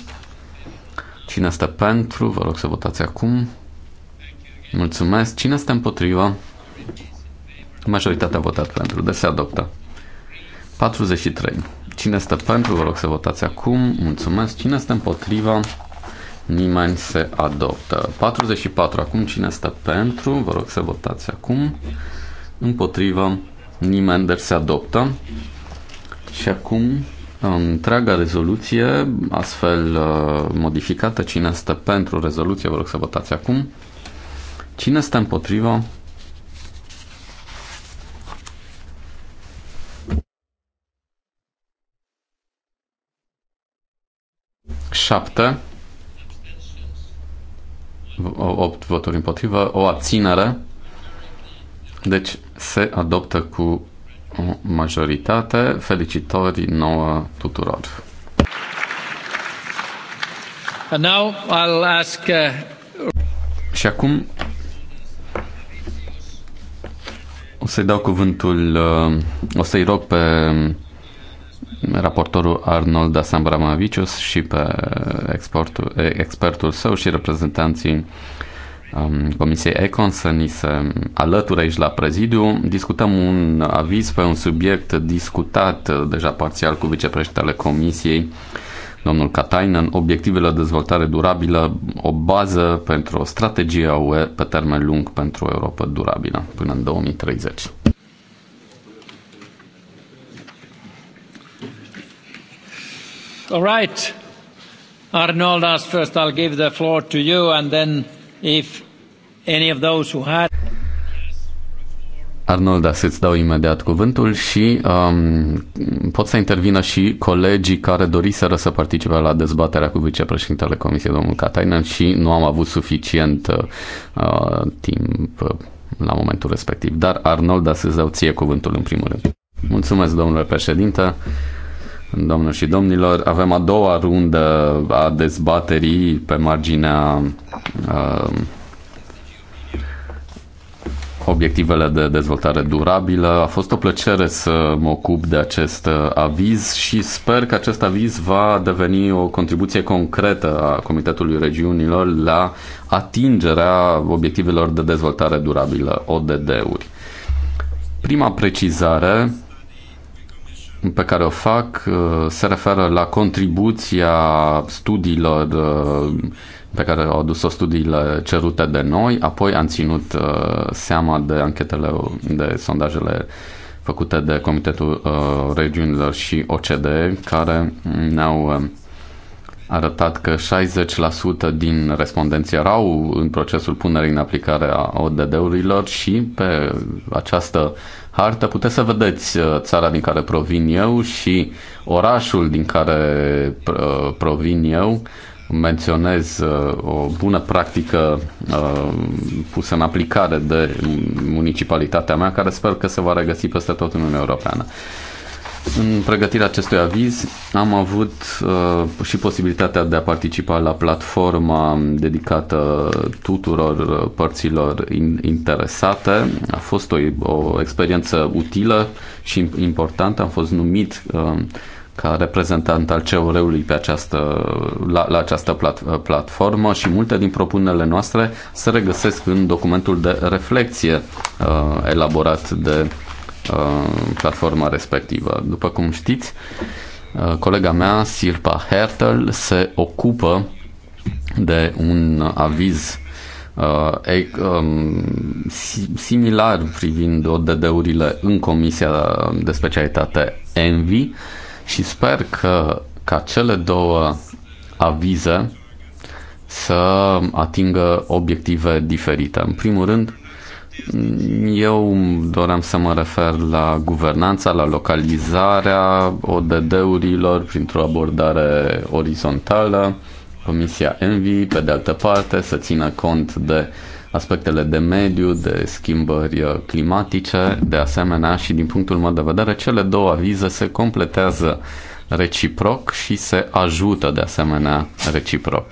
Cine este pentru? Vă rog să votați acum. Mulțumesc. Cine este împotriva? Majoritatea a votat pentru, deci se adoptă. 43. Cine este pentru? Vă rog să votați acum. Mulțumesc. Cine este împotriva? Nimeni se adoptă. 44. Acum cine este pentru? Vă rog să votați acum. Împotriva. Nimeni, deci se adoptă. Și acum întreaga rezoluție, astfel uh, modificată, cine este pentru rezoluție, vă rog să votați acum. Cine este împotriva? Șapte. Opt voturi împotrivă, o abținere. Deci se adoptă cu o majoritate. Felicitări nouă tuturor! And now I'll ask, uh... Și acum o să-i dau cuvântul, uh, o să-i rog pe raportorul Arnold Asambramavicius și pe exportul, expertul său și reprezentanții Comisiei Econ să ni se alăture aici la prezidiu. Discutăm un aviz pe un subiect discutat uh, deja parțial cu vicepreședintele Comisiei, domnul Katainen, obiectivele de dezvoltare durabilă, o bază pentru o strategie a UE pe termen lung pentru o Europa durabilă până în 2030. All right. Arnoldas, first I'll give the floor to you and then If any of those who had... Arnolda, da, să-ți dau imediat cuvântul și um, pot să intervină și colegii care doriseră să participe la dezbaterea cu vicepreședintele Comisiei, domnul Katainen, și nu am avut suficient uh, timp uh, la momentul respectiv. Dar, Arnold da, să-ți dau ție cuvântul în primul rând. Mulțumesc, domnule președinte. Domnul și domnilor, avem a doua rundă a dezbaterii pe marginea uh, obiectivele de dezvoltare durabilă. A fost o plăcere să mă ocup de acest uh, aviz și sper că acest aviz va deveni o contribuție concretă a Comitetului Regiunilor la atingerea obiectivelor de dezvoltare durabilă, ODD-uri. Prima precizare pe care o fac uh, se referă la contribuția studiilor uh, pe care au adus-o studiile cerute de noi, apoi am ținut uh, seama de anchetele, de sondajele făcute de Comitetul Regiunilor și OCDE, care ne-au arătat că 60% din respondenți erau în procesul punerii în aplicare a ODD-urilor și pe această hartă puteți să vedeți uh, țara din care provin eu și orașul din care uh, provin eu menționez uh, o bună practică pusă în aplicare de municipalitatea mea, care sper că se va regăsi peste tot în Uniunea Europeană. În pregătirea acestui aviz am avut uh, și posibilitatea de a participa la platforma dedicată tuturor uh, părților in- interesate. A fost o, o experiență utilă și importantă. Am fost numit uh, ca reprezentant al CEUR-ului pe această, la, la această plat, uh, platformă și multe din propunerile noastre se regăsesc în documentul de reflexie uh, elaborat de Uh, platforma respectivă. După cum știți, uh, colega mea, Sirpa Hertel, se ocupă de un aviz uh, um, similar privind ODD-urile în Comisia de Specialitate ENVI și sper că, ca cele două avize să atingă obiective diferite. În primul rând, eu doream să mă refer la guvernanța, la localizarea ODD-urilor printr-o abordare orizontală. Comisia Envi, pe de altă parte, să țină cont de aspectele de mediu, de schimbări climatice, de asemenea și din punctul meu de vedere, cele două avize se completează reciproc și se ajută de asemenea reciproc.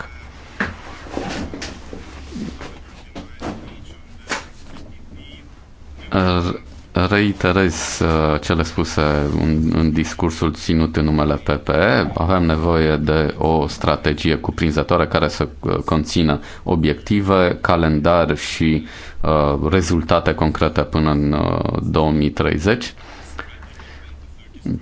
reiterez uh, cele spuse în, în discursul ținut în numele PPE. Avem nevoie de o strategie cuprinzătoare care să uh, conțină obiective, calendar și uh, rezultate concrete până în uh, 2030.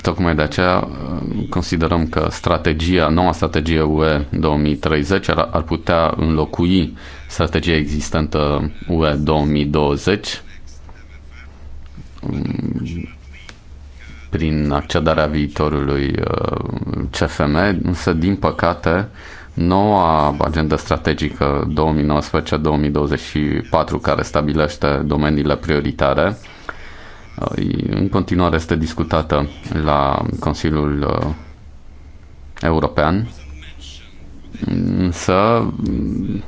Tocmai de aceea uh, considerăm că strategia, noua strategie UE 2030 ar, ar putea înlocui strategia existentă UE 2020 prin accedarea viitorului uh, CFM, însă, din păcate, noua agenda strategică 2019-2024 care stabilește domeniile prioritare uh, în continuare este discutată la Consiliul uh, European Însă,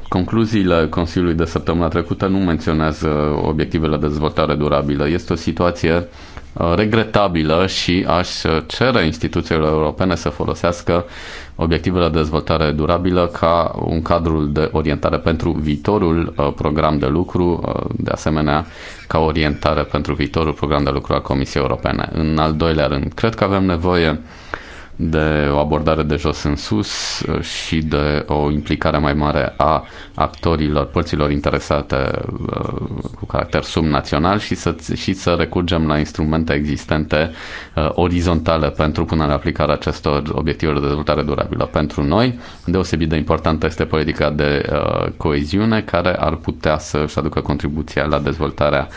concluziile Consiliului de săptămâna trecută nu menționează obiectivele de dezvoltare durabilă. Este o situație uh, regretabilă și aș cere instituțiilor europene să folosească obiectivele de dezvoltare durabilă ca un cadru de orientare pentru viitorul uh, program de lucru, uh, de asemenea ca orientare pentru viitorul program de lucru al Comisiei Europene. În al doilea rând, cred că avem nevoie de o abordare de jos în sus uh, și de o implicare mai mare a actorilor, părților interesate uh, cu caracter subnațional și să, și să recurgem la instrumente existente uh, orizontale pentru punerea aplicarea acestor obiective de dezvoltare durabilă. Pentru noi, deosebit de importantă este politica de coeziune care ar putea să-și aducă contribuția la dezvoltarea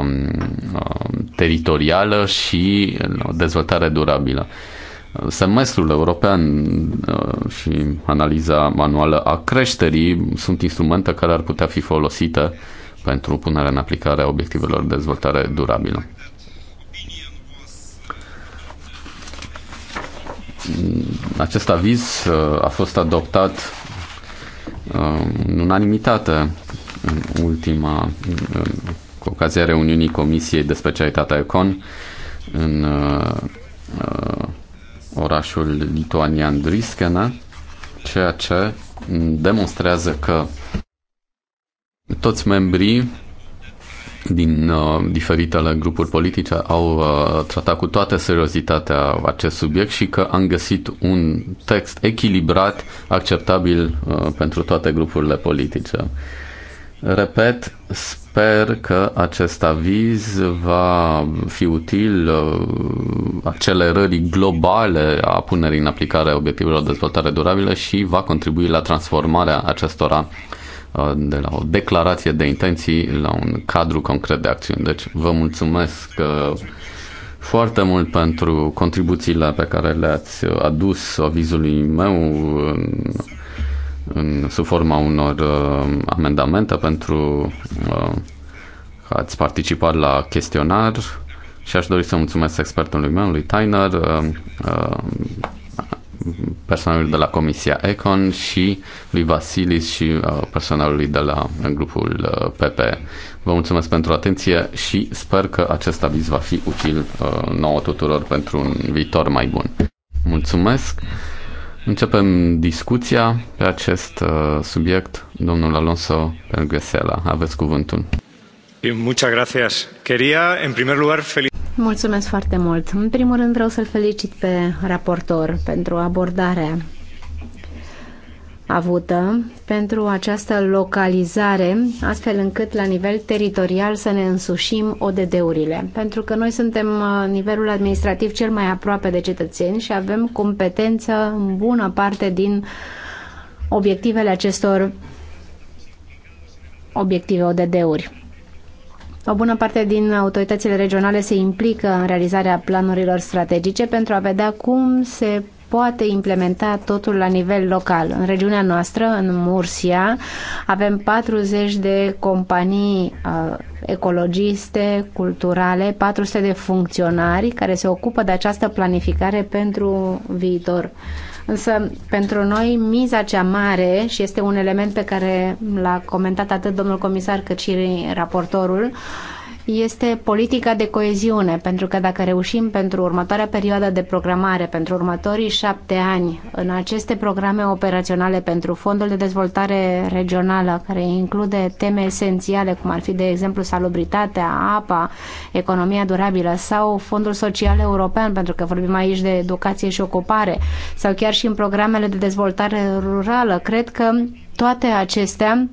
um, um, teritorială și dezvoltare durabilă semestrul european uh, și analiza manuală a creșterii sunt instrumente care ar putea fi folosite pentru punerea în aplicare a obiectivelor de dezvoltare durabilă. Acest aviz uh, a fost adoptat uh, în unanimitate în ultima, cu ocazia reuniunii Comisiei de Specialitate Econ în orașul lituanian Driskena, ceea ce demonstrează că toți membrii din uh, diferitele grupuri politice au uh, tratat cu toată seriozitatea acest subiect și că am găsit un text echilibrat, acceptabil uh, pentru toate grupurile politice. Repet, sper că acest aviz va fi util uh, accelerării globale a punerii în aplicare a obiectivelor de dezvoltare durabilă și va contribui la transformarea acestora uh, de la o declarație de intenții la un cadru concret de acțiuni. Deci vă mulțumesc uh, foarte mult pentru contribuțiile pe care le-ați adus avizului meu în în, sub forma unor uh, amendamente pentru uh, că ați participat la chestionar și aș dori să mulțumesc expertului meu, lui Tainer, uh, uh, personalul de la Comisia Econ și lui Vasilis și uh, personalului de la grupul uh, PP. Vă mulțumesc pentru atenție și sper că acest aviz va fi util uh, nouă tuturor pentru un viitor mai bun. Mulțumesc! Începem discuția pe acest uh, subiect. Domnul Alonso Pergesela. aveți cuvântul. Muchas gracias. Quería, en primer lugar, Mulțumesc foarte mult. În primul rând vreau să-l felicit pe raportor pentru abordarea avută pentru această localizare, astfel încât la nivel teritorial să ne însușim ODD-urile. Pentru că noi suntem uh, nivelul administrativ cel mai aproape de cetățeni și avem competență în bună parte din obiectivele acestor obiective ODD-uri. O bună parte din autoritățile regionale se implică în realizarea planurilor strategice pentru a vedea cum se poate implementa totul la nivel local. În regiunea noastră, în Mursia, avem 40 de companii uh, ecologiste, culturale, 400 de funcționari care se ocupă de această planificare pentru viitor. Însă, pentru noi, miza cea mare, și este un element pe care l-a comentat atât domnul comisar cât și raportorul, uh, este politica de coeziune, pentru că dacă reușim pentru următoarea perioadă de programare, pentru următorii șapte ani, în aceste programe operaționale pentru Fondul de Dezvoltare Regională, care include teme esențiale, cum ar fi, de exemplu, salubritatea, apa, economia durabilă sau Fondul Social European, pentru că vorbim aici de educație și ocupare, sau chiar și în programele de dezvoltare rurală, cred că toate acestea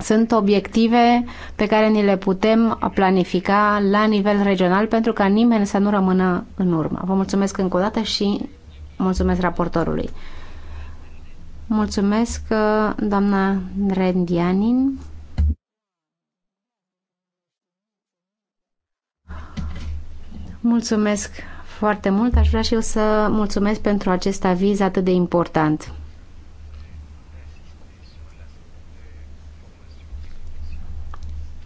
sunt obiective pe care ni le putem planifica la nivel regional pentru ca nimeni să nu rămână în urmă. Vă mulțumesc încă o dată și mulțumesc raportorului. Mulțumesc, doamna Rendianin. Mulțumesc foarte mult. Aș vrea și eu să mulțumesc pentru acest aviz atât de important.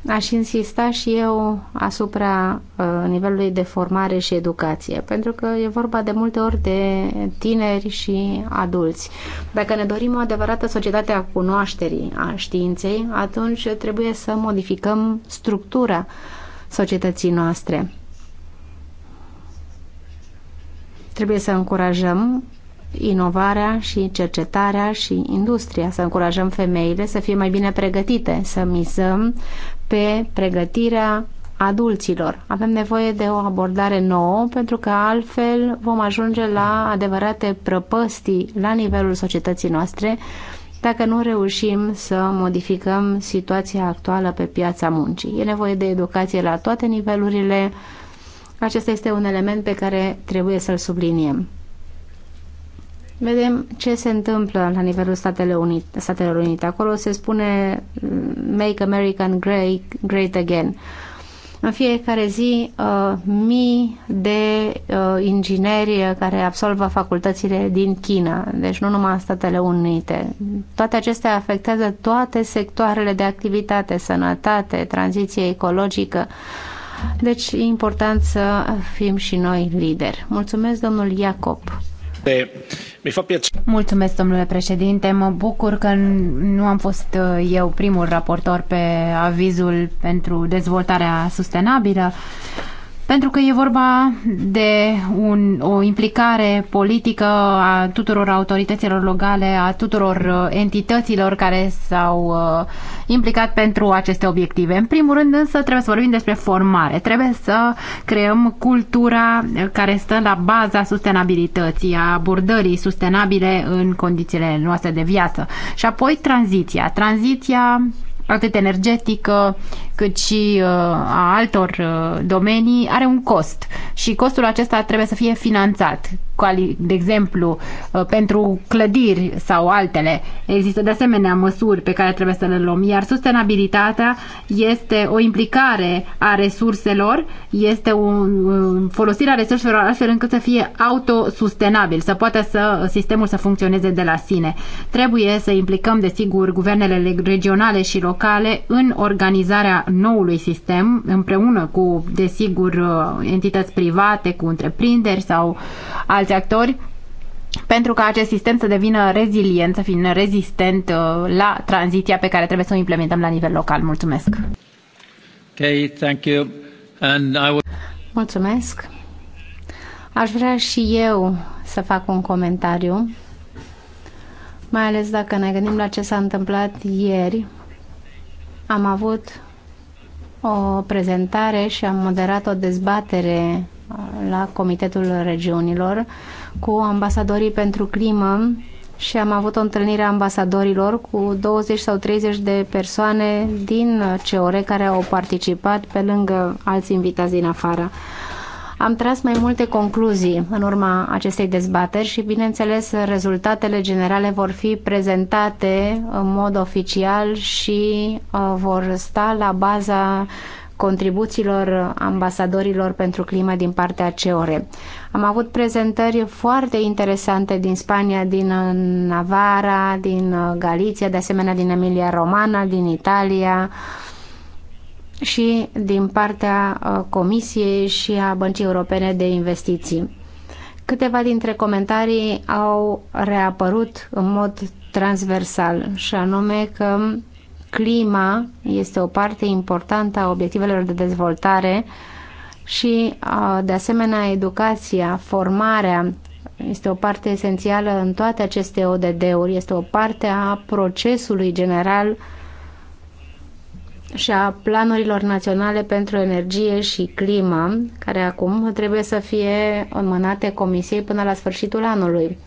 aș insista și eu asupra uh, nivelului de formare și educație, pentru că e vorba de multe ori de tineri și adulți. Dacă ne dorim o adevărată societate a cunoașterii, a științei, atunci trebuie să modificăm structura societății noastre. Trebuie să încurajăm inovarea și cercetarea și industria, să încurajăm femeile să fie mai bine pregătite, să mizăm pe pregătirea adulților. Avem nevoie de o abordare nouă pentru că altfel vom ajunge la adevărate prăpăstii la nivelul societății noastre dacă nu reușim să modificăm situația actuală pe piața muncii. E nevoie de educație la toate nivelurile. Acesta este un element pe care trebuie să-l subliniem vedem ce se întâmplă la nivelul Statele Unite, Statelor Unite. Acolo se spune mm, Make America Great, great Again. În fiecare zi, uh, mii de uh, ingineri care absolvă facultățile din China, deci nu numai Statele Unite. Toate acestea afectează toate sectoarele de activitate, sănătate, tranziție ecologică. Deci e important să fim și noi lideri. Mulțumesc, domnul Iacob. Mulțumesc, domnule președinte. Mă bucur că nu am fost uh, eu primul raportor pe avizul pentru dezvoltarea sustenabilă pentru că e vorba de un, o implicare politică a tuturor autorităților locale, a tuturor uh, entităților care s-au uh, implicat pentru aceste obiective. În primul rând însă trebuie să vorbim despre formare. Trebuie să creăm cultura care stă la baza sustenabilității, a abordării sustenabile în condițiile noastre de viață. Și apoi tranziția. Tranziția atât energetică cât și uh, a altor uh, domenii, are un cost și costul acesta trebuie să fie finanțat de exemplu, uh, pentru clădiri sau altele. Există de asemenea măsuri pe care trebuie să le luăm, iar sustenabilitatea este o implicare a resurselor, este o uh, folosire resurselor astfel încât să fie autosustenabil, să poată să sistemul să funcționeze de la sine. Trebuie să implicăm, desigur, guvernele regionale și locale în organizarea noului sistem, împreună cu, desigur, uh, entități private, cu întreprinderi sau alte alți actori pentru ca acest sistem să devină rezilient, să fie rezistent uh, la tranziția pe care trebuie să o implementăm la nivel local. Mulțumesc! Okay, thank you. And I will... Mulțumesc! Aș vrea și eu să fac un comentariu, mai ales dacă ne gândim la ce s-a întâmplat ieri. Am avut o prezentare și am moderat o dezbatere la Comitetul Regiunilor cu ambasadorii pentru climă și am avut o întâlnire a ambasadorilor cu 20 sau 30 de persoane din CEORE care au participat pe lângă alți invitați din afară. Am tras mai multe concluzii în urma acestei dezbateri și, bineînțeles, rezultatele generale vor fi prezentate în mod oficial și uh, vor sta la baza contribuțiilor ambasadorilor pentru climă din partea CEORE. Am avut prezentări foarte interesante din Spania, din Navara, din Galiția, de asemenea din Emilia Romana, din Italia și din partea uh, Comisiei și a Băncii Europene de Investiții. Câteva dintre comentarii au reapărut în mod transversal și anume că Clima este o parte importantă a obiectivelor de dezvoltare și, de asemenea, educația, formarea este o parte esențială în toate aceste ODD-uri, este o parte a procesului general și a planurilor naționale pentru energie și climă, care acum trebuie să fie înmânate Comisiei până la sfârșitul anului.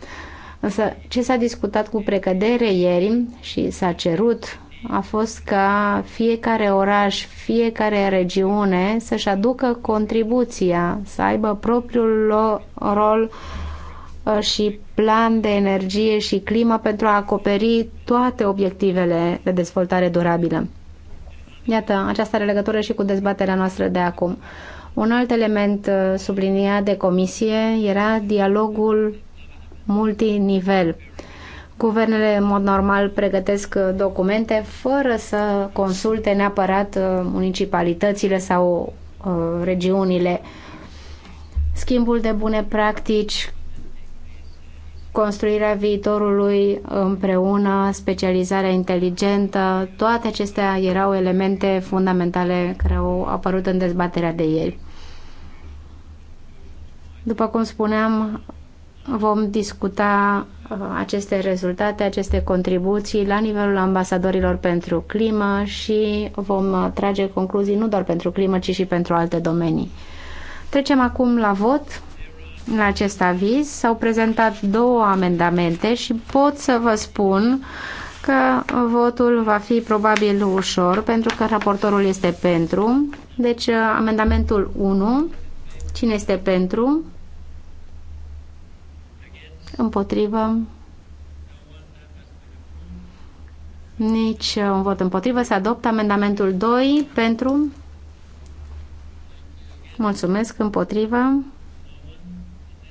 Însă ce s-a discutat cu precădere ieri și s-a cerut a fost ca fiecare oraș, fiecare regiune să-și aducă contribuția, să aibă propriul rol uh, și plan de energie și climă pentru a acoperi toate obiectivele de dezvoltare durabilă. Iată, aceasta are legătură și cu dezbaterea noastră de acum. Un alt element uh, subliniat de comisie era dialogul multinivel Guvernele, în mod normal, pregătesc uh, documente fără să consulte neapărat uh, municipalitățile sau uh, regiunile. Schimbul de bune practici, construirea viitorului împreună, specializarea inteligentă, toate acestea erau elemente fundamentale care au apărut în dezbaterea de ieri. După cum spuneam, vom discuta uh, aceste rezultate, aceste contribuții la nivelul ambasadorilor pentru climă și vom uh, trage concluzii nu doar pentru climă, ci și pentru alte domenii. Trecem acum la vot. La acest aviz s-au prezentat două amendamente și pot să vă spun că votul va fi probabil ușor pentru că raportorul este pentru. Deci uh, amendamentul 1, cine este pentru? împotrivă, nici uh, un vot împotrivă. Se adoptă amendamentul 2 pentru, mulțumesc, împotrivă,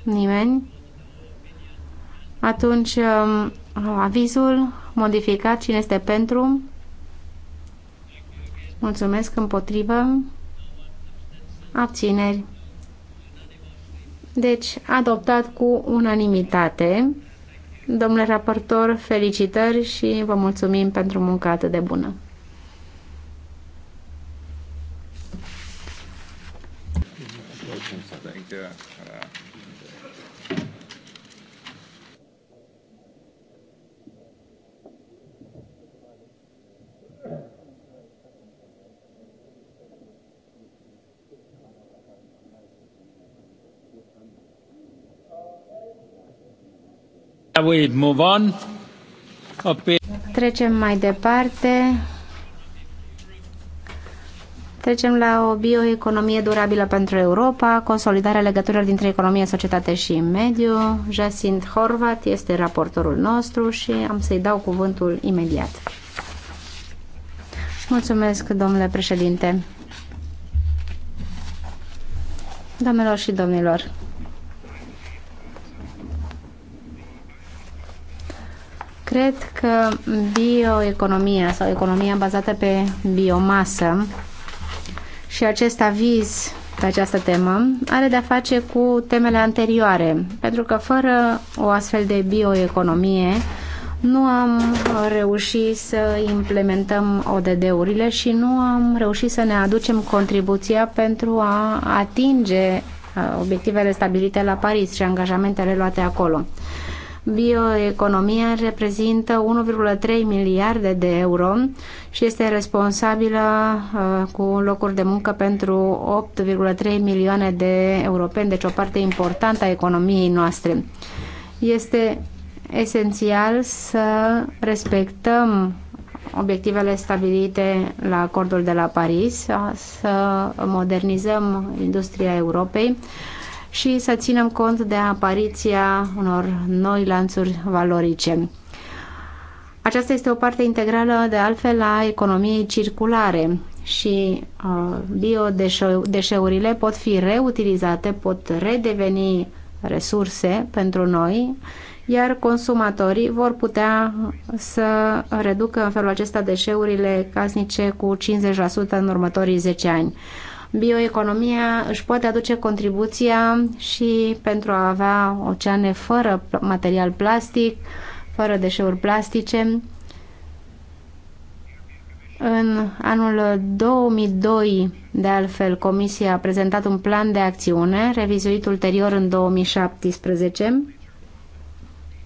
nimeni. Atunci, um, avizul modificat, cine este pentru? Mulțumesc, împotrivă, abțineri. Deci, adoptat cu unanimitate. Domnule raportor, felicitări și vă mulțumim pentru munca atât de bună. We move on. Trecem mai departe. Trecem la o bioeconomie durabilă pentru Europa, consolidarea legăturilor dintre economie, societate și mediu. Jacint Horvat este raportorul nostru și am să-i dau cuvântul imediat. Mulțumesc, domnule președinte. Doamnelor și domnilor, Cred că bioeconomia sau economia bazată pe biomasă și acest aviz pe această temă are de-a face cu temele anterioare, pentru că fără o astfel de bioeconomie nu am reușit să implementăm ODD-urile și nu am reușit să ne aducem contribuția pentru a atinge uh, obiectivele stabilite la Paris și angajamentele luate acolo. Bioeconomia reprezintă 1,3 miliarde de euro și este responsabilă uh, cu locuri de muncă pentru 8,3 milioane de europeni, deci o parte importantă a economiei noastre. Este esențial să respectăm obiectivele stabilite la acordul de la Paris, să modernizăm industria Europei și să ținem cont de apariția unor noi lanțuri valorice. Aceasta este o parte integrală, de altfel, a economiei circulare și uh, biodeșeurile pot fi reutilizate, pot redeveni resurse pentru noi, iar consumatorii vor putea să reducă în felul acesta deșeurile casnice cu 50% în următorii 10 ani. Bioeconomia își poate aduce contribuția și pentru a avea oceane fără material plastic, fără deșeuri plastice. În anul 2002, de altfel, Comisia a prezentat un plan de acțiune, revizuit ulterior în 2017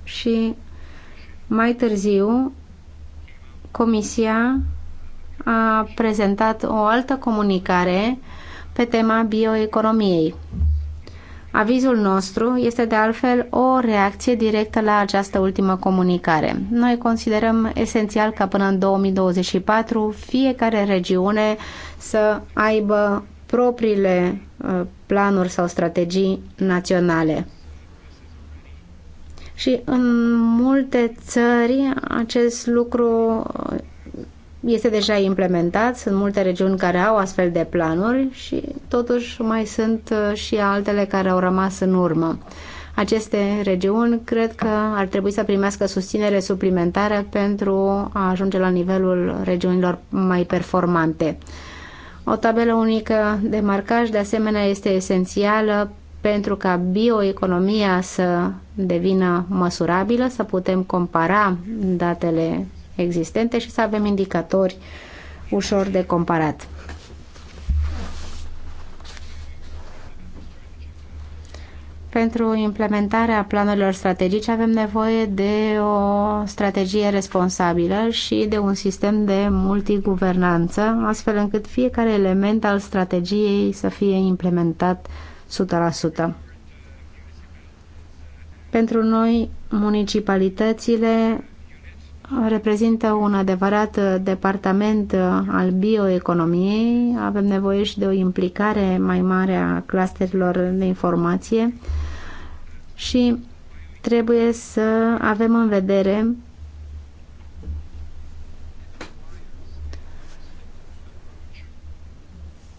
și mai târziu Comisia a prezentat o altă comunicare pe tema bioeconomiei. Avizul nostru este de altfel o reacție directă la această ultimă comunicare. Noi considerăm esențial ca până în 2024 fiecare regiune să aibă propriile ă, planuri sau strategii naționale. Și în multe țări acest lucru este deja implementat, sunt multe regiuni care au astfel de planuri și totuși mai sunt uh, și altele care au rămas în urmă. Aceste regiuni cred că ar trebui să primească susținere suplimentară pentru a ajunge la nivelul regiunilor mai performante. O tabelă unică de marcaj, de asemenea, este esențială pentru ca bioeconomia să devină măsurabilă, să putem compara datele existente și să avem indicatori ușor de comparat. Pentru implementarea planurilor strategice avem nevoie de o strategie responsabilă și de un sistem de multiguvernanță, astfel încât fiecare element al strategiei să fie implementat 100%. Pentru noi, municipalitățile reprezintă un adevărat uh, departament uh, al bioeconomiei. Avem nevoie și de o implicare mai mare a clusterilor de informație și trebuie să avem în vedere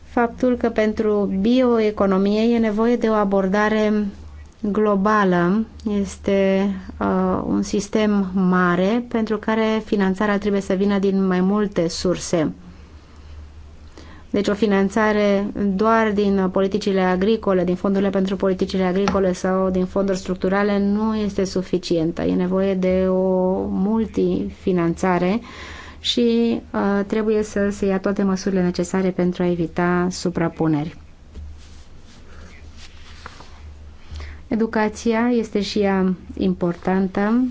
faptul că pentru bioeconomie e nevoie de o abordare globală este uh, un sistem mare pentru care finanțarea trebuie să vină din mai multe surse. Deci o finanțare doar din politicile agricole, din fondurile pentru politicile agricole sau din fonduri structurale nu este suficientă. E nevoie de o multifinanțare și uh, trebuie să se ia toate măsurile necesare pentru a evita suprapuneri. Educația este și ea importantă.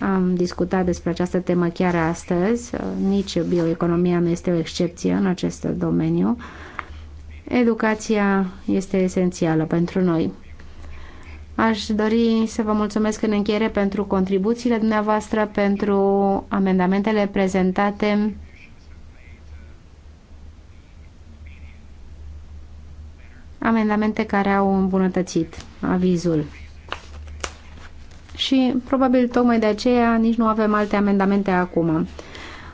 Am discutat despre această temă chiar astăzi. Nici bioeconomia nu este o excepție în acest domeniu. Educația este esențială pentru noi. Aș dori să vă mulțumesc în încheiere pentru contribuțiile dumneavoastră, pentru amendamentele prezentate amendamente care au îmbunătățit avizul. Și probabil tocmai de aceea nici nu avem alte amendamente acum.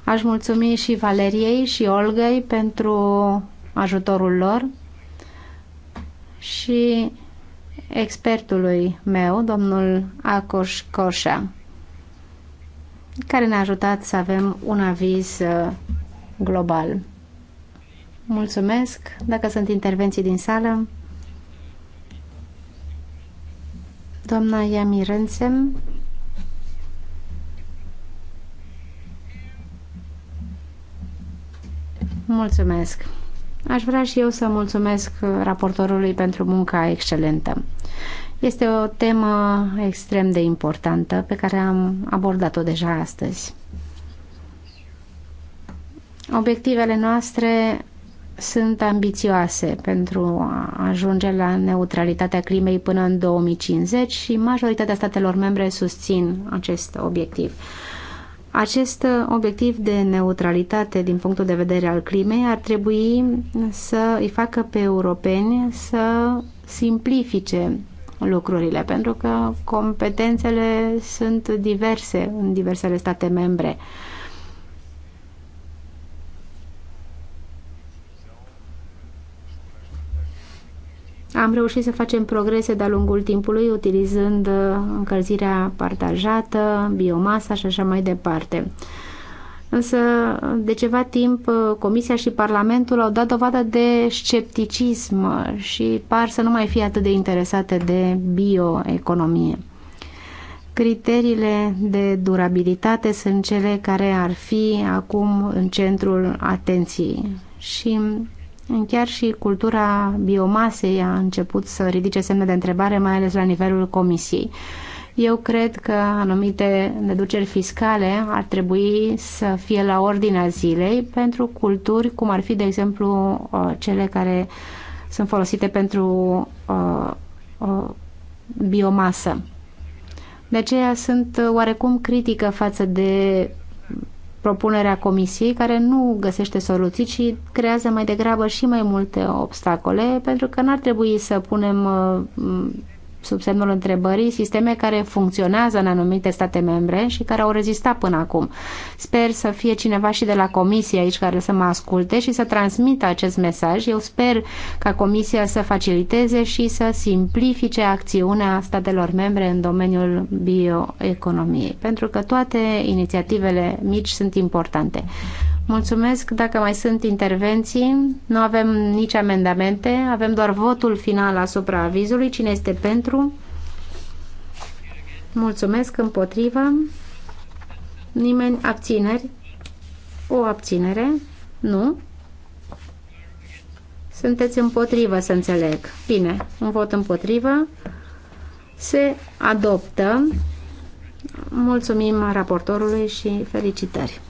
Aș mulțumi și Valeriei și Olgăi pentru ajutorul lor și expertului meu, domnul Acoș Coșa, care ne-a ajutat să avem un aviz uh, global. Mulțumesc. Dacă sunt intervenții din sală, doamna Iami Rânsem. Mulțumesc. Aș vrea și eu să mulțumesc raportorului pentru munca excelentă. Este o temă extrem de importantă pe care am abordat-o deja astăzi. Obiectivele noastre sunt ambițioase pentru a ajunge la neutralitatea climei până în 2050 și majoritatea statelor membre susțin acest obiectiv. Acest obiectiv de neutralitate din punctul de vedere al climei ar trebui să îi facă pe europeni să simplifice lucrurile, pentru că competențele sunt diverse în diversele state membre. Am reușit să facem progrese de-a lungul timpului utilizând uh, încălzirea partajată, biomasa și așa mai departe. Însă, de ceva timp, uh, Comisia și Parlamentul au dat dovadă de scepticism și par să nu mai fie atât de interesate de bioeconomie. Criteriile de durabilitate sunt cele care ar fi acum în centrul atenției și Chiar și cultura biomasei a început să ridice semne de întrebare, mai ales la nivelul Comisiei. Eu cred că anumite deduceri fiscale ar trebui să fie la ordinea zilei pentru culturi, cum ar fi, de exemplu, uh, cele care sunt folosite pentru uh, uh, biomasă. De aceea sunt oarecum critică față de propunerea comisiei care nu găsește soluții, ci creează mai degrabă și mai multe obstacole, pentru că n-ar trebui să punem uh, sub semnul întrebării sisteme care funcționează în anumite state membre și care au rezistat până acum. Sper să fie cineva și de la comisie aici care să mă asculte și să transmită acest mesaj. Eu sper ca comisia să faciliteze și să simplifice acțiunea statelor membre în domeniul bioeconomiei, pentru că toate inițiativele mici sunt importante. Mulțumesc dacă mai sunt intervenții. Nu avem nici amendamente, avem doar votul final asupra avizului. Cine este pentru? Mulțumesc împotrivă. Nimeni abțineri? O abținere? Nu? Sunteți împotrivă, să înțeleg. Bine, un vot împotrivă. Se adoptă. Mulțumim raportorului și felicitări.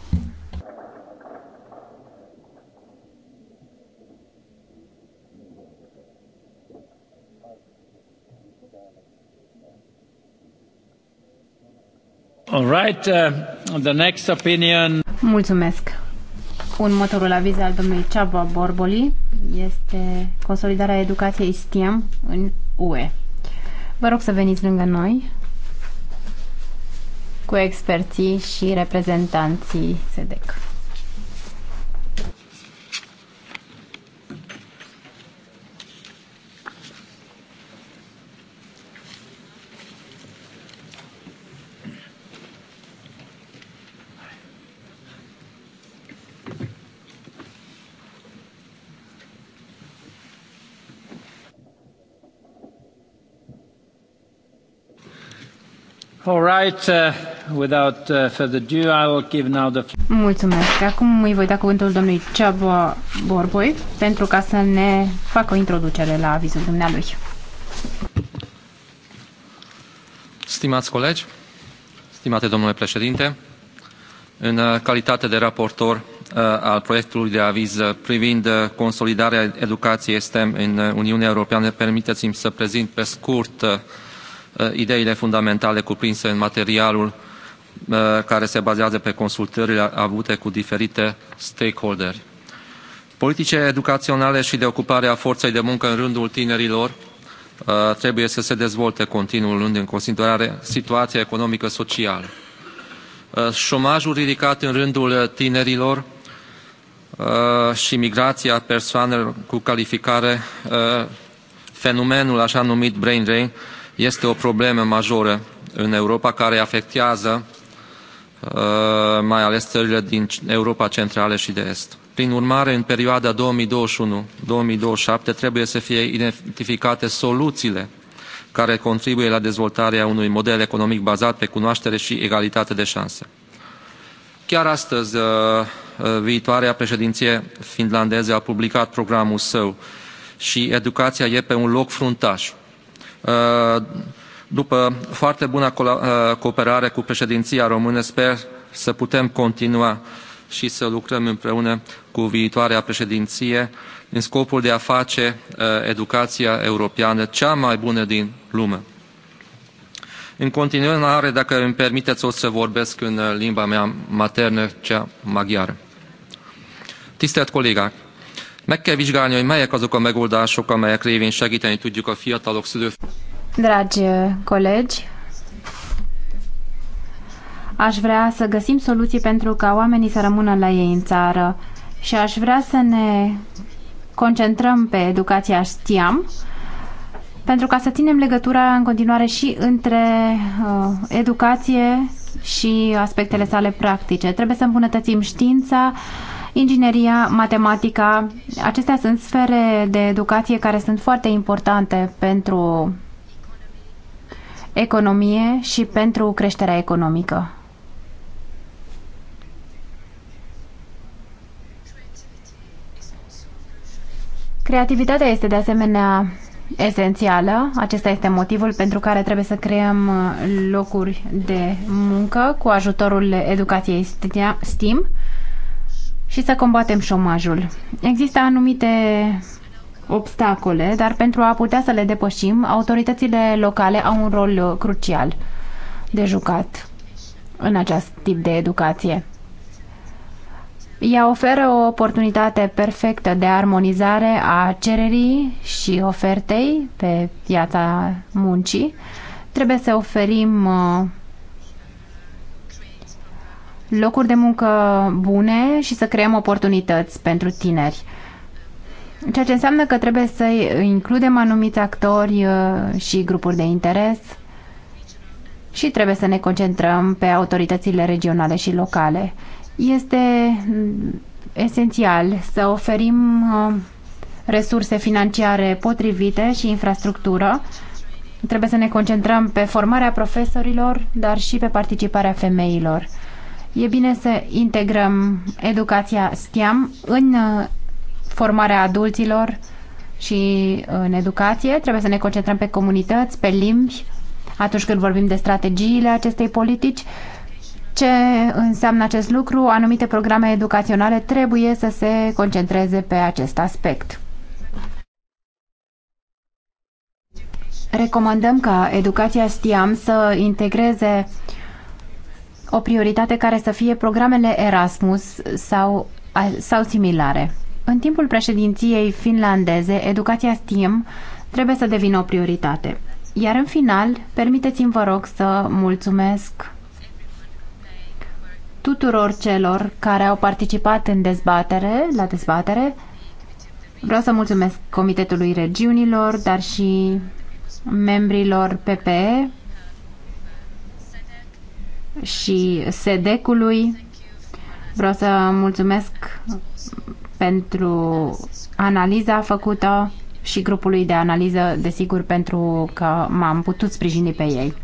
All right, uh, the next opinion. Mulțumesc. Următorul aviz al domnului Ceaba Borboli este consolidarea educației STEM în UE. Vă rog să veniți lângă noi cu experții și reprezentanții SEDEC. All right, uh, without uh, further ado, I will give now the... Mulțumesc. Acum îi voi da cuvântul domnului Ceaba Borboi pentru ca să ne facă o introducere la avizul dumnealui. Stimați colegi, stimate domnule președinte, în uh, calitate de raportor uh, al proiectului de aviz uh, privind uh, consolidarea educației STEM în Uniunea Europeană, permiteți-mi să prezint pe scurt uh, Uh, ideile fundamentale cuprinse în materialul uh, care se bazează pe consultările avute cu diferite stakeholderi. Politicile educaționale și de ocupare a forței de muncă în rândul tinerilor uh, trebuie să se dezvolte continuu, luând în considerare situația economică socială. Șomajul ridicat în rândul tinerilor și migrația persoanelor cu calificare, fenomenul așa numit brain drain, este o problemă majoră în Europa care afectează uh, mai ales țările din Europa Centrală și de Est. Prin urmare, în perioada 2021-2027 trebuie să fie identificate soluțiile care contribuie la dezvoltarea unui model economic bazat pe cunoaștere și egalitate de șanse. Chiar astăzi, uh, uh, viitoarea președinție finlandeză a publicat programul său și educația e pe un loc fruntaș Uh, după foarte bună uh, cooperare cu președinția română, sper să putem continua și să lucrăm împreună cu viitoarea președinție în scopul de a face uh, educația europeană cea mai bună din lume. În continuare, dacă îmi permiteți, o să vorbesc în limba mea maternă, cea maghiară. Tisztelt kollégák! Meg kell vizsgálni, hogy melyek azok a megoldások, amelyek révén segíteni tudjuk a fiatalok szülő... Dragi uh, colegi, aș vrea să găsim soluții pentru ca oamenii să rămână la ei în țară și aș vrea să ne concentrăm pe educația știam, pentru ca să ținem legătura în continuare și între uh, educație și aspectele sale practice. Trebuie să îmbunătățim știința, uh, ingineria, matematica. Acestea sunt sfere de educație care sunt foarte importante pentru economie și pentru creșterea economică. Creativitatea este de asemenea esențială. Acesta este motivul pentru care trebuie să creăm uh, locuri de muncă cu ajutorul educației STEAM și să combatem șomajul. Există anumite obstacole, dar pentru a putea să le depășim, autoritățile locale au un rol crucial de jucat în acest tip de educație. Ea oferă o oportunitate perfectă de armonizare a cererii și ofertei pe piața muncii. Trebuie să oferim uh, locuri de muncă bune și să creăm oportunități pentru tineri. Ceea ce înseamnă că trebuie să includem anumiți actori uh, și grupuri de interes și trebuie să ne concentrăm pe autoritățile regionale și locale. Este mm, esențial să oferim uh, resurse financiare potrivite și infrastructură. Trebuie să ne concentrăm pe formarea profesorilor, dar și pe participarea femeilor. E bine să integrăm educația STEAM în uh, formarea adulților și uh, în educație. Trebuie să ne concentrăm pe comunități, pe limbi, atunci când vorbim de strategiile acestei politici. Ce înseamnă acest lucru? Anumite programe educaționale trebuie să se concentreze pe acest aspect. Recomandăm ca educația STIAM să integreze o prioritate care să fie programele Erasmus sau, sau similare. În timpul președinției finlandeze, educația STEAM trebuie să devină o prioritate. Iar în final, permiteți-mi, vă rog, să mulțumesc tuturor celor care au participat în dezbatere, la dezbatere. Vreau să mulțumesc Comitetului Regiunilor, dar și membrilor PPE, și SEDEC-ului. Vreau să mulțumesc pentru analiza făcută și grupului de analiză, desigur, pentru că m-am putut sprijini pe ei.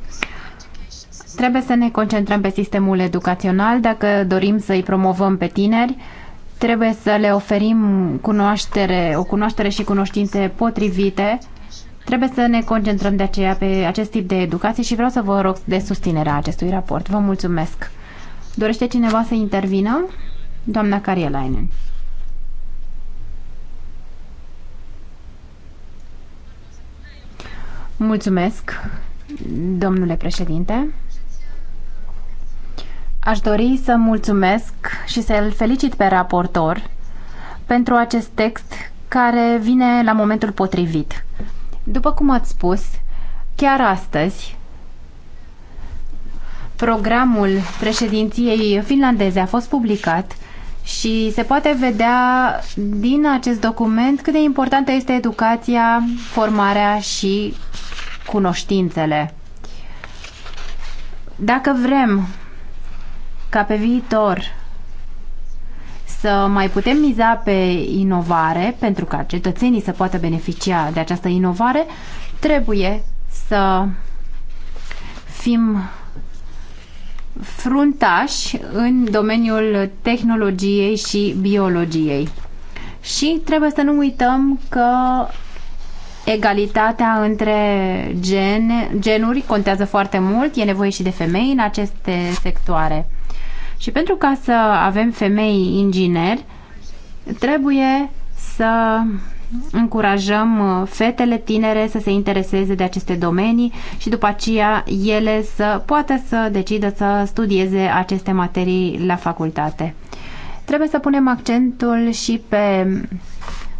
Trebuie să ne concentrăm pe sistemul educațional dacă dorim să-i promovăm pe tineri. Trebuie să le oferim cunoaștere, o cunoaștere și cunoștințe potrivite Trebuie să ne concentrăm de aceea pe acest tip de educație și vreau să vă rog de susținerea acestui raport. Vă mulțumesc. Dorește cineva să intervină? Doamna Carielainen. Mulțumesc, domnule președinte. Aș dori să mulțumesc și să-l felicit pe raportor pentru acest text care vine la momentul potrivit. După cum ați spus, chiar astăzi, programul președinției finlandeze a fost publicat și se poate vedea din acest document cât de importantă este educația, formarea și cunoștințele. Dacă vrem ca pe viitor să mai putem miza pe inovare, pentru ca cetățenii să poată beneficia de această inovare, trebuie să fim fruntași în domeniul tehnologiei și biologiei. Și trebuie să nu uităm că egalitatea între gen, genuri contează foarte mult, e nevoie și de femei în aceste sectoare. Și pentru ca să avem femei ingineri, trebuie să încurajăm uh, fetele tinere să se intereseze de aceste domenii și după aceea ele să poată să decidă să studieze aceste materii la facultate. Trebuie să punem accentul și pe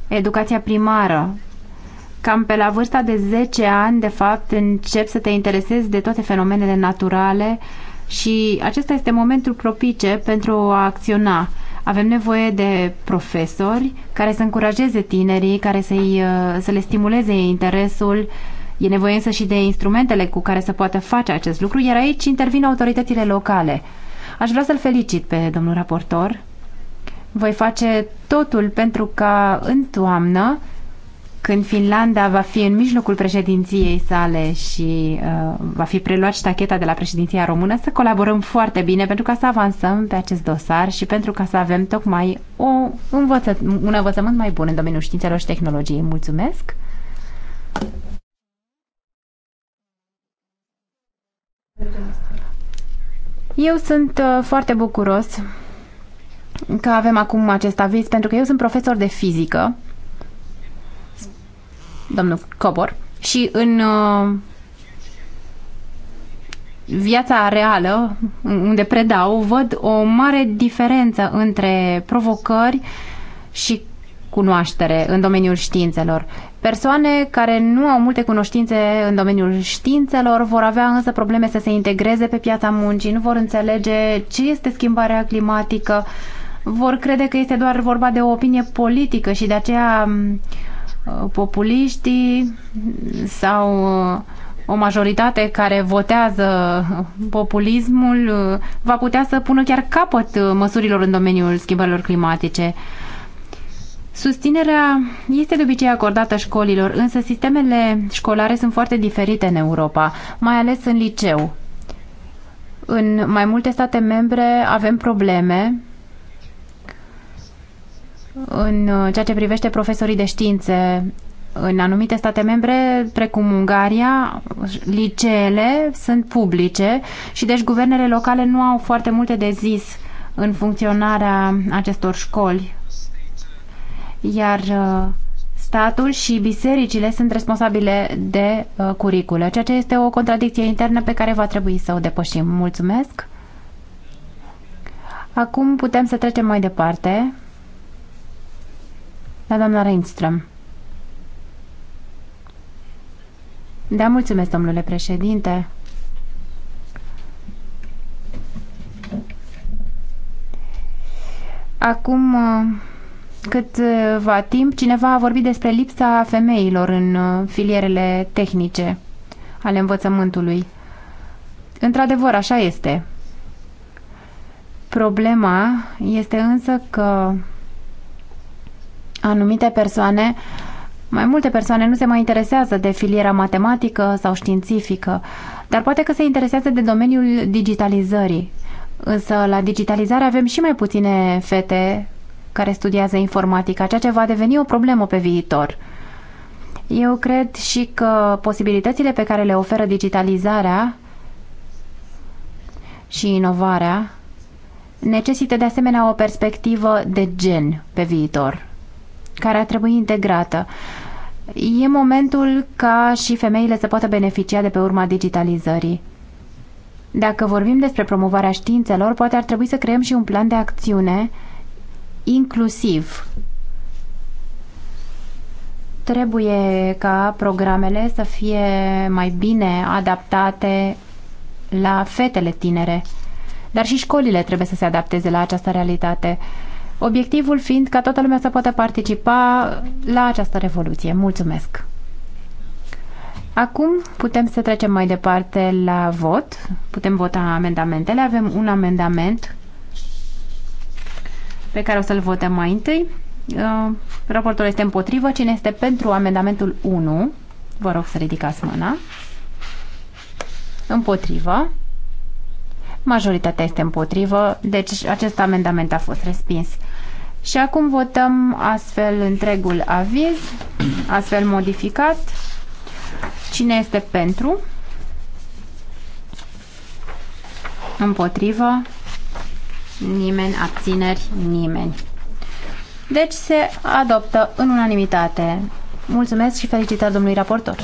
educația primară. Cam pe la vârsta de 10 ani, de fapt, încep să te interesezi de toate fenomenele naturale, uh, și acesta este momentul propice pentru a acționa. Avem nevoie de profesori care să încurajeze tinerii, care să, uh, să le stimuleze interesul. E nevoie însă și de instrumentele cu care să poată face acest lucru, iar aici intervin autoritățile locale. Aș vrea să-l felicit pe domnul raportor. Voi face totul pentru ca în toamnă când Finlanda va fi în mijlocul președinției sale și uh, va fi preluat ștacheta de la președinția română, să colaborăm foarte bine pentru ca să avansăm pe acest dosar și pentru ca să avem tocmai o învăță- un învățământ mai bun în domeniul științelor și tehnologiei. Mulțumesc! Eu sunt uh, foarte bucuros că avem acum acest aviz pentru că eu sunt profesor de fizică domnul Cobor, și în uh, viața reală, unde predau, văd o mare diferență între provocări și cunoaștere în domeniul științelor. Persoane care nu au multe cunoștințe în domeniul științelor vor avea însă probleme să se integreze pe piața muncii, nu vor înțelege ce este schimbarea climatică, vor crede că este doar vorba de o opinie politică și de aceea mm, Uh, populiștii sau uh, o majoritate care votează populismul uh, va putea să pună chiar capăt măsurilor în domeniul schimbărilor climatice. Susținerea este de obicei acordată școlilor, însă sistemele școlare sunt foarte diferite în Europa, mai ales în liceu. În mai multe state membre avem probleme în uh, ceea ce privește profesorii de științe în anumite state membre, precum Ungaria, liceele sunt publice și deci guvernele locale nu au foarte multe de zis în funcționarea acestor școli. Iar uh, statul și bisericile sunt responsabile de uh, curicule, ceea ce este o contradicție internă pe care va trebui să o depășim. Mulțumesc! Acum putem să trecem mai departe la da, doamna Reinström. Da, mulțumesc, domnule președinte. Acum uh, cât va timp, cineva a vorbit despre lipsa femeilor în uh, filierele tehnice ale învățământului. Într-adevăr, așa este. Problema este însă că anumite persoane, mai multe persoane nu se mai interesează de filiera matematică sau științifică, dar poate că se interesează de domeniul digitalizării. Însă la digitalizare avem și mai puține fete care studiază informatica, ceea ce va deveni o problemă pe viitor. Eu cred și că posibilitățile pe care le oferă digitalizarea și inovarea necesită de asemenea o perspectivă de gen pe viitor care ar trebui integrată. E momentul ca și femeile să poată beneficia de pe urma digitalizării. Dacă vorbim despre promovarea științelor, poate ar trebui să creăm și un plan de acțiune inclusiv. Trebuie ca programele să fie mai bine adaptate la fetele tinere, dar și școlile trebuie să se adapteze la această realitate obiectivul fiind ca toată lumea să poată participa la această revoluție. Mulțumesc! Acum putem să trecem mai departe la vot. Putem vota amendamentele. Avem un amendament pe care o să-l votăm mai întâi. Uh, raportul este împotrivă. Cine este pentru amendamentul 1? Vă rog să ridicați mâna. Împotrivă. Majoritatea este împotrivă, deci acest amendament a fost respins. Și acum votăm astfel întregul aviz, astfel modificat. Cine este pentru? Împotrivă? Nimeni, abțineri, nimeni. Deci se adoptă în unanimitate. Mulțumesc și felicitări domnului raportor.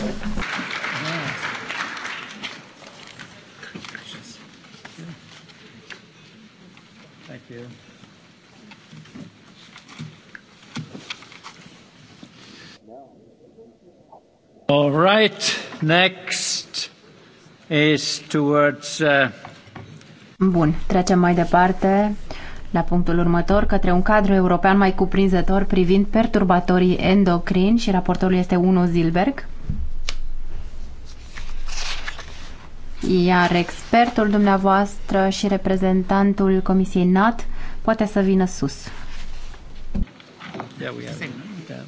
All right, next is towards... Uh... Bun, trecem mai departe la punctul următor, către un cadru european mai cuprinzător privind perturbatorii endocrini și raportorul este 1. Zilberg. Iar expertul dumneavoastră și reprezentantul Comisiei NAT poate să vină sus. Yeah, we are. yeah.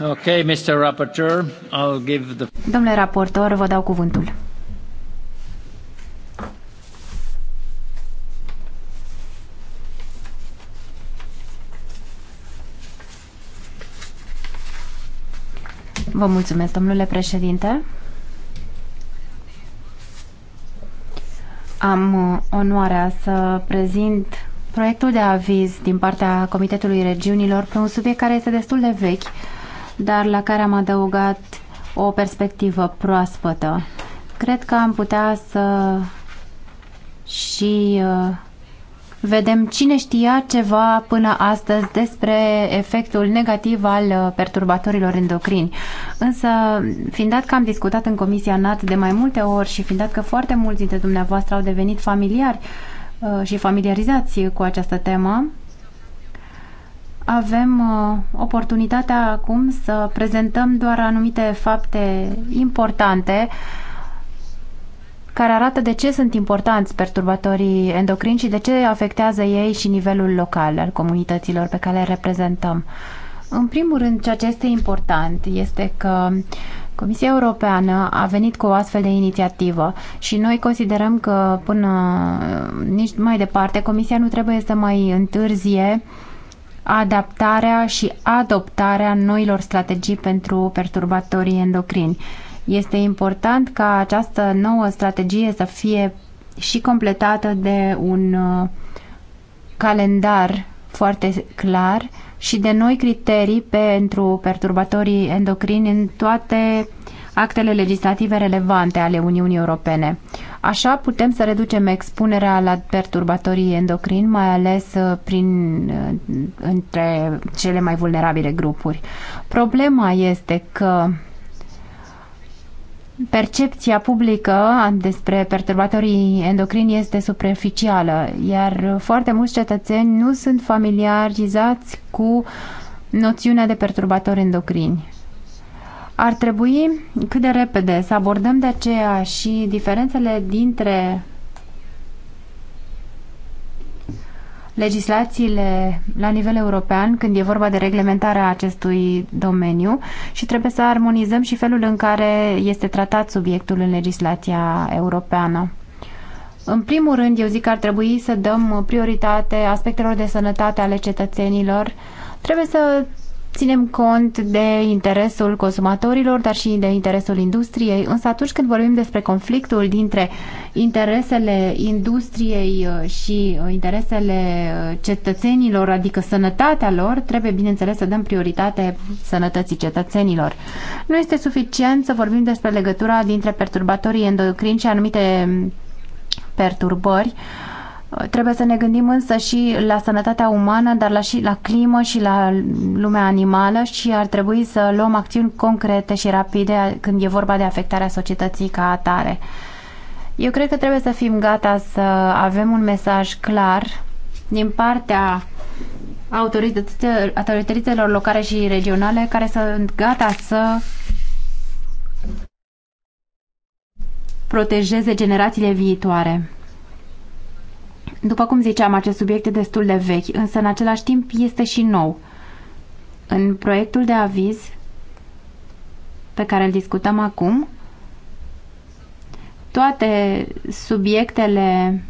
Okay, Mr. Rapporteur, I'll give the... Domnule raportor, vă dau cuvântul. Vă mulțumesc, domnule președinte. Am uh, onoarea să prezint proiectul de aviz din partea Comitetului Regiunilor pe un subiect care este destul de vechi, dar la care am adăugat o perspectivă proaspătă. Cred că am putea să și uh, vedem cine știa ceva până astăzi despre efectul negativ al uh, perturbatorilor endocrini. Însă, fiind dat că am discutat în Comisia NAT de mai multe ori și fiind dat că foarte mulți dintre dumneavoastră au devenit familiari uh, și familiarizați cu această temă, avem uh, oportunitatea acum să prezentăm doar anumite fapte importante uh, care arată de ce sunt importanți perturbatorii endocrini și de ce afectează ei și nivelul local al comunităților pe care le reprezentăm. În primul rând, ceea ce este important este că Comisia Europeană a venit cu o astfel de inițiativă și noi considerăm că până nici mai departe Comisia nu trebuie să mai întârzie adaptarea și adoptarea noilor strategii pentru perturbatorii endocrini. Este important ca această nouă strategie să fie și completată de un uh, calendar foarte clar și de noi criterii pentru perturbatorii endocrini în toate actele legislative relevante ale Uniunii Europene. Așa putem să reducem expunerea la perturbatorii endocrini, mai ales uh, prin, uh, între cele mai vulnerabile grupuri. Problema este că percepția publică despre perturbatorii endocrini este superficială, iar foarte mulți cetățeni nu sunt familiarizați cu noțiunea de perturbatori endocrini. Ar trebui cât de repede să abordăm de aceea și diferențele dintre legislațiile la nivel european când e vorba de reglementarea acestui domeniu și trebuie să armonizăm și felul în care este tratat subiectul în legislația europeană. În primul rând, eu zic că ar trebui să dăm prioritate aspectelor de sănătate ale cetățenilor. Trebuie să ținem cont de interesul consumatorilor, dar și de interesul industriei. Însă atunci când vorbim despre conflictul dintre interesele industriei uh, și uh, interesele uh, cetățenilor, adică sănătatea lor, trebuie bineînțeles să dăm prioritate sănătății cetățenilor. Nu este suficient să vorbim despre legătura dintre perturbatorii endocrini și anumite perturbări uh, Uh, trebuie să ne gândim însă și la sănătatea umană, dar la, și la climă și la lumea animală și ar trebui să luăm acțiuni concrete și rapide când e vorba de afectarea societății ca atare. Eu cred că trebuie să fim gata să avem un mesaj clar din partea autorităților, locale și regionale care sunt gata să protejeze generațiile viitoare. După cum ziceam, acest subiect e destul de vechi, însă în același timp este și nou. În proiectul de aviz pe care îl discutăm acum, toate subiectele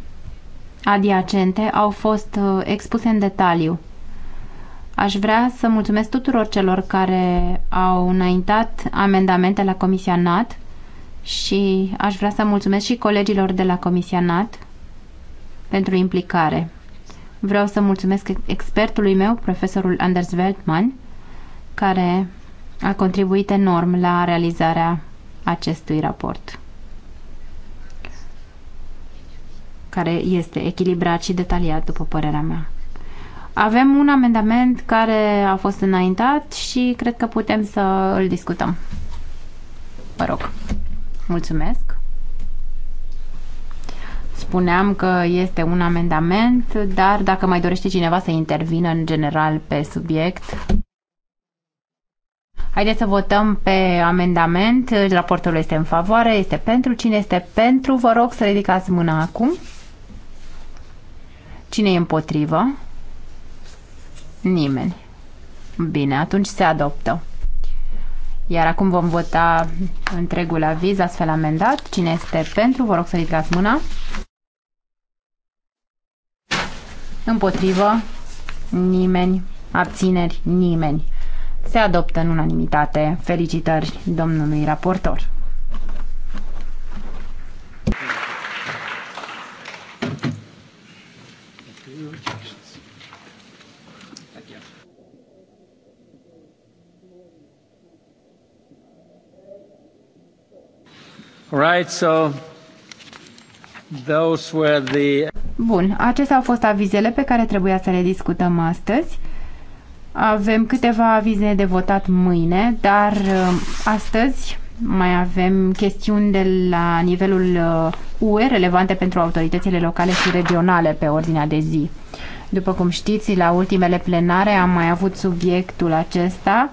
adiacente au fost uh, expuse în detaliu. Aș vrea să mulțumesc tuturor celor care au înaintat amendamente la Comisia NAT și aș vrea să mulțumesc și colegilor de la Comisia NAT pentru implicare. Vreau să mulțumesc expertului meu, profesorul Anders Weltman, care a contribuit enorm la realizarea acestui raport, care este echilibrat și detaliat, după părerea mea. Avem un amendament care a fost înaintat și cred că putem să îl discutăm. Vă rog. Mulțumesc spuneam că este un amendament, dar dacă mai dorește cineva să intervină în general pe subiect... Haideți să votăm pe amendament. Raportul este în favoare, este pentru. Cine este pentru, vă rog să ridicați mâna acum. Cine e împotrivă? Nimeni. Bine, atunci se adoptă. Iar acum vom vota întregul aviz astfel amendat. Cine este pentru, vă rog să ridicați mâna. Împotrivă? Nimeni. Abțineri? Nimeni. Se adoptă în unanimitate. Felicitări domnului raportor. All right, so Bun, acestea au fost avizele pe care trebuia să le discutăm astăzi. Avem câteva avize de votat mâine, dar uh, astăzi mai avem chestiuni de la nivelul UE uh, relevante pentru autoritățile locale și regionale pe ordinea de zi. După cum știți, la ultimele plenare am mai avut subiectul acesta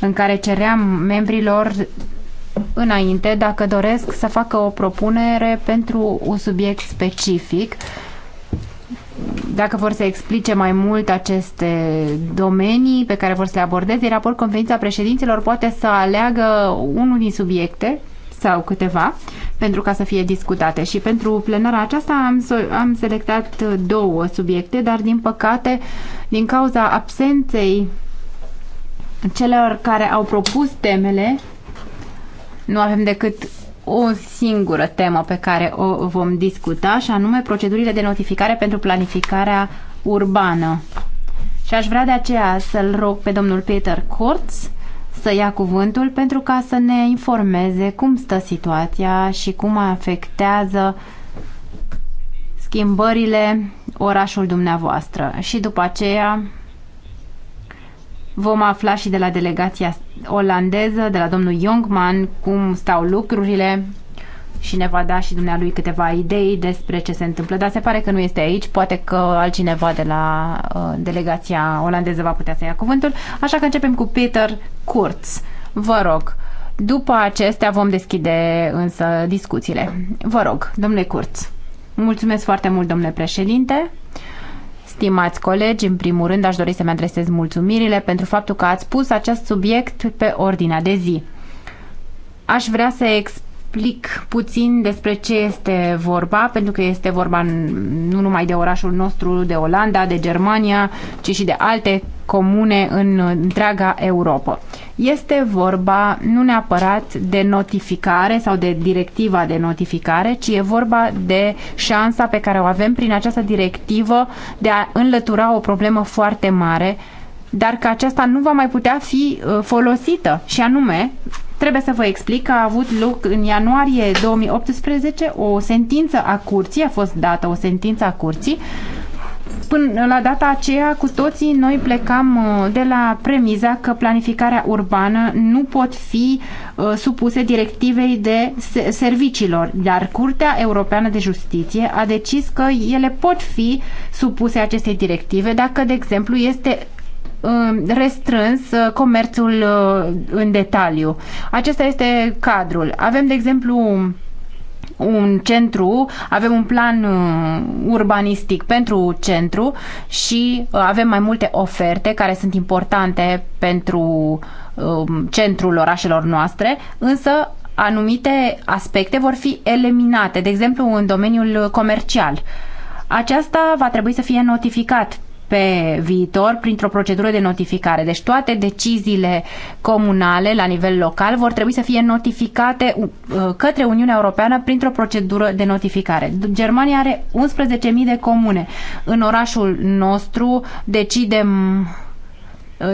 în care ceream membrilor înainte dacă doresc să facă o propunere pentru un subiect specific dacă vor să explice mai mult aceste domenii pe care vor să le abordeze, raport conferința președinților poate să aleagă unul din subiecte sau câteva pentru ca să fie discutate. Și pentru plenara aceasta am, am selectat două subiecte, dar din păcate, din cauza absenței celor care au propus temele, nu avem decât o singură temă pe care o vom discuta și anume procedurile de notificare pentru planificarea urbană. Și aș vrea de aceea să-l rog pe domnul Peter Kurtz să ia cuvântul pentru ca să ne informeze cum stă situația și cum afectează schimbările orașul dumneavoastră. Și după aceea Vom afla și de la delegația olandeză, de la domnul Jongman, cum stau lucrurile și ne va da și dumnealui câteva idei despre ce se întâmplă. Dar se pare că nu este aici, poate că altcineva de la uh, delegația olandeză va putea să ia cuvântul. Așa că începem cu Peter Kurz. Vă rog. După acestea vom deschide însă discuțiile. Vă rog, domnule Kurz. Mulțumesc foarte mult, domnule președinte. Stimați colegi, în primul rând aș dori să-mi adresez mulțumirile pentru faptul că ați pus acest subiect pe ordinea de zi. Aș vrea să explic explic puțin despre ce este vorba, pentru că este vorba nu numai de orașul nostru, de Olanda, de Germania, ci și de alte comune în întreaga Europa. Este vorba nu neapărat de notificare sau de directiva de notificare, ci e vorba de șansa pe care o avem prin această directivă de a înlătura o problemă foarte mare dar că aceasta nu va mai putea fi uh, folosită și anume Trebuie să vă explic că a avut loc în ianuarie 2018 o sentință a curții, a fost dată o sentință a curții. Până la data aceea, cu toții noi plecam uh, de la premiza că planificarea urbană nu pot fi uh, supuse directivei de serviciilor, dar Curtea Europeană de Justiție a decis că ele pot fi supuse acestei directive dacă, de exemplu, este Um, restrâns uh, comerțul uh, în detaliu. Acesta este cadrul. Avem, de exemplu, un centru, avem un plan uh, urbanistic pentru centru și avem mai multe oferte care sunt importante pentru um, centrul orașelor noastre, însă anumite aspecte vor fi eliminate, de exemplu în domeniul comercial. Aceasta va trebui să fie notificat pe viitor printr-o procedură de notificare. Deci toate deciziile comunale la nivel local vor trebui să fie notificate uh, către Uniunea Europeană printr-o procedură de notificare. Germania are 11.000 de comune. În orașul nostru decidem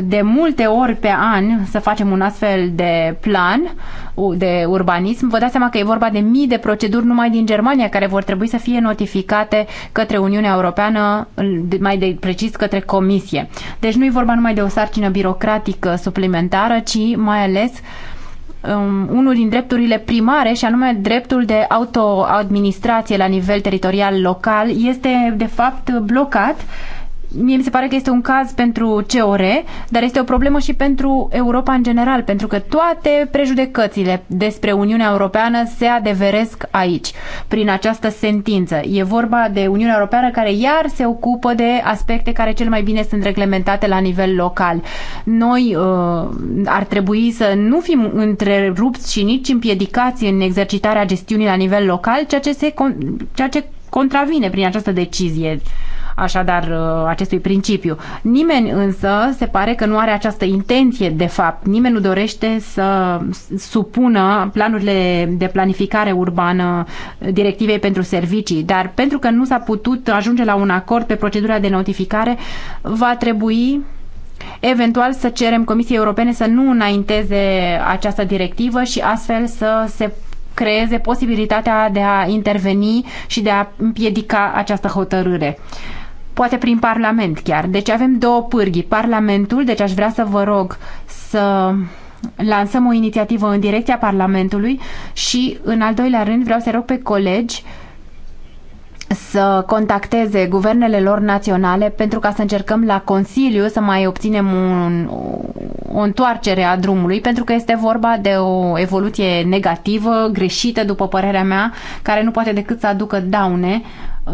de multe ori pe an să facem un astfel de plan de urbanism, vă dați seama că e vorba de mii de proceduri numai din Germania care vor trebui să fie notificate către Uniunea Europeană, mai de precis către Comisie. Deci nu e vorba numai de o sarcină birocratică suplimentară, ci mai ales um, unul din drepturile primare și anume dreptul de autoadministrație la nivel teritorial local este de fapt blocat uh, Mie mi se pare că este un caz pentru COR, dar este o problemă și pentru Europa în general, pentru că toate prejudecățile despre Uniunea Europeană se adeveresc aici, prin această sentință. E vorba de Uniunea Europeană care iar se ocupă de aspecte care cel mai bine sunt reglementate la nivel local. Noi uh, ar trebui să nu fim întrerupți și nici împiedicați în exercitarea gestiunii la nivel local, ceea ce, se, ceea ce contravine prin această decizie așadar uh, acestui principiu. Nimeni însă se pare că nu are această intenție de fapt. Nimeni nu dorește să supună planurile de planificare urbană directivei pentru servicii, dar pentru că nu s-a putut ajunge la un acord pe procedura de notificare, va trebui eventual să cerem Comisiei Europene să nu înainteze această directivă și astfel să se creeze posibilitatea de a interveni și de a împiedica această hotărâre poate prin Parlament chiar. Deci avem două pârghii, Parlamentul, deci aș vrea să vă rog să lansăm o inițiativă în direcția Parlamentului și, în al doilea rând, vreau să rog pe colegi să contacteze guvernele lor naționale pentru ca să încercăm la Consiliu să mai obținem un, o întoarcere a drumului, pentru că este vorba de o evoluție negativă, greșită, după părerea mea, care nu poate decât să aducă daune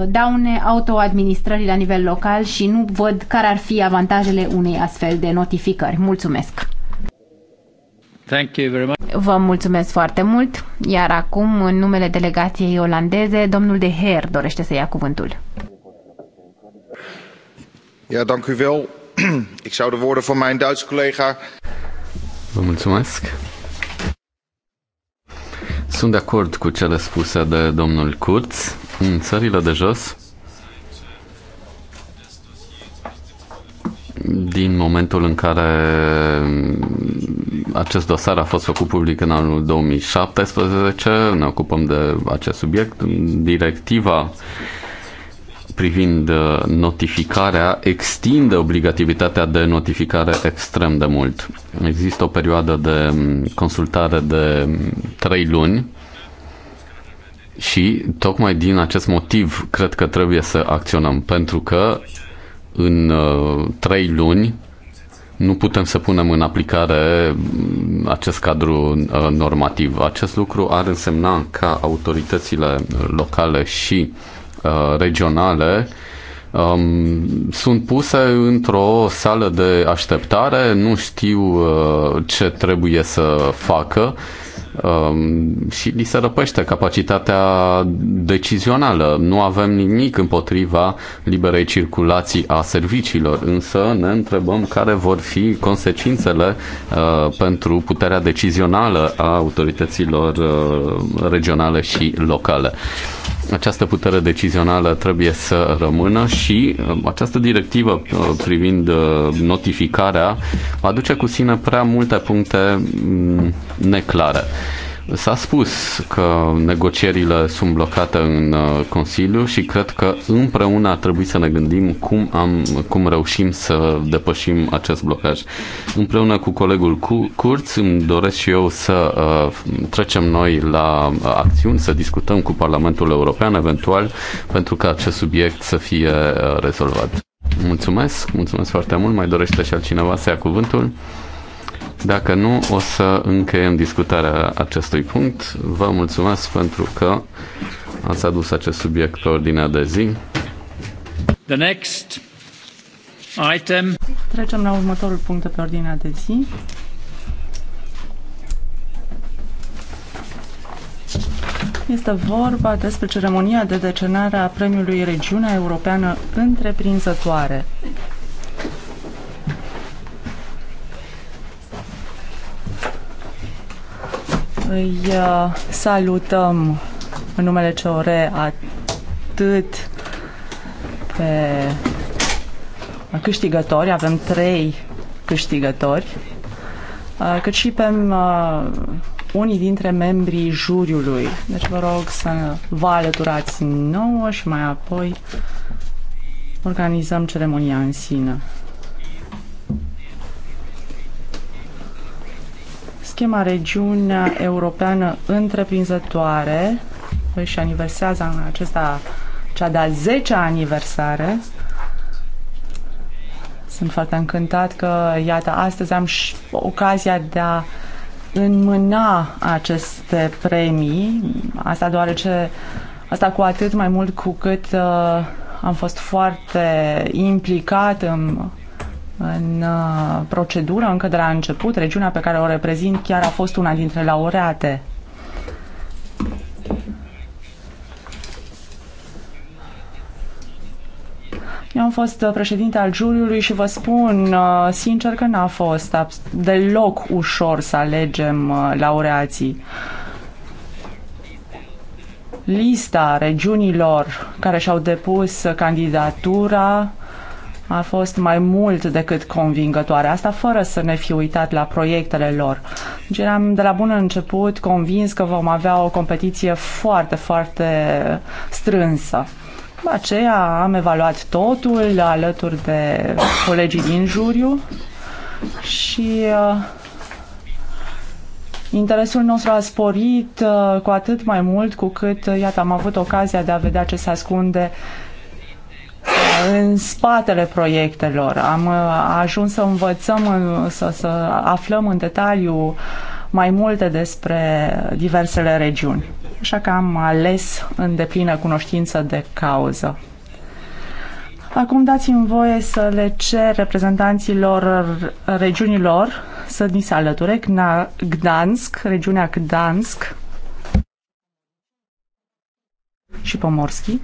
daune autoadministrării la nivel local și nu văd care ar fi avantajele unei astfel de notificări. Mulțumesc! Thank you very much. Vă mulțumesc foarte mult, iar acum, în numele delegației olandeze, domnul de Heer dorește să ia cuvântul. Ja, dank u wel. Ik zou de woorden van mijn Duitse collega... Vă mulțumesc. Sunt de acord cu cele spuse de domnul Kurz. În țările de jos, din momentul în care acest dosar a fost făcut public în anul 2017, ne ocupăm de acest subiect. Directiva privind uh, notificarea extinde obligativitatea de notificare extrem de mult. Există o perioadă de mm, consultare de 3 mm, luni și tocmai din acest motiv cred că trebuie să acționăm, pentru că în uh, trei luni nu putem să punem în aplicare mm, acest cadru uh, normativ. Acest lucru ar însemna ca autoritățile locale și uh, regionale um, sunt puse într-o sală de așteptare, nu știu uh, ce trebuie să facă Um, și li se răpește capacitatea decizională. Nu avem nimic împotriva liberei circulații a serviciilor, însă ne întrebăm care vor fi consecințele uh, pentru puterea decizională a autorităților uh, regionale și locale această putere decizională trebuie să rămână și uh, această directivă uh, privind uh, notificarea aduce cu sine prea multe puncte mm, neclare. S-a spus că negocierile sunt blocate în uh, Consiliu și cred că împreună ar trebui să ne gândim cum, am, cum reușim să depășim acest blocaj. Împreună cu colegul Curț îmi doresc și eu să uh, trecem noi la acțiuni, să discutăm cu Parlamentul European eventual pentru ca acest subiect să fie uh, rezolvat. Mulțumesc, mulțumesc foarte mult. Mai dorește și altcineva să ia cuvântul? Dacă nu, o să încheiem discutarea acestui punct. Vă mulțumesc pentru că ați adus acest subiect pe ordinea de zi. The next item. Trecem la următorul punct pe ordinea de zi. Este vorba despre ceremonia de decenare a Premiului Regiunea Europeană Întreprinzătoare. Îi uh, salutăm în numele COR atât pe câștigători, avem trei câștigători, uh, cât și pe uh, unii dintre membrii juriului. Deci vă rog să vă alăturați nouă și mai apoi organizăm ceremonia în sine. schema Regiunea Europeană Întreprinzătoare își păi aniversează în acesta cea de-a 10-a aniversare. Sunt foarte încântat că, iată, astăzi am și ocazia de a înmâna aceste premii, asta deoarece, asta cu atât mai mult cu cât uh, am fost foarte implicat în în uh, procedură, încă de la început, regiunea pe care o reprezint chiar a fost una dintre laureate. Eu am fost președinte al juriului și vă spun uh, sincer că n-a fost deloc ușor să alegem uh, laureații. Lista regiunilor care și-au depus candidatura a fost mai mult decât convingătoare. Asta fără să ne fi uitat la proiectele lor. Deci eram de la bun început convins că vom avea o competiție foarte, foarte strânsă. După aceea am evaluat totul alături de colegii din juriu și uh, interesul nostru a sporit uh, cu atât mai mult cu cât, uh, iată, am avut ocazia de a vedea ce se ascunde uh, în spatele proiectelor. Am uh, ajuns să învățăm, uh, să, să aflăm în detaliu mai multe despre diversele regiuni. Așa că am ales în deplină cunoștință de cauză. Acum dați-mi voie să le cer reprezentanților regiunilor să ni se alăture Gdansk, regiunea Gdansk și Pomorski.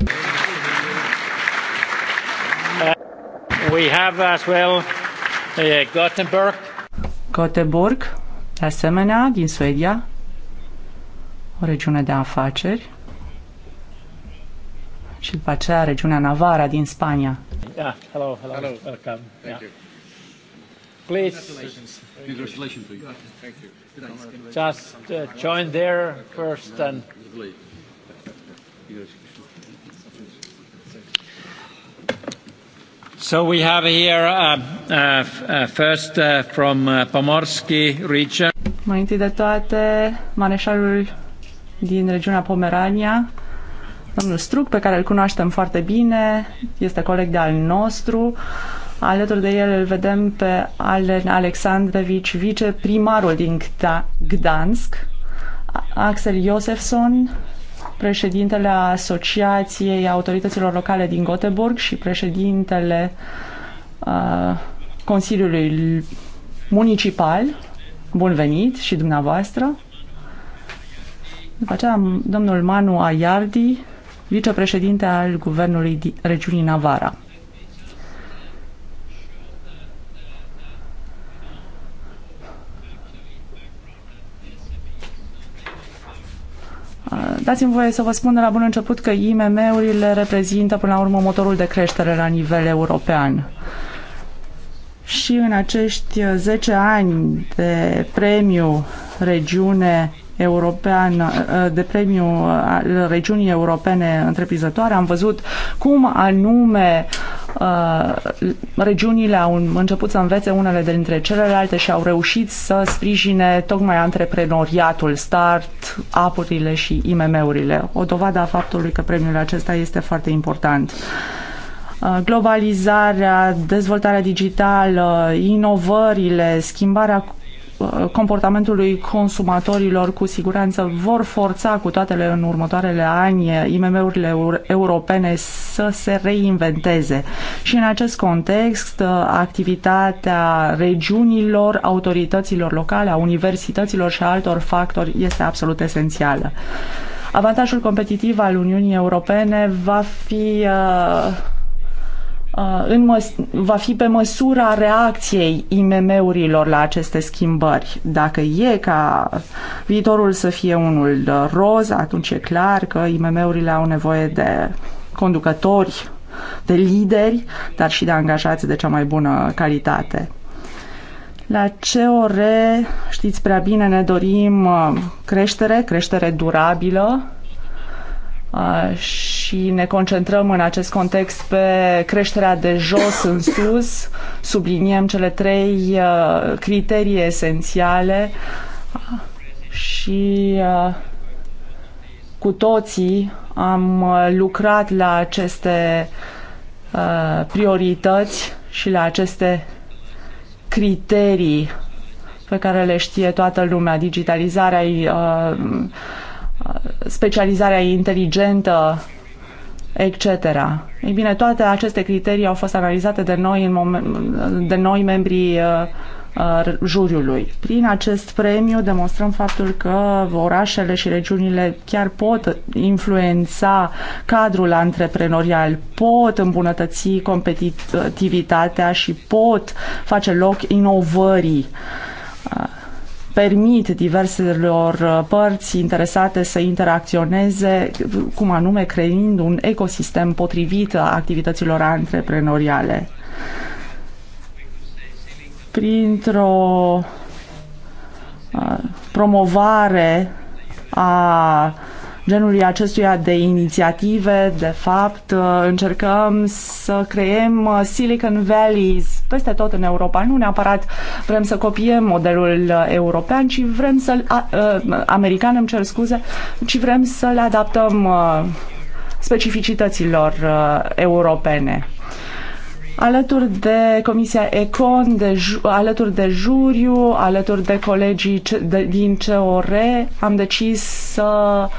we have as well uh, Gothenburg. Gothenburg, de asemenea, din Suedia, o regiune de afaceri și după aceea regiunea Navara din Spania. Yeah, hello, hello, hello. welcome. Thank yeah. you. Please. Congratulations. Congratulations to you. Thank you. Just uh, join there first and So we have here uh, uh, uh, first uh, from uh, Pomorski region. Mai întâi de toate, mareșalul din regiunea Pomerania, domnul Struc, pe care îl cunoaștem foarte bine, este coleg de al nostru. Alături de el îl vedem pe Alen Alexandrevici, viceprimarul din Gdansk, Axel Josefson, președintele Asociației Autorităților Locale din Göteborg și președintele uh, Consiliului Municipal. Bun venit și dumneavoastră. După aceea, domnul Manu Aiardi, vicepreședinte al Guvernului Regiunii Navara. Uh, dați-mi voie să vă spun de la bun început că IMM-urile reprezintă până la urmă motorul de creștere la nivel european. Și în acești 10 ani de premiu regiune european, uh, de premiu al regiunii europene întreprinzătoare. Am văzut cum anume uh, regiunile au început să învețe unele dintre celelalte și au reușit să sprijine tocmai antreprenoriatul, start apurile și IMM-urile. O dovadă a faptului că premiul acesta este foarte important uh, globalizarea, dezvoltarea digitală, inovările, schimbarea Uh, comportamentului consumatorilor cu siguranță vor forța cu toatele în următoarele ani IMM-urile europene să se reinventeze. Și în acest context, uh, activitatea regiunilor, autorităților locale, a universităților și a altor factori este absolut esențială. Avantajul competitiv al Uniunii Europene va fi uh, Uh, în va fi pe măsura reacției IMM-urilor la aceste schimbări. Dacă e ca viitorul să fie unul roz, atunci e clar că IMM-urile au nevoie de conducători, de lideri, dar și de angajați de cea mai bună calitate. La ce ore, știți prea bine, ne dorim uh, creștere, creștere durabilă, și ne concentrăm în acest context pe creșterea de jos în sus, subliniem cele trei criterii esențiale și cu toții am lucrat la aceste priorități și la aceste criterii pe care le știe toată lumea, digitalizarea, specializarea inteligentă, etc. Ei bine, toate aceste criterii au fost analizate de noi, în momen, de noi membrii uh, uh, juriului. Prin acest premiu demonstrăm faptul că orașele și regiunile chiar pot influența cadrul antreprenorial, pot îmbunătăți competitivitatea și pot face loc inovării. Uh, permit diverselor uh, părți interesate să interacționeze, cum anume creând un ecosistem potrivit activităților antreprenoriale. Printr-o uh, promovare a genului acestuia de inițiative, de fapt, uh, încercăm să creăm uh, Silicon Valleys peste tot în Europa. Nu neapărat vrem să copiem modelul uh, european, ci vrem să american îmi cer scuze, ci vrem să le adaptăm specificităților europene alături de Comisia Econ, de, alături de juriu, alături de colegii de, din COR, am decis să uh,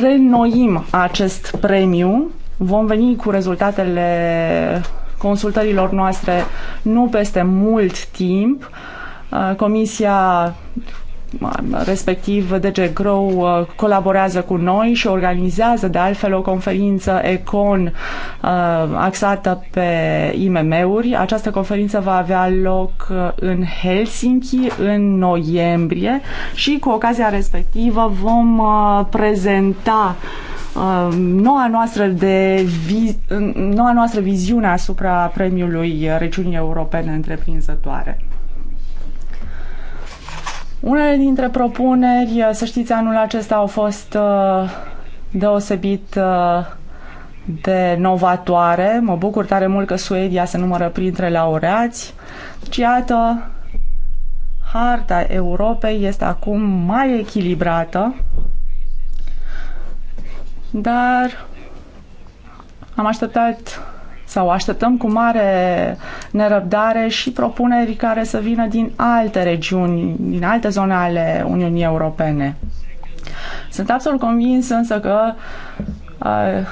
reînnoim acest premiu. Vom veni cu rezultatele consultărilor noastre nu peste mult timp. Comisia respectiv DG Grow uh, colaborează cu noi și organizează de altfel o conferință Econ uh, axată pe IMM-uri. Această conferință va avea loc uh, în Helsinki în noiembrie și cu ocazia respectivă vom prezenta noua noastră, de vi, noua noastră viziune asupra premiului regiunii europene întreprinzătoare. Unele dintre propuneri, uh, să știți, anul acesta au fost uh, deosebit uh, de novatoare. Mă bucur tare mult că Suedia se numără printre laureați. Și deci, iată, harta Europei este acum mai echilibrată, dar am așteptat sau așteptăm cu mare nerăbdare și propuneri care să vină din alte regiuni, din alte zone ale Uniunii Europene. Sunt absolut convins însă că uh,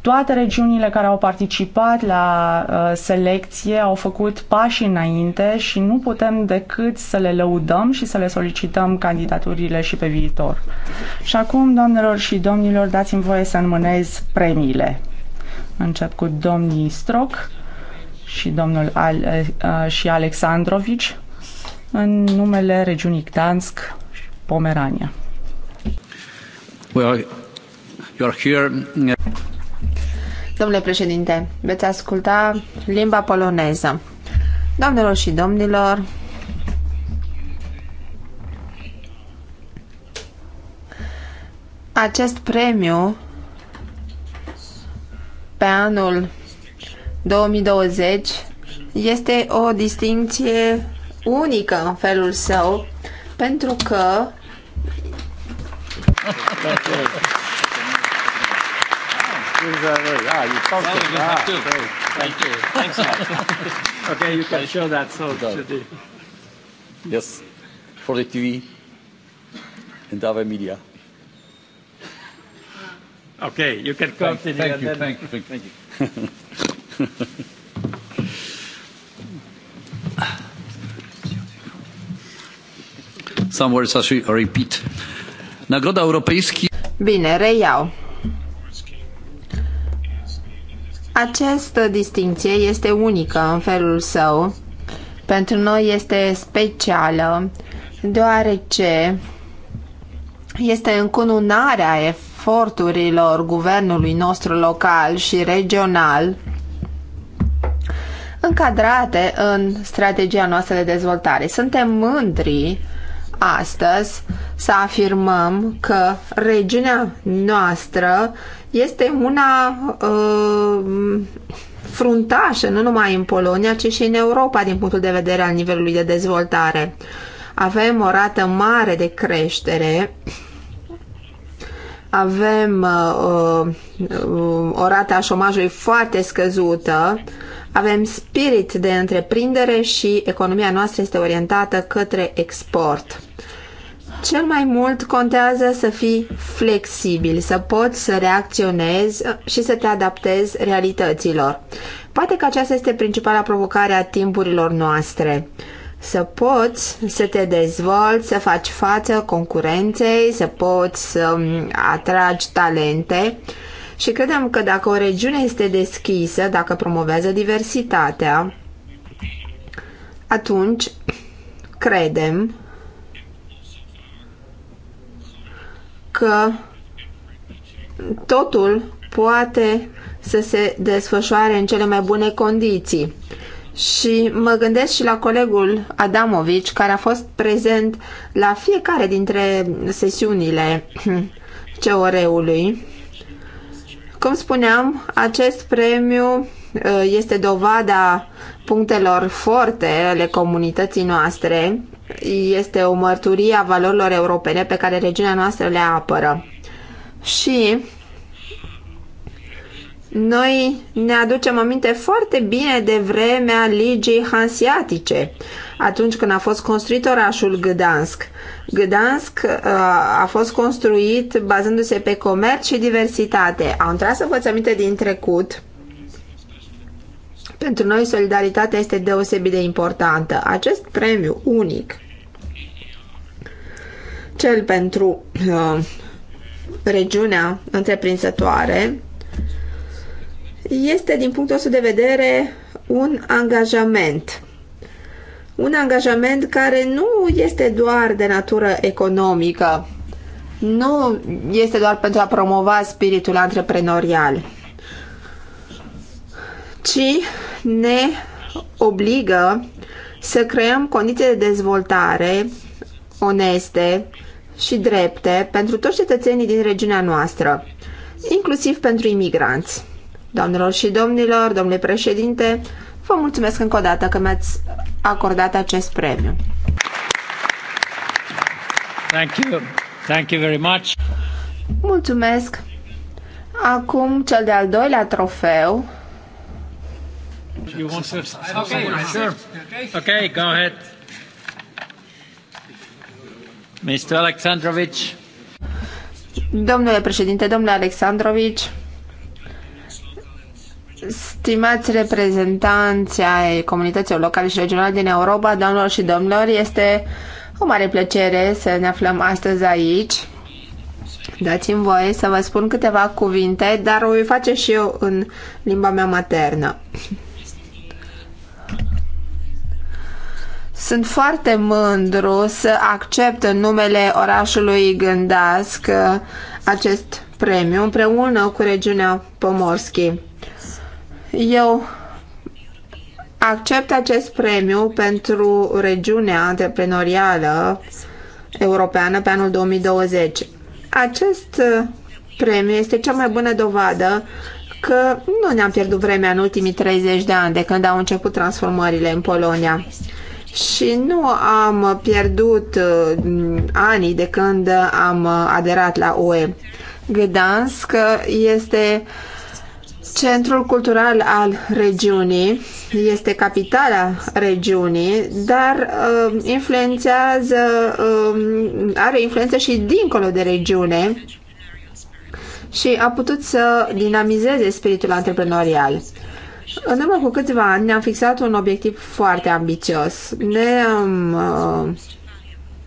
toate regiunile care au participat la uh, selecție au făcut pași înainte și nu putem decât să le lăudăm și să le solicităm candidaturile și pe viitor. Și acum, doamnelor și domnilor, dați-mi voie să înmânez premiile. Încep cu domnii Stroc și domnul Ale- eh, eh, și Alexandrovici în numele regiunii Gdansk și Pomerania. Well, you're here... Domnule președinte, veți asculta limba poloneză. Doamnelor și domnilor, acest premiu pe anul 2020 este o distinție unică în felul său, pentru că Okay, you can show that so to the Yes, for the TV and other media. Okay, you can continue. Thank you. Thank you. Thank you. Some words I repeat. Nagroda Europejski. Bine, reiau. Această distinție este unică în felul său. Pentru noi este specială, deoarece este încununarea eforturilor guvernului nostru local și regional încadrate în strategia noastră de dezvoltare. Suntem mândri astăzi să afirmăm că regiunea noastră este una uh, fruntașă, nu numai în Polonia, ci și în Europa din punctul de vedere al nivelului de dezvoltare. Avem o rată mare de creștere avem uh, uh, o rată a șomajului foarte scăzută, avem spirit de întreprindere și economia noastră este orientată către export. Cel mai mult contează să fii flexibil, să poți să reacționezi uh, și să te adaptezi realităților. Poate că aceasta este principala provocare a timpurilor noastre să poți să te dezvolți, să faci față concurenței, să poți să um, atragi talente și credem că dacă o regiune este deschisă, dacă promovează diversitatea, atunci credem că totul poate să se desfășoare în cele mai bune condiții. Și mă gândesc și la colegul Adamovici, care a fost prezent la fiecare dintre sesiunile COR-ului. Cum spuneam, acest premiu uh, este dovada punctelor forte ale comunității noastre, este o mărturie a valorilor europene pe care regiunea noastră le apără. Și noi ne aducem aminte foarte bine de vremea ligii hansiatice, atunci când a fost construit orașul Gdansk. Gdansk uh, a fost construit bazându-se pe comerț și diversitate. Am tras învățăminte din trecut. Pentru noi solidaritatea este deosebit de importantă. Acest premiu unic, cel pentru uh, regiunea întreprinzătoare, este, din punctul nostru de vedere, un angajament. Un angajament care nu este doar de natură economică, nu este doar pentru a promova spiritul antreprenorial, ci ne obligă să creăm condiții de dezvoltare oneste și drepte pentru toți cetățenii din regiunea noastră, inclusiv pentru imigranți. Doamnelor și domnilor, domnule președinte, vă mulțumesc încă o dată că mi-ați acordat acest premiu. Thank you. Thank you very much. Mulțumesc. Acum cel de-al doilea trofeu. You want to... Okay, sure. Okay, go ahead. Mr. Alexandrovich. Domnule președinte, domnule Alexandrovici, Stimați reprezentanți ai comunităților locale și regionale din Europa, doamnelor și domnilor, este o mare plăcere să ne aflăm astăzi aici. Dați-mi voie să vă spun câteva cuvinte, dar o voi face și eu în limba mea maternă. Sunt foarte mândru să accept în numele orașului Gândasc acest premiu împreună cu regiunea Pomorschii. Eu accept acest premiu pentru regiunea antreprenorială europeană pe anul 2020. Acest uh, premiu este cea mai bună dovadă că nu ne-am pierdut vremea în ultimii 30 de ani de când au început transformările în Polonia. Și nu am pierdut uh, anii de când am uh, aderat la UE. Gdansk este uh, Centrul cultural al regiunii este capitala regiunii, dar uh, influențează, uh, are influență și dincolo de regiune și a putut să dinamizeze spiritul antreprenorial. În urmă cu câțiva ani ne-am fixat un obiectiv foarte ambițios. Ne-am uh,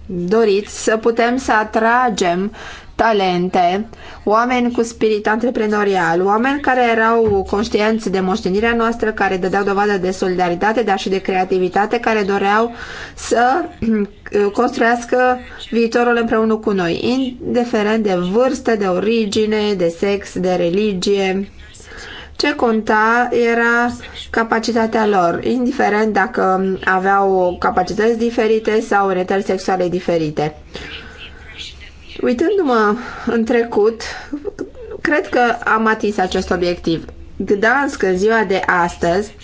dorit să putem să atragem talente, oameni cu spirit antreprenorial, oameni care erau conștienți de moștenirea noastră, care dădeau dovadă de solidaritate, dar și de creativitate, care doreau să construiască viitorul împreună cu noi, indiferent de vârstă, de origine, de sex, de religie. Ce conta era capacitatea lor, indiferent dacă aveau capacități diferite sau orientări sexuale diferite. Uitându-mă în trecut, cred că am atins acest obiectiv. Gdansk în ziua de astăzi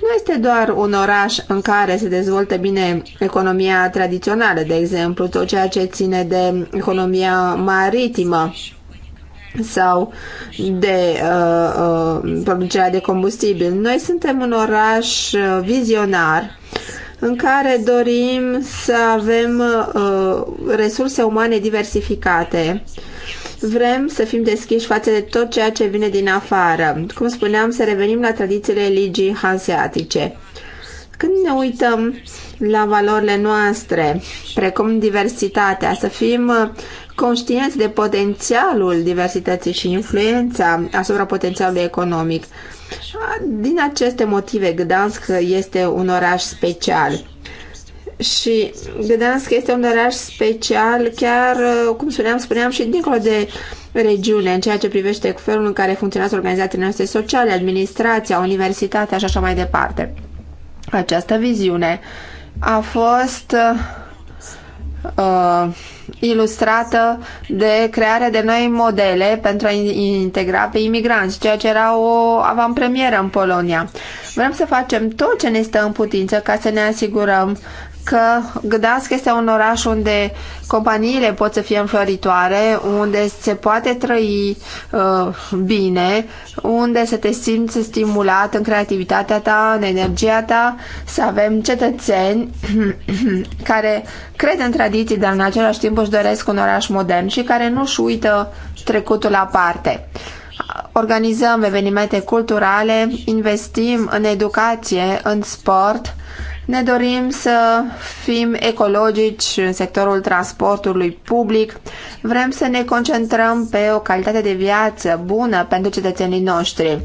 nu este doar un oraș în care se dezvoltă bine economia tradițională, de exemplu, tot ceea ce ține de economia maritimă sau de uh, uh, producerea de combustibil. Noi suntem un oraș uh, vizionar în care dorim să avem uh, resurse umane diversificate. Vrem să fim deschiși față de tot ceea ce vine din afară. Cum spuneam, să revenim la tradițiile religii hanseatice. Când ne uităm la valorile noastre, precum diversitatea, să fim uh, conștienți de potențialul diversității și influența asupra potențialului economic, din aceste motive, Gdansk este un oraș special. Și Gdansk este un oraș special chiar, uh, cum spuneam, spuneam și dincolo de regiune, în ceea ce privește felul în care funcționează organizațiile noastre sociale, administrația, universitatea și așa mai departe. Această viziune a fost uh, uh ilustrată de crearea de noi modele pentru a integra pe imigranți, ceea ce era o avantpremieră în Polonia. Vrem să facem tot ce ne stă în putință ca să ne asigurăm că Gdansk este un oraș unde companiile pot să fie înfloritoare, unde se poate trăi uh, bine, unde să te simți stimulat în creativitatea ta, în energia ta, să avem cetățeni care cred în tradiții, dar în același timp își doresc un oraș modern și care nu-și uită trecutul aparte. parte organizăm evenimente culturale, investim în educație, în sport. Ne dorim să fim ecologici în sectorul transportului public. Vrem să ne concentrăm pe o calitate de viață bună pentru cetățenii noștri.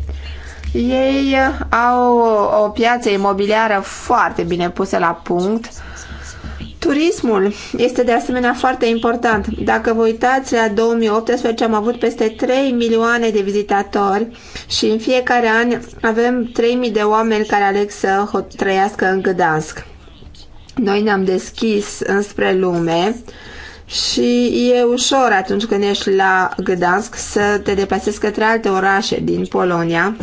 Ei au o piață imobiliară foarte bine pusă la punct Turismul este de asemenea foarte important. Dacă vă uitați la 2018 am avut peste 3 milioane de vizitatori și în fiecare an avem 3.000 de oameni care aleg să trăiască în Gdansk. Noi ne-am deschis înspre lume și e ușor atunci când ești la Gdansk să te deplasezi către alte orașe din Polonia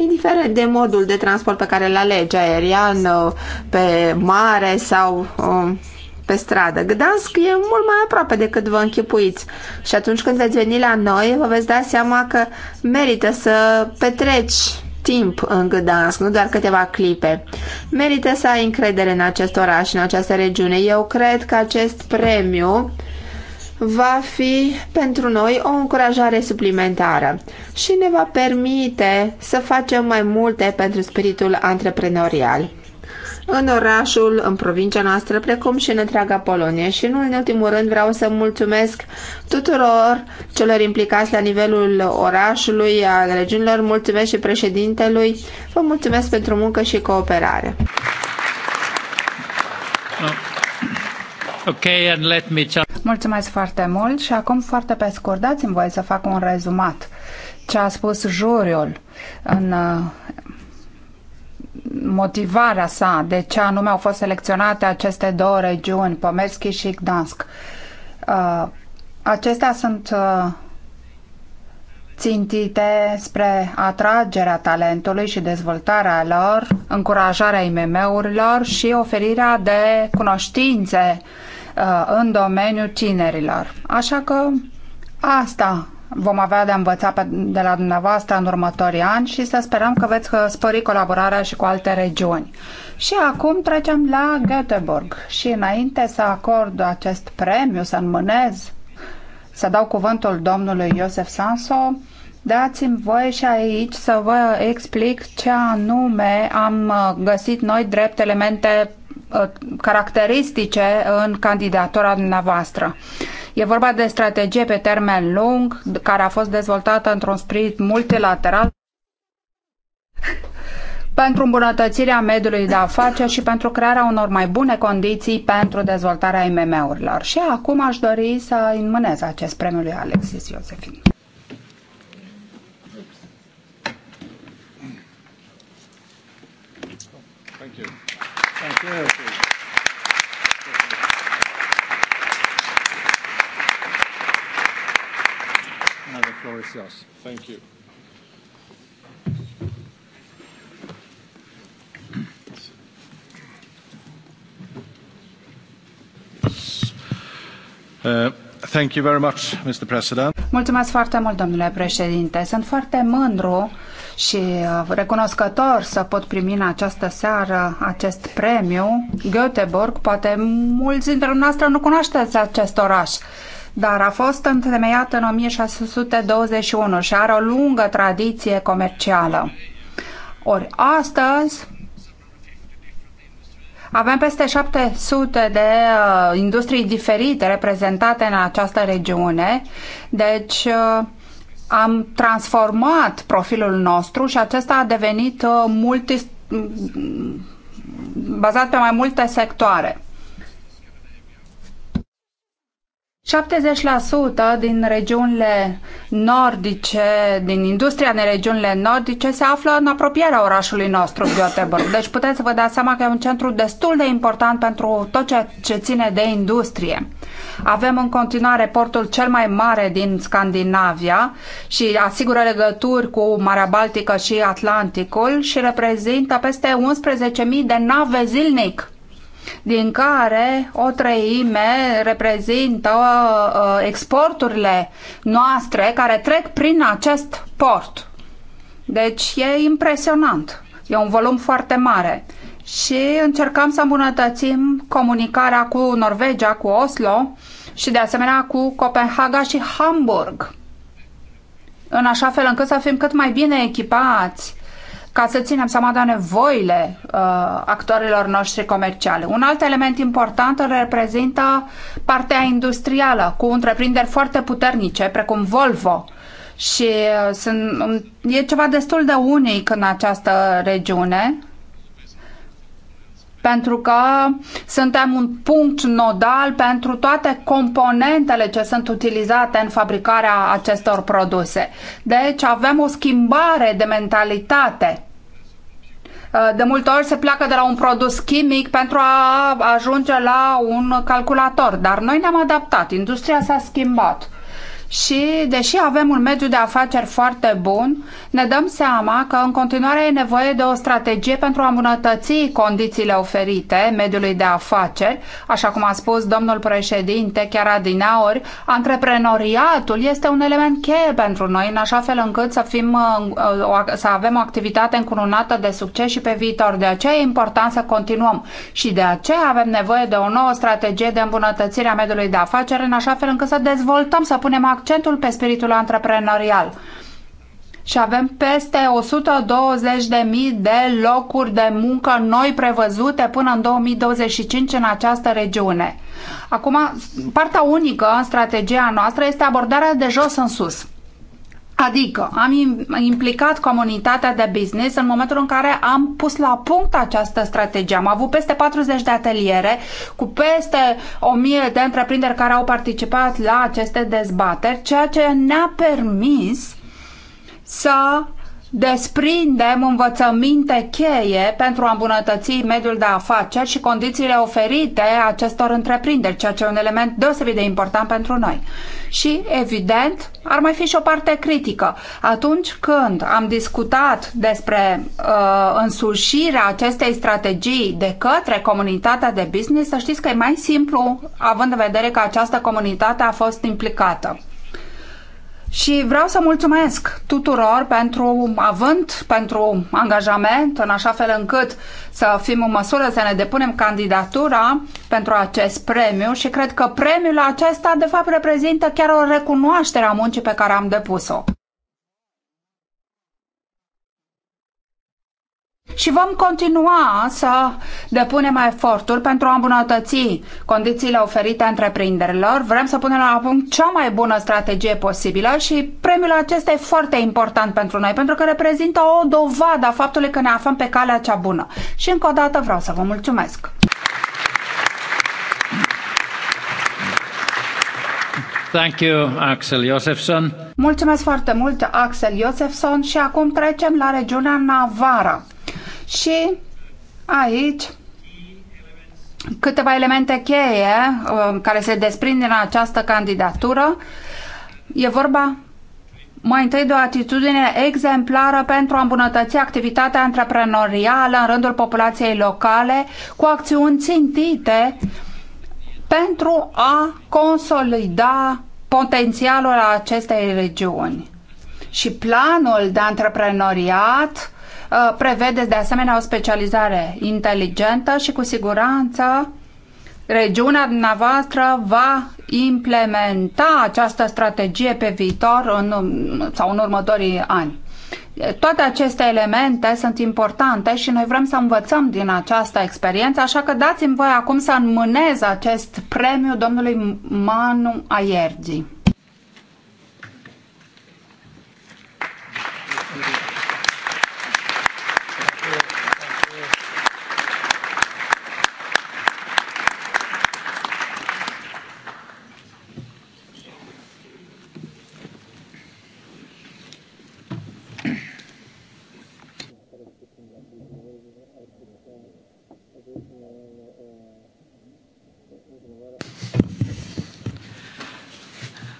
indiferent de modul de transport pe care îl alege, aerian, uh, pe mare sau um, pe stradă. Gdansk e mult mai aproape decât vă închipuiți și atunci când veți veni la noi, vă veți da seama că merită să petreci timp în Gdansk, nu doar câteva clipe. Merită să ai încredere în acest oraș, în această regiune. Eu cred că acest premiu uh, va fi pentru noi o încurajare suplimentară și ne va permite să facem mai multe pentru spiritul antreprenorial în orașul, în provincia noastră, precum și în întreaga Polonie. Și nu în ultimul rând vreau să mulțumesc tuturor celor implicați la nivelul orașului, al regiunilor, mulțumesc și președintelui. Vă mulțumesc pentru muncă și cooperare. Okay, and let me Mulțumesc foarte mult și acum foarte pe scurt dați-mi voie să fac un rezumat ce a spus juriul în uh, motivarea sa de ce anume au fost selecționate aceste două regiuni, Pomerski și Gdansk. Uh, acestea sunt uh, țintite spre atragerea talentului și dezvoltarea lor, încurajarea IMM-urilor și oferirea de cunoștințe uh, Uh, în domeniul tinerilor. Așa că asta vom avea de învățat de la dumneavoastră în următorii ani și să sperăm că veți spări colaborarea și cu alte regiuni. Și acum trecem la Göteborg și înainte să acord acest premiu, să înmânez, să dau cuvântul domnului Iosef Sanso, dați-mi voie și aici să vă explic ce anume am uh, găsit noi drept elemente Uh, caracteristice în candidatura dumneavoastră. E vorba de strategie pe termen lung, care a fost dezvoltată într-un spirit multilateral pentru îmbunătățirea mediului de afaceri și pentru crearea unor mai bune condiții pentru dezvoltarea IMM-urilor. Și acum aș dori să înmânez acest premiu lui Alexis Iosefin. Now the floor is yours. Thank you. Uh, thank you very much, Mr. President. Mulțumesc foarte mult, domnule președinte. Sunt foarte mândru și uh, recunoscător să pot primi în această seară acest premiu. Göteborg, poate mulți dintre noastre nu cunoașteți acest oraș, dar a fost întemeiat în 1621 și are o lungă tradiție comercială. Ori astăzi avem peste 700 de uh, industrii diferite reprezentate în această regiune, deci uh, am transformat profilul nostru și acesta a devenit uh, multi, bazat pe mai multe sectoare. 70% din regiunile nordice, din industria din regiunile nordice, se află în apropierea orașului nostru, Göteborg. Deci puteți să vă dați seama că e un centru destul de important pentru tot ceea ce ține de industrie. Avem în continuare portul cel mai mare din Scandinavia și asigură legături cu Marea Baltică și Atlanticul și reprezintă peste 11.000 de nave zilnic din care o treime reprezintă uh, exporturile noastre care trec prin acest port. Deci e impresionant. E un volum foarte mare. Și încercăm să îmbunătățim comunicarea cu Norvegia, cu Oslo și de asemenea cu Copenhaga și Hamburg. În așa fel încât să fim cât mai bine echipați ca să ținem seama de nevoile uh, actorilor noștri comerciale. Un alt element important îl reprezintă partea industrială, cu întreprinderi foarte puternice, precum Volvo, și uh, sunt, e ceva destul de unic în această regiune pentru că suntem un punct nodal pentru toate componentele ce sunt utilizate în fabricarea acestor produse. Deci avem o schimbare de mentalitate Uh, de multe ori se pleacă de la un produs chimic pentru a ajunge la un calculator, dar noi ne-am adaptat, industria s-a schimbat și, deși avem un mediu de afaceri foarte bun, ne dăm seama că în continuare e nevoie de o strategie pentru a îmbunătăți condițiile oferite mediului de afaceri. Așa cum a spus domnul președinte chiar adinaori, antreprenoriatul este un element cheie pentru noi, în așa fel încât să, fim, uh, uh, să avem o activitate încununată de succes și pe viitor. De aceea e important să continuăm și de aceea avem nevoie de o nouă strategie de îmbunătățire a mediului de afaceri, în așa fel încât să dezvoltăm, să punem accentul pe spiritul antreprenorial și avem peste 120.000 de locuri de muncă noi prevăzute până în 2025 în această regiune. Acum, partea unică în strategia noastră este abordarea de jos în sus. Adică am implicat comunitatea de business în momentul în care am pus la punct această strategie. Am avut peste 40 de ateliere cu peste 1000 de întreprinderi care au participat la aceste dezbateri, ceea ce ne-a permis să desprindem învățăminte cheie pentru a îmbunătăți mediul de afaceri și condițiile oferite acestor întreprinderi, ceea ce e un element deosebit de important pentru noi. Și, evident, ar mai fi și o parte critică. Atunci când am discutat despre uh, însușirea acestei strategii de către comunitatea de business, să știți că e mai simplu, având în vedere că această comunitate a fost implicată. Și vreau să mulțumesc tuturor pentru avânt, pentru angajament, în așa fel încât să fim în măsură să ne depunem candidatura pentru acest premiu și cred că premiul acesta de fapt reprezintă chiar o recunoaștere a muncii pe care am depus-o. și vom continua să depunem eforturi pentru a îmbunătăți condițiile oferite întreprinderilor. Vrem să punem la punct cea mai bună strategie posibilă și premiul acesta e foarte important pentru noi pentru că reprezintă o dovadă a faptului că ne aflăm pe calea cea bună. Și încă o dată vreau să vă mulțumesc. Thank you, Axel Josefson. Mulțumesc foarte mult, Axel Josefson, și acum trecem la regiunea Navara. Și aici câteva elemente cheie um, care se desprind din această candidatură. E vorba mai întâi de o atitudine exemplară pentru a îmbunătăți activitatea antreprenorială în rândul populației locale cu acțiuni țintite pentru a consolida potențialul acestei regiuni. Și planul de antreprenoriat Uh, prevede de asemenea o specializare inteligentă și cu siguranță regiunea dumneavoastră va implementa această strategie pe viitor în, sau în următorii ani. Toate aceste elemente sunt importante și noi vrem să învățăm din această experiență, așa că dați-mi voi acum să înmânez acest premiu domnului Manu Aiergi.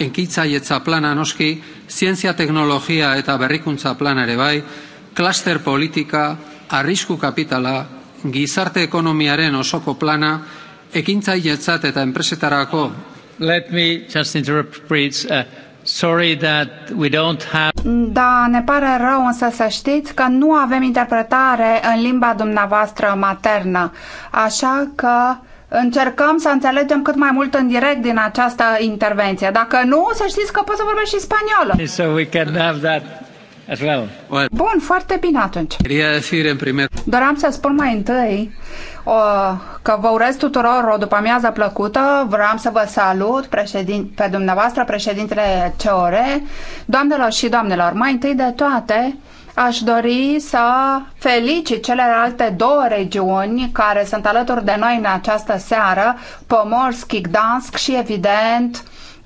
ekintzailletza plana noski, zientzia teknologia eta berrikuntza plana ere bai, klaster politika, arrisku kapitala, gizarte ekonomiaren osoko plana, ekintzaileentzat eta enpresetarako Let me just interrupt please. Uh, sorry that we don't have Da, ne pare rău, însă să știți că nu avem interpretare în limba dumneavoastră maternă. Așa că încercăm să înțelegem cât mai mult în direct din această intervenție. Dacă nu, să știți că pot să vorbesc și spaniolă. So we can have that as well. Bun, foarte bine atunci. Doream să spun mai întâi o, că vă urez tuturor o după amiază plăcută. Vreau să vă salut președin, pe dumneavoastră, președintele COR. Doamnelor și doamnelor, mai întâi de toate, Aș dori să felicit celelalte două regiuni care sunt alături de noi în această seară, Pomorski, Gdansk și, evident,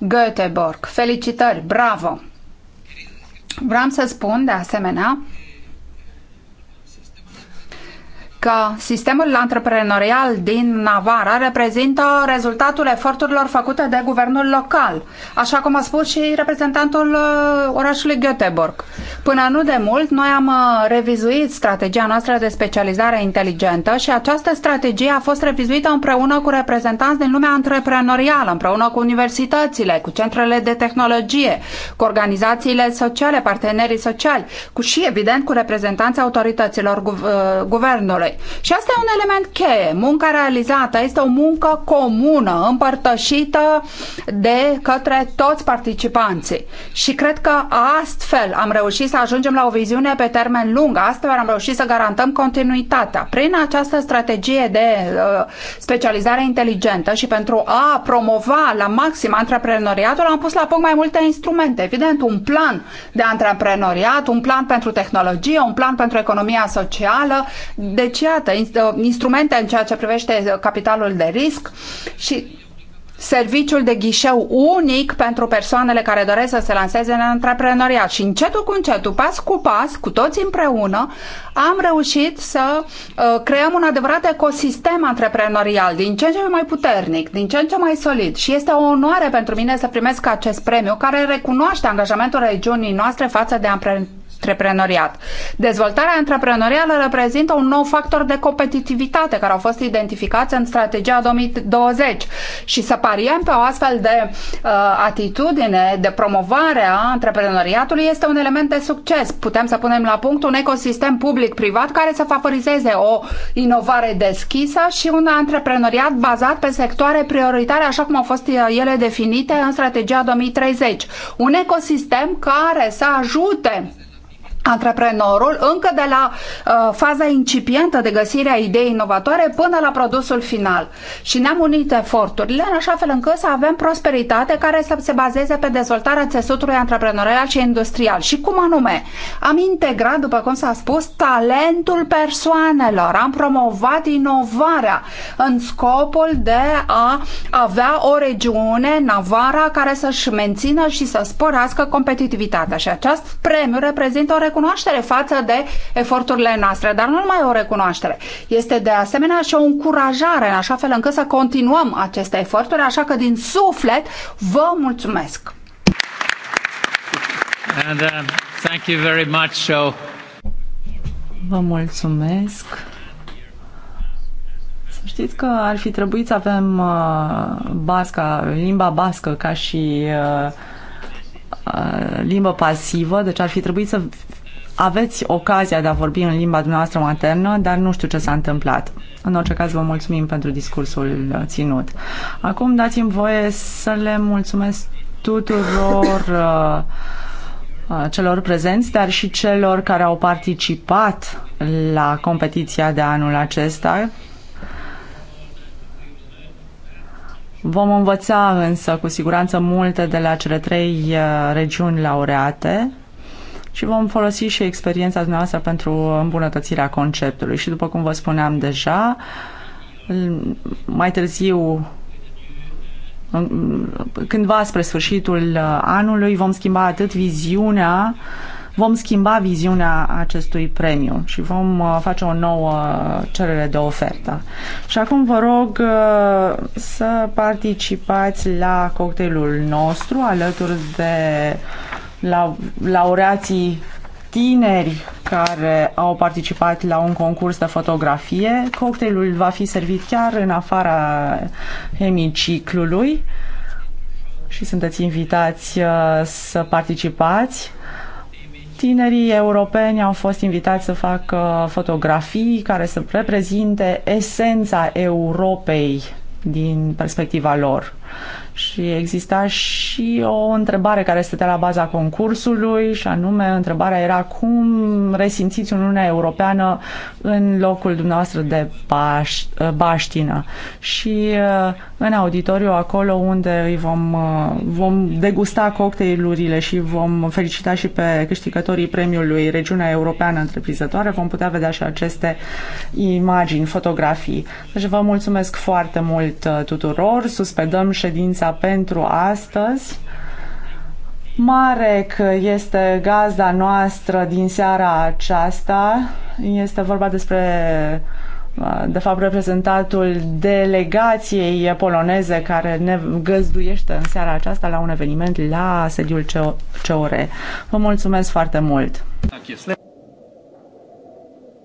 Göteborg. Felicitări, bravo! Vreau să spun, de asemenea, că sistemul antreprenorial din Navara reprezintă rezultatul eforturilor făcute de guvernul local, așa cum a spus și reprezentantul uh, orașului Göteborg. Până nu de mult, noi am uh, revizuit strategia noastră de specializare inteligentă și această strategie a fost revizuită împreună cu reprezentanți din lumea antreprenorială, împreună cu universitățile, cu centrele de tehnologie, cu organizațiile sociale, partenerii sociali, cu și, evident, cu reprezentanții autorităților uh, guvernului. Și asta e un element cheie. Munca realizată este o muncă comună, împărtășită de către toți participanții. Și cred că astfel am reușit să ajungem la o viziune pe termen lung, astfel am reușit să garantăm continuitatea. Prin această strategie de uh, specializare inteligentă și pentru a promova la maxim antreprenoriatul, am pus la punct mai multe instrumente. Evident, un plan de antreprenoriat, un plan pentru tehnologie, un plan pentru economia socială. Deci asociată, instrumente în ceea ce privește capitalul de risc și serviciul de ghișeu unic pentru persoanele care doresc să se lanseze în antreprenoriat și încetul cu încetul, pas cu pas, cu toți împreună, am reușit să uh, creăm un adevărat ecosistem antreprenorial din ce în ce mai puternic, din ce în ce mai solid și este o onoare pentru mine să primesc acest premiu care recunoaște angajamentul regiunii noastre față de antreprenori antreprenoriat. Dezvoltarea antreprenorială reprezintă un nou factor de competitivitate care au fost identificați în strategia 2020 și să pariem pe o astfel de uh, atitudine de promovare a antreprenoriatului este un element de succes. Putem să punem la punct un ecosistem public-privat care să favorizeze o inovare deschisă și un antreprenoriat bazat pe sectoare prioritare așa cum au fost uh, ele definite în strategia 2030. Un ecosistem care să ajute antreprenorul încă de la uh, faza incipientă de găsire a ideii inovatoare până la produsul final. Și ne-am unit eforturile în așa fel încât să avem prosperitate care să se bazeze pe dezvoltarea țesutului antreprenorial și industrial. Și cum anume? Am integrat, după cum s-a spus, talentul persoanelor, am promovat inovarea în scopul de a avea o regiune, Navara, care să-și mențină și să sporească competitivitatea. Și acest premiu reprezintă o recunoaștere față de eforturile noastre, dar nu numai o recunoaștere. Este de asemenea și o încurajare în așa fel încât să continuăm aceste eforturi, așa că din suflet vă mulțumesc. And, uh, thank you very much. So... Vă mulțumesc. Să știți că ar fi trebuit să avem uh, basca, limba bască ca și uh, uh limbă pasivă, deci ar fi trebuit să aveți ocazia de a vorbi în limba dumneavoastră maternă, dar nu știu ce s-a întâmplat. În orice caz, vă mulțumim pentru discursul uh, ținut. Acum dați-mi voie să le mulțumesc tuturor uh, uh, celor prezenți, dar și celor care au participat la competiția de anul acesta. Vom învăța însă cu siguranță multe de la cele trei uh, regiuni laureate și vom folosi și experiența dumneavoastră pentru îmbunătățirea conceptului. Și după cum vă spuneam deja, mai târziu cândva spre sfârșitul anului vom schimba atât viziunea vom schimba viziunea acestui premiu și vom uh, face o nouă cerere de ofertă. Și acum vă rog uh, să participați la cocktailul nostru alături de la laureații tineri care au participat la un concurs de fotografie. Cocktailul va fi servit chiar în afara hemiciclului și sunteți invitați uh, să participați. Tinerii europeni au fost invitați să facă fotografii care să reprezinte esența Europei din perspectiva lor și exista și o întrebare care stătea la baza concursului și anume întrebarea era cum resimțiți Uniunea Europeană în locul dumneavoastră de baș, eh, baștină și eh, în auditoriu acolo unde îi vom, eh, vom degusta cocktailurile și vom felicita și pe câștigătorii premiului Regiunea Europeană Întreprizătoare vom putea vedea și aceste imagini, fotografii. Deci vă mulțumesc foarte mult tuturor, suspendăm ședința ședința pentru astăzi. Marek este gazda noastră din seara aceasta. Este vorba despre de fapt reprezentantul delegației poloneze care ne găzduiește în seara aceasta la un eveniment la sediul COR. Vă mulțumesc foarte mult!